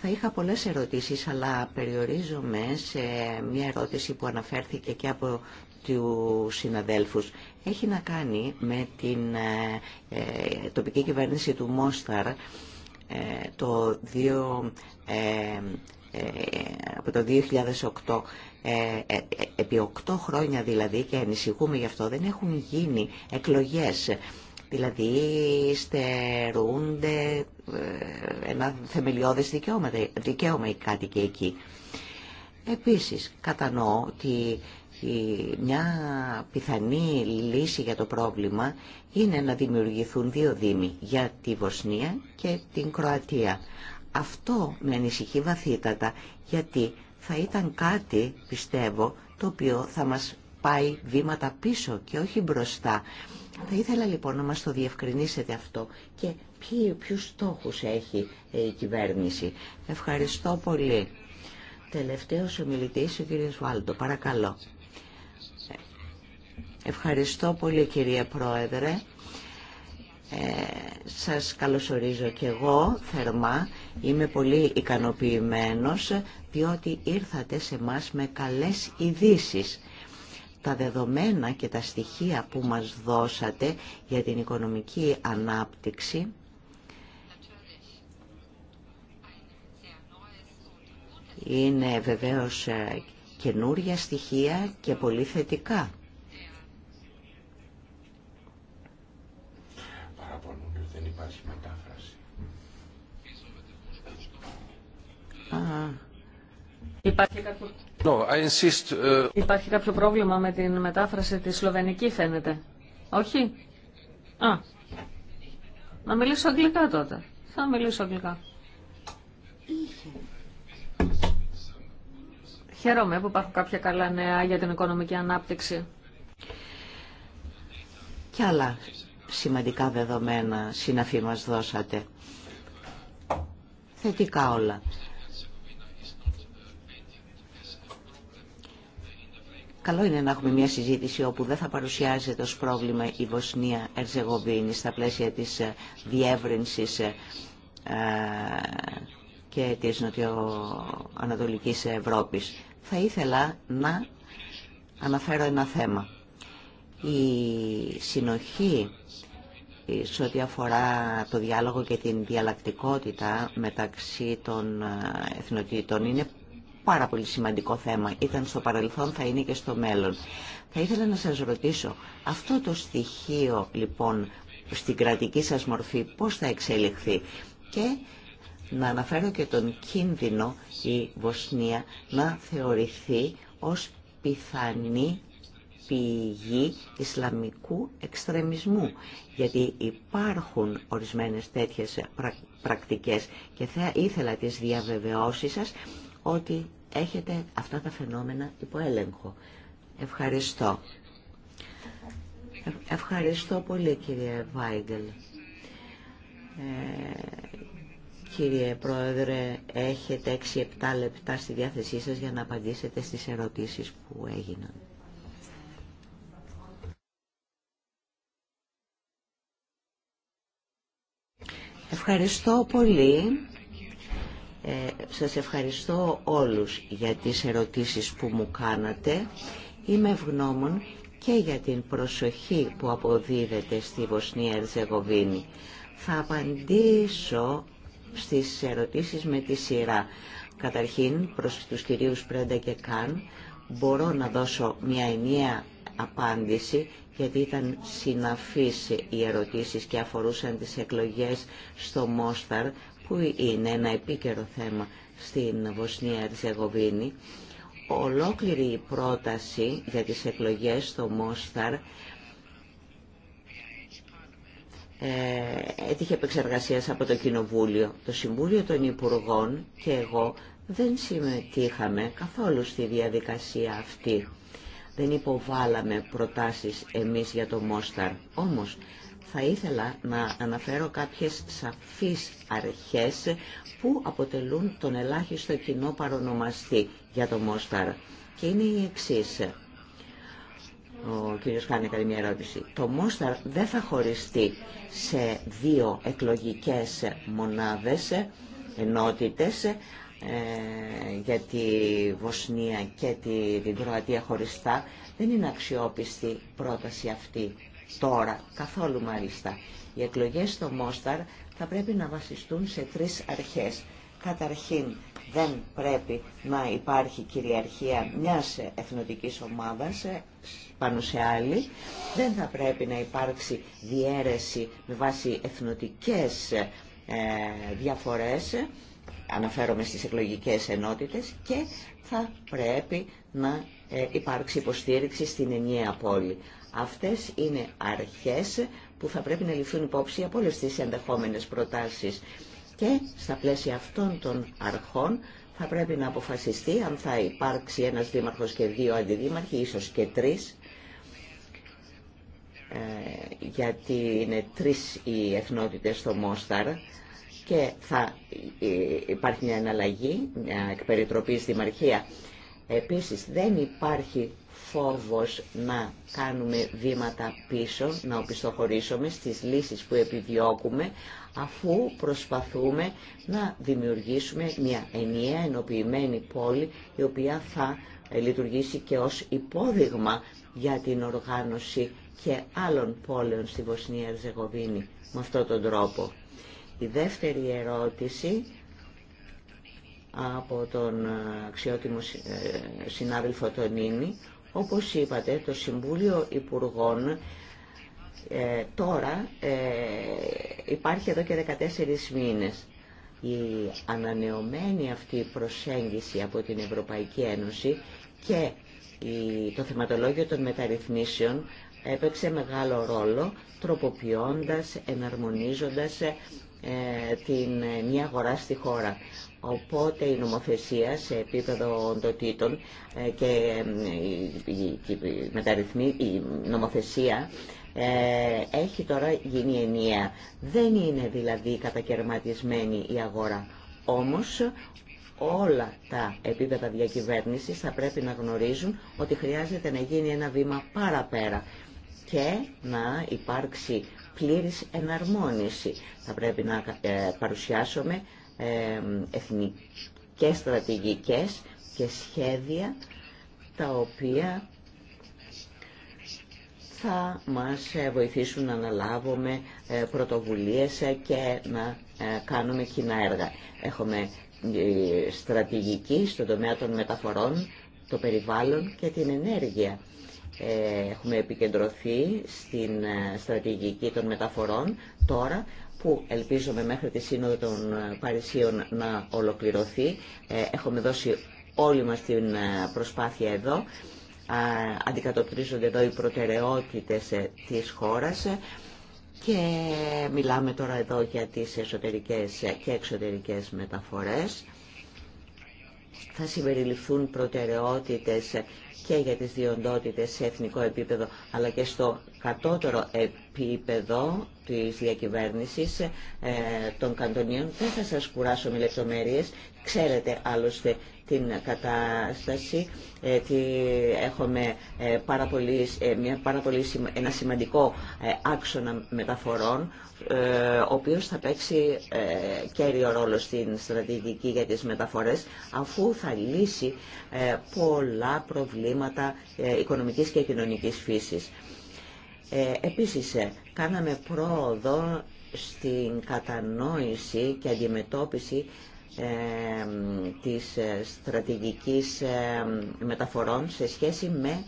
Θα είχα πολλές ερωτήσεις, αλλά περιορίζομαι σε μια ερώτηση που αναφέρθηκε και από του συναδέλφους. Έχει να κάνει με την ε, ε, τοπική κυβέρνηση του Μόσταρ ε, το από το 2008 επί 8 χρόνια δηλαδή και ανησυχούμε γι' αυτό δεν έχουν γίνει εκλογές Δηλαδή στερούνται ε, ένα θεμελιώδες δικαίωμα, δικαίωμα οι κάτοικοι εκεί. Επίσης, κατανοώ ότι μια πιθανή λύση για το πρόβλημα είναι να δημιουργηθούν δύο δήμοι για τη Βοσνία και την Κροατία. Αυτό με ανησυχεί βαθύτατα γιατί θα ήταν κάτι, πιστεύω, το οποίο θα μας πάει βήματα πίσω και όχι μπροστά θα ήθελα λοιπόν να μας το διευκρινίσετε αυτό και ποιους στόχους έχει η κυβέρνηση. Ευχαριστώ πολύ. Τελευταίος ομιλητής ο κύριος Βάλτο, Παρακαλώ. Ευχαριστώ πολύ κυρία Πρόεδρε. Ε, σας καλωσορίζω και εγώ θερμά. Είμαι πολύ ικανοποιημένος διότι ήρθατε σε μας με καλές ειδήσει τα δεδομένα και τα στοιχεία που μας δώσατε για την οικονομική ανάπτυξη είναι βεβαίως ε, καινούρια στοιχεία και πολύ θετικά. δεν υπάρχει μετάφραση. Υπάρχει κάποιο... Uh, Υπάρχει κάποιο πρόβλημα με την μετάφραση τη Σλοβενική φαίνεται. Όχι. Α. Να μιλήσω αγγλικά τότε. Θα μιλήσω αγγλικά. Χαίρομαι που υπάρχουν κάποια καλά νέα για την οικονομική ανάπτυξη. Και άλλα σημαντικά δεδομένα συναφή μας δώσατε. Θετικά όλα. Καλό είναι να έχουμε μια συζήτηση όπου δεν θα παρουσιάζεται ως πρόβλημα η Βοσνία Ερζεγοβίνη στα πλαίσια της ε, διεύρυνσης ε, ε, και της νοτιοανατολικής Ευρώπης. Θα ήθελα να αναφέρω ένα θέμα. Η συνοχή σε ό,τι αφορά το διάλογο και την διαλλακτικότητα μεταξύ των εθνοτήτων είναι πάρα πολύ σημαντικό θέμα. Ήταν στο παρελθόν, θα είναι και στο μέλλον. Θα ήθελα να σας ρωτήσω, αυτό το στοιχείο λοιπόν στην κρατική σας μορφή πώς θα εξελιχθεί και να αναφέρω και τον κίνδυνο η Βοσνία να θεωρηθεί ως πιθανή πηγή Ισλαμικού εξτρεμισμού. Γιατί υπάρχουν ορισμένες τέτοιες πρακτικές και θα ήθελα τις διαβεβαιώσεις σας ότι έχετε αυτά τα φαινόμενα υπό έλεγχο. Ευχαριστώ. Ευχαριστώ πολύ κύριε Βάιγκελ. Ε, κύριε Πρόεδρε, έχετε 6-7 λεπτά στη διάθεσή σας για να απαντήσετε στις ερωτήσεις που έγιναν. Ευχαριστώ πολύ. Ε, σας ευχαριστώ όλους για τις ερωτήσεις που μου κάνατε. Είμαι ευγνώμων και για την προσοχή που αποδίδεται στη Βοσνία Ερζεγοβίνη. Θα απαντήσω στις ερωτήσεις με τη σειρά. Καταρχήν, προς τους κυρίους Πρέντα και Καν, μπορώ να δώσω μια ενιαία απάντηση γιατί ήταν συναφείς οι ερωτήσεις και αφορούσαν τις εκλογές στο Μόσταρ που είναι ένα επίκαιρο θέμα στην Βοσνία Ερζεγοβίνη. Ολόκληρη η πρόταση για τις εκλογές στο Μόσταρ ε, έτυχε επεξεργασίας από το Κοινοβούλιο. Το Συμβούλιο των Υπουργών και εγώ δεν συμμετείχαμε καθόλου στη διαδικασία αυτή. Δεν υποβάλαμε προτάσεις εμείς για το Μόσταρ. Όμως θα ήθελα να αναφέρω κάποιες σαφείς αρχές που αποτελούν τον ελάχιστο κοινό παρονομαστή για το Μόσταρ. Και είναι η εξή. Ο κύριος Χάνε μια ερώτηση. Το Μόσταρ δεν θα χωριστεί σε δύο εκλογικές μονάδες, ενότητες, ε, για τη Βοσνία και την Κροατία χωριστά. Δεν είναι αξιόπιστη πρόταση αυτή τώρα, καθόλου μάλιστα. Οι εκλογές στο Μόσταρ θα πρέπει να βασιστούν σε τρεις αρχές. Καταρχήν, δεν πρέπει να υπάρχει κυριαρχία μιας εθνοτικής ομάδας ε, πάνω σε άλλη. Δεν θα πρέπει να υπάρξει διαίρεση με βάση εθνοτικές ε, διαφορές, αναφέρομαι στις εκλογικές ενότητες, και θα πρέπει να ε, υπάρξει υποστήριξη στην ενιαία πόλη. Αυτές είναι αρχές που θα πρέπει να ληφθούν υπόψη από όλες τις ενδεχόμενες προτάσεις. Και στα πλαίσια αυτών των αρχών θα πρέπει να αποφασιστεί αν θα υπάρξει ένας δήμαρχος και δύο αντιδήμαρχοι, ίσως και τρεις, ε, γιατί είναι τρεις οι εθνότητες στο Μόσταρ και θα υπάρχει μια εναλλαγή, μια εκπεριτροπή στη Επίσης δεν υπάρχει φόβος να κάνουμε βήματα πίσω, να οπισθοχωρήσουμε στις λύσεις που επιδιώκουμε, αφού προσπαθούμε να δημιουργήσουμε μια ενιαία ενοποιημένη πόλη, η οποία θα ε, λειτουργήσει και ως υπόδειγμα για την οργάνωση και άλλων πόλεων στη Βοσνία Ερζεγοβίνη με αυτόν τον τρόπο. Η δεύτερη ερώτηση από τον ε, αξιότιμο ε, συνάδελφο Τονίνη όπως είπατε, το Συμβούλιο Υπουργών ε, τώρα ε, υπάρχει εδώ και 14 μήνες. Η ανανεωμένη αυτή προσέγγιση από την Ευρωπαϊκή Ένωση και το θεματολόγιο των μεταρρυθμίσεων έπαιξε μεγάλο ρόλο τροποποιώντας, εναρμονίζοντας ε, την ε, μια αγορά στη χώρα. Οπότε η νομοθεσία σε επίπεδο οντοτήτων ε, και η, μεταρρυθμή, η νομοθεσία ε, έχει τώρα γίνει ενιαία. Δεν είναι δηλαδή κατακαιρματισμένη η αγορά. Όμως όλα τα επίπεδα διακυβέρνησης θα πρέπει να γνωρίζουν ότι χρειάζεται να γίνει ένα βήμα παραπέρα και να υπάρξει πλήρης εναρμόνιση. Θα πρέπει να ε, παρουσιάσουμε εθνικές στρατηγικές και σχέδια τα οποία θα μας ε, βοηθήσουν να αναλάβουμε ε, πρωτοβουλίες ε, και να κάνουμε κοινά έργα. Έχουμε στρατηγική στον τομέα των μεταφορών, το περιβάλλον και την ενέργεια. Έχουμε επικεντρωθεί στην στρατηγική των μεταφορών. Τώρα που ελπίζομαι μέχρι τη Σύνοδο των ε, Παρισίων να ολοκληρωθεί. Ε, έχουμε δώσει όλη μας την ε, προσπάθεια εδώ. Αντικατοπτρίζονται εδώ οι προτεραιότητες της χώρας και μιλάμε τώρα εδώ για τις εσωτερικές και εξωτερικές μεταφορές. Θα συμπεριληφθούν προτεραιότητες και για τις διοντότητες σε εθνικό επίπεδο αλλά και στο κατώτερο επίπεδο της διακυβέρνησης ε, των καντονίων. Δεν θα σας κουράσω με Ξέρετε άλλωστε την κατάσταση, ε, ότι έχουμε ε, πάρα πολύ, ε, μια πάρα πολύ, ένα σημαντικό άξονα μεταφορών, ο οποίος θα παίξει κέριο ρόλο στην στρατηγική για τις μεταφορές, αφού θα λύσει πολλά προβλήματα οικονομικής και κοινωνικής φύσης. Ε, επίσης, ε, κάναμε πρόοδο στην κατανόηση και αντιμετώπιση ε, της στρατηγικής μεταφορών σε σχέση με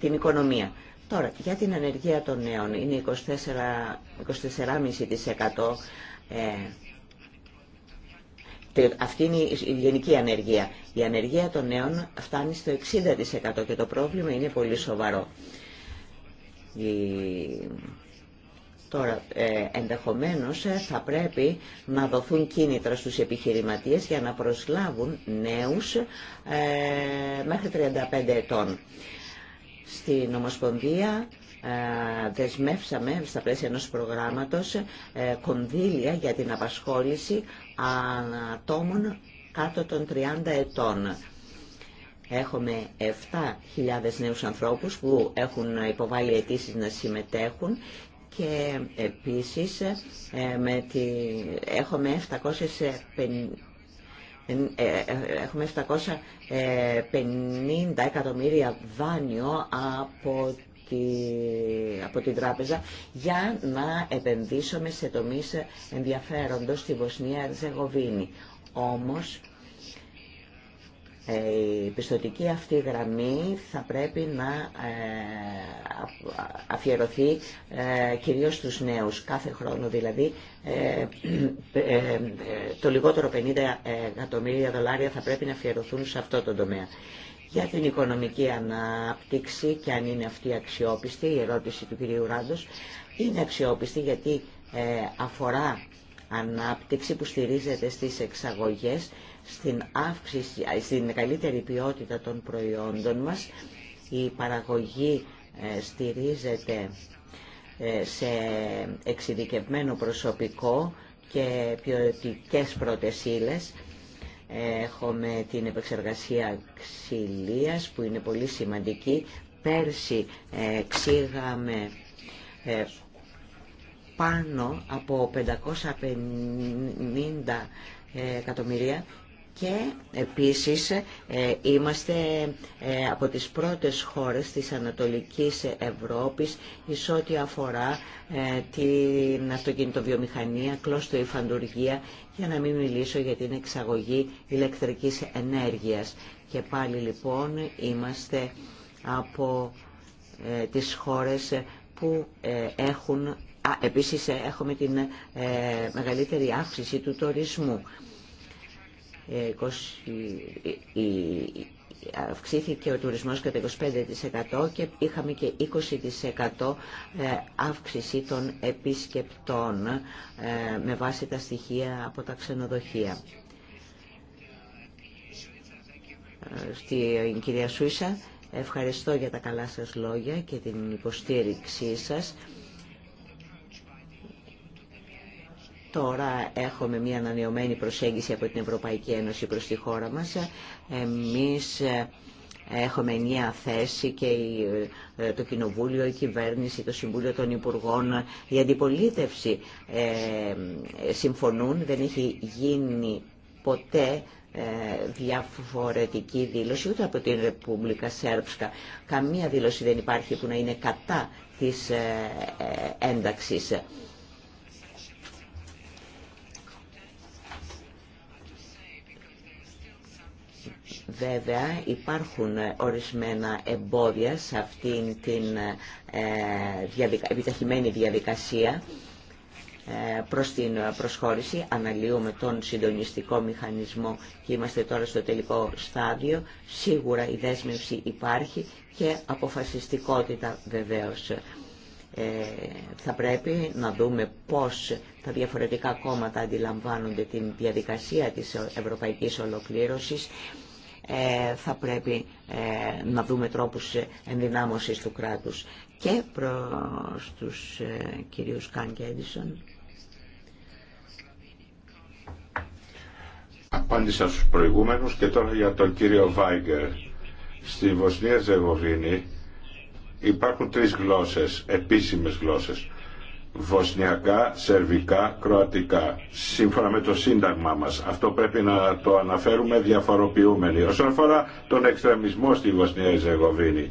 την οικονομία. Τώρα, για την ενεργεία των νέων είναι 24,5% αυτή είναι η γενική ανεργία. Η ανεργία των νέων φτάνει στο 60% και το πρόβλημα είναι πολύ σοβαρό. Τώρα, ε, ενδεχομένως ε, θα πρέπει να δοθούν κίνητρα στους επιχειρηματίες για να προσλάβουν νέους ε, μέχρι 35 ετών. Στην Ομοσπονδία δεσμεύσαμε στα πλαίσια ενός προγράμματος κονδύλια για την απασχόληση ατόμων κάτω των 30 ετών. Έχουμε 7.000 νέους ανθρώπους που έχουν υποβάλει αιτήσει να συμμετέχουν και επίσης ε, με τη... έχουμε 750 ε, ε, έχουμε 750 εκατομμύρια δάνειο από από την τράπεζα για να επενδύσουμε σε τομείς ενδιαφέροντος στη Βοσνία-Ερζεγοβίνη. Όμως ε, η πιστοτική αυτή γραμμή θα πρέπει να ε, αφιερωθεί ε, κυρίως στους νέους. Κάθε χρόνο δηλαδή το λιγότερο 50 εκατομμύρια δολάρια θα πρέπει να αφιερωθούν σε αυτό το τομέα. Για την οικονομική ανάπτυξη και αν είναι αυτή αξιόπιστη, η ερώτηση του κυρίου Ράντος είναι αξιόπιστη γιατί ε, αφορά ανάπτυξη που στηρίζεται στις εξαγωγές, στην, αύξηση, ε, στην καλύτερη ποιότητα των προϊόντων μας. Η παραγωγή ε, στηρίζεται σε εξειδικευμένο προσωπικό και ποιοτικές πρώτες Έχουμε την επεξεργασία ξυλίας που είναι πολύ σημαντική. Πέρσι ε, ξύγαμε ε, πάνω από 550 ε, εκατομμυρία και επίσης ε, είμαστε ε, από τις πρώτες χώρες της Ανατολικής Ευρώπης εις ό,τι αφορά ε, την αυτοκινητοβιομηχανία, υφαντουργία για να μην μιλήσω για την εξαγωγή ηλεκτρικής ενέργειας. Και πάλι λοιπόν είμαστε από τις χώρες που έχουν... επίσης έχουμε την μεγαλύτερη αύξηση του τουρισμού αυξήθηκε ο τουρισμός κατά 25% και είχαμε και 20% ε, αύξηση των επισκεπτών ε, με βάση τα στοιχεία από τα ξενοδοχεία. Ε, Στην κυρία Σούισα, ευχαριστώ για τα καλά σας λόγια και την υποστήριξή σας. Τώρα έχουμε μια ανανεωμένη προσέγγιση από την Ευρωπαϊκή Ένωση προς τη χώρα μας. Εμείς ε, έχουμε μια θέση και ε, το Κοινοβούλιο, η Κυβέρνηση, το Συμβούλιο των Υπουργών, η Αντιπολίτευση ε, συμφωνούν. Δεν έχει γίνει ποτέ διαφορετική δήλωση ούτε από την Ρεπούμπλικα Σέρψκα. Καμία δήλωση δεν υπάρχει που να είναι κατά της ένταξης. Βέβαια υπάρχουν ορισμένα εμπόδια σε αυτήν την ε, διαδικα... επιταχυμένη διαδικασία ε, προς την προσχώρηση. Αναλύουμε τον συντονιστικό μηχανισμό και είμαστε τώρα στο τελικό στάδιο. Σίγουρα η δέσμευση υπάρχει και αποφασιστικότητα βεβαίως. Ε, θα πρέπει να δούμε πώς τα διαφορετικά κόμματα αντιλαμβάνονται την διαδικασία της ευρωπαϊκής ολοκλήρωσης ε, θα πρέπει ε, να δούμε τρόπους ενδυνάμωσης του κράτους. Και προς τους ε, κυρίους Καν και Έντισον. Απάντησα στους προηγούμενους και τώρα για τον κύριο Βάγκερ. Στη Βοσνία Ζεγοβίνη υπάρχουν τρεις γλώσσες, επίσημες γλώσσες βοσνιακά, σερβικά, κροατικά. Σύμφωνα με το σύνταγμά μας. Αυτό πρέπει να το αναφέρουμε διαφοροποιούμενοι. Όσον αφορά τον εξτρεμισμό στη Βοσνία Ζεγοβίνη,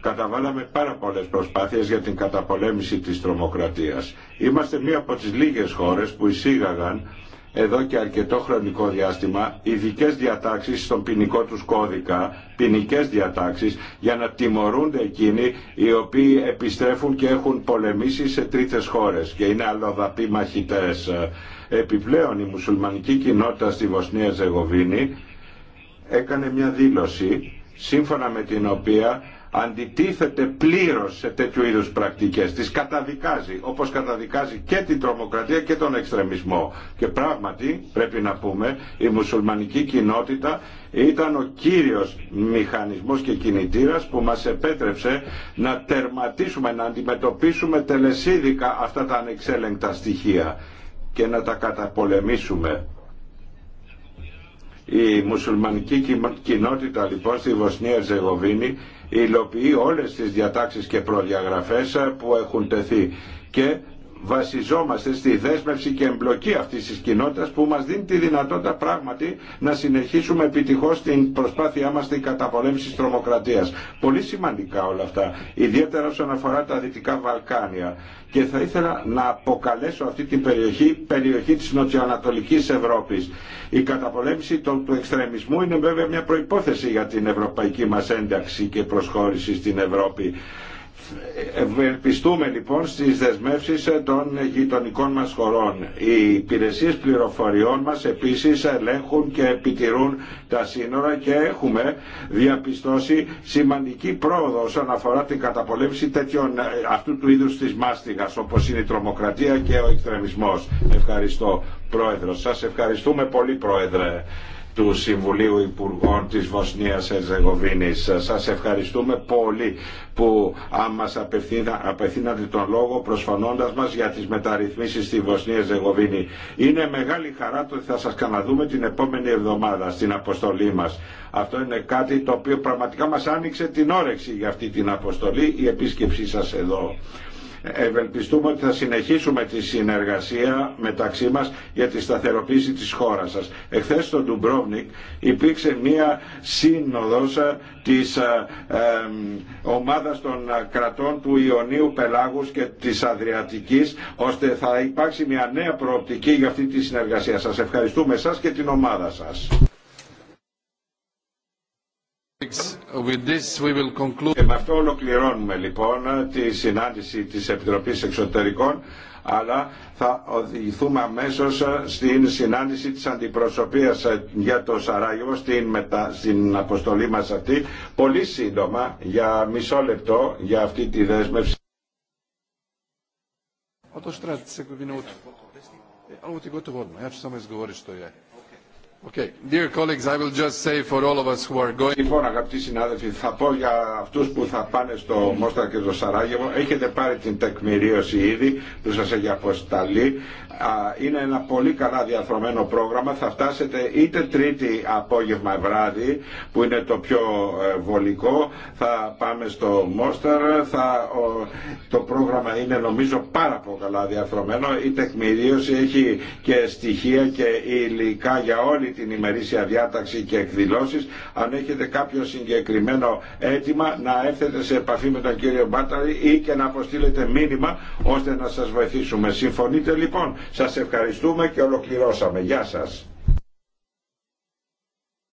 καταβάλαμε πάρα πολλές προσπάθειες για την καταπολέμηση της τρομοκρατίας. Είμαστε μία από τις λίγες χώρες που εισήγαγαν εδώ και αρκετό χρονικό διάστημα ειδικέ διατάξεις στον ποινικό τους κώδικα, ποινικέ διατάξεις για να τιμωρούνται εκείνοι οι οποίοι επιστρέφουν και έχουν πολεμήσει σε τρίτες χώρες και είναι αλλοδαποί μαχητές. Επιπλέον η μουσουλμανική κοινότητα στη Βοσνία Ζεγοβίνη έκανε μια δήλωση σύμφωνα με την οποία αντιτίθεται πλήρως σε τέτοιου είδους πρακτικές. Τις καταδικάζει, όπως καταδικάζει και την τρομοκρατία και τον εξτρεμισμό. Και πράγματι, πρέπει να πούμε, η μουσουλμανική κοινότητα ήταν ο κύριος μηχανισμός και κινητήρας που μας επέτρεψε να τερματίσουμε, να αντιμετωπίσουμε τελεσίδικα αυτά τα ανεξέλεγκτα στοιχεία και να τα καταπολεμήσουμε. Η μουσουλμανική κοινότητα λοιπόν στη Βοσνία Ζεγοβίνη, υλοποιεί όλες τις διατάξεις και προδιαγραφές που έχουν τεθεί και βασιζόμαστε στη δέσμευση και εμπλοκή αυτής της κοινότητας που μας δίνει τη δυνατότητα πράγματι να συνεχίσουμε επιτυχώς την προσπάθειά μας στην καταπολέμηση της τρομοκρατίας. Πολύ σημαντικά όλα αυτά, ιδιαίτερα όσον αφορά τα Δυτικά Βαλκάνια. Και θα ήθελα να αποκαλέσω αυτή την περιοχή, περιοχή της Νοτιοανατολικής Ευρώπης. Η καταπολέμηση του εξτρεμισμού είναι βέβαια μια προϋπόθεση για την ευρωπαϊκή μας ένταξη και προσχώρηση στην Ευρώπη. Ευελπιστούμε λοιπόν στις δεσμεύσεις των γειτονικών μας χωρών. Οι υπηρεσίες πληροφοριών μας επίσης ελέγχουν και επιτηρούν τα σύνορα και έχουμε διαπιστώσει σημαντική πρόοδο όσον αφορά την καταπολέμηση τέτοιων ε, αυτού του είδους της μάστιγας όπως είναι η τρομοκρατία και ο εκτρεμισμός. Ευχαριστώ Πρόεδρο. Σας ευχαριστούμε πολύ Πρόεδρε του Συμβουλίου Υπουργών της Βοσνίας Ερζεγοβίνης. Σας ευχαριστούμε πολύ που μας απευθύνατε τον λόγο προσφωνώντας μας για τις μεταρρυθμίσεις στη Βοσνία Ερζεγοβίνη. Είναι μεγάλη χαρά το ότι θα σας καναδούμε την επόμενη εβδομάδα στην αποστολή μας. Αυτό είναι κάτι το οποίο πραγματικά μας άνοιξε την όρεξη για αυτή την αποστολή η επίσκεψή σας εδώ. Ευελπιστούμε ότι θα συνεχίσουμε τη συνεργασία μεταξύ μας για τη σταθεροποίηση της χώρας σας. Εχθές στο Ντουμπρόμνικ υπήρξε μία σύνοδος ε, της ε, ομάδας των ε, κρατών του Ιωνίου Πελάγους και της Αδριατικής ώστε θα υπάρξει μια νέα προοπτική για αυτή τη συνεργασία. Σας ευχαριστούμε εσάς και την ομάδα σας. Και με αυτό ολοκληρώνουμε λοιπόν τη συνάντηση της Επιτροπής Εξωτερικών αλλά θα οδηγηθούμε αμέσω στην συνάντηση της αντιπροσωπείας για το Σαράγεβο στην, μετα... αποστολή μας αυτή πολύ σύντομα για μισό λεπτό για αυτή τη δέσμευση. στράτησε, το Λοιπόν, αγαπητοί συνάδελφοι, θα πω για αυτούς που θα πάνε στο Μόσταρ και στο Σαράγεβο. Έχετε πάρει την τεκμηρίωση ήδη που σας έχει αποσταλεί. Είναι ένα πολύ καλά διαθρωμένο πρόγραμμα. Θα φτάσετε είτε τρίτη απόγευμα βράδυ, που είναι το πιο ε, βολικό. Θα πάμε στο Μόσταρ. Το πρόγραμμα είναι νομίζω πάρα πολύ καλά διαθρωμένο. Η τεκμηρίωση έχει και στοιχεία και υλικά για όλη την ημερήσια διάταξη και εκδηλώσεις. Αν έχετε κάποιο συγκεκριμένο αίτημα να έρθετε σε επαφή με τον κύριο Μπάταρη ή και να αποστείλετε μήνυμα ώστε να σας βοηθήσουμε. Συμφωνείτε λοιπόν. Σας ευχαριστούμε και ολοκληρώσαμε. Γεια σας.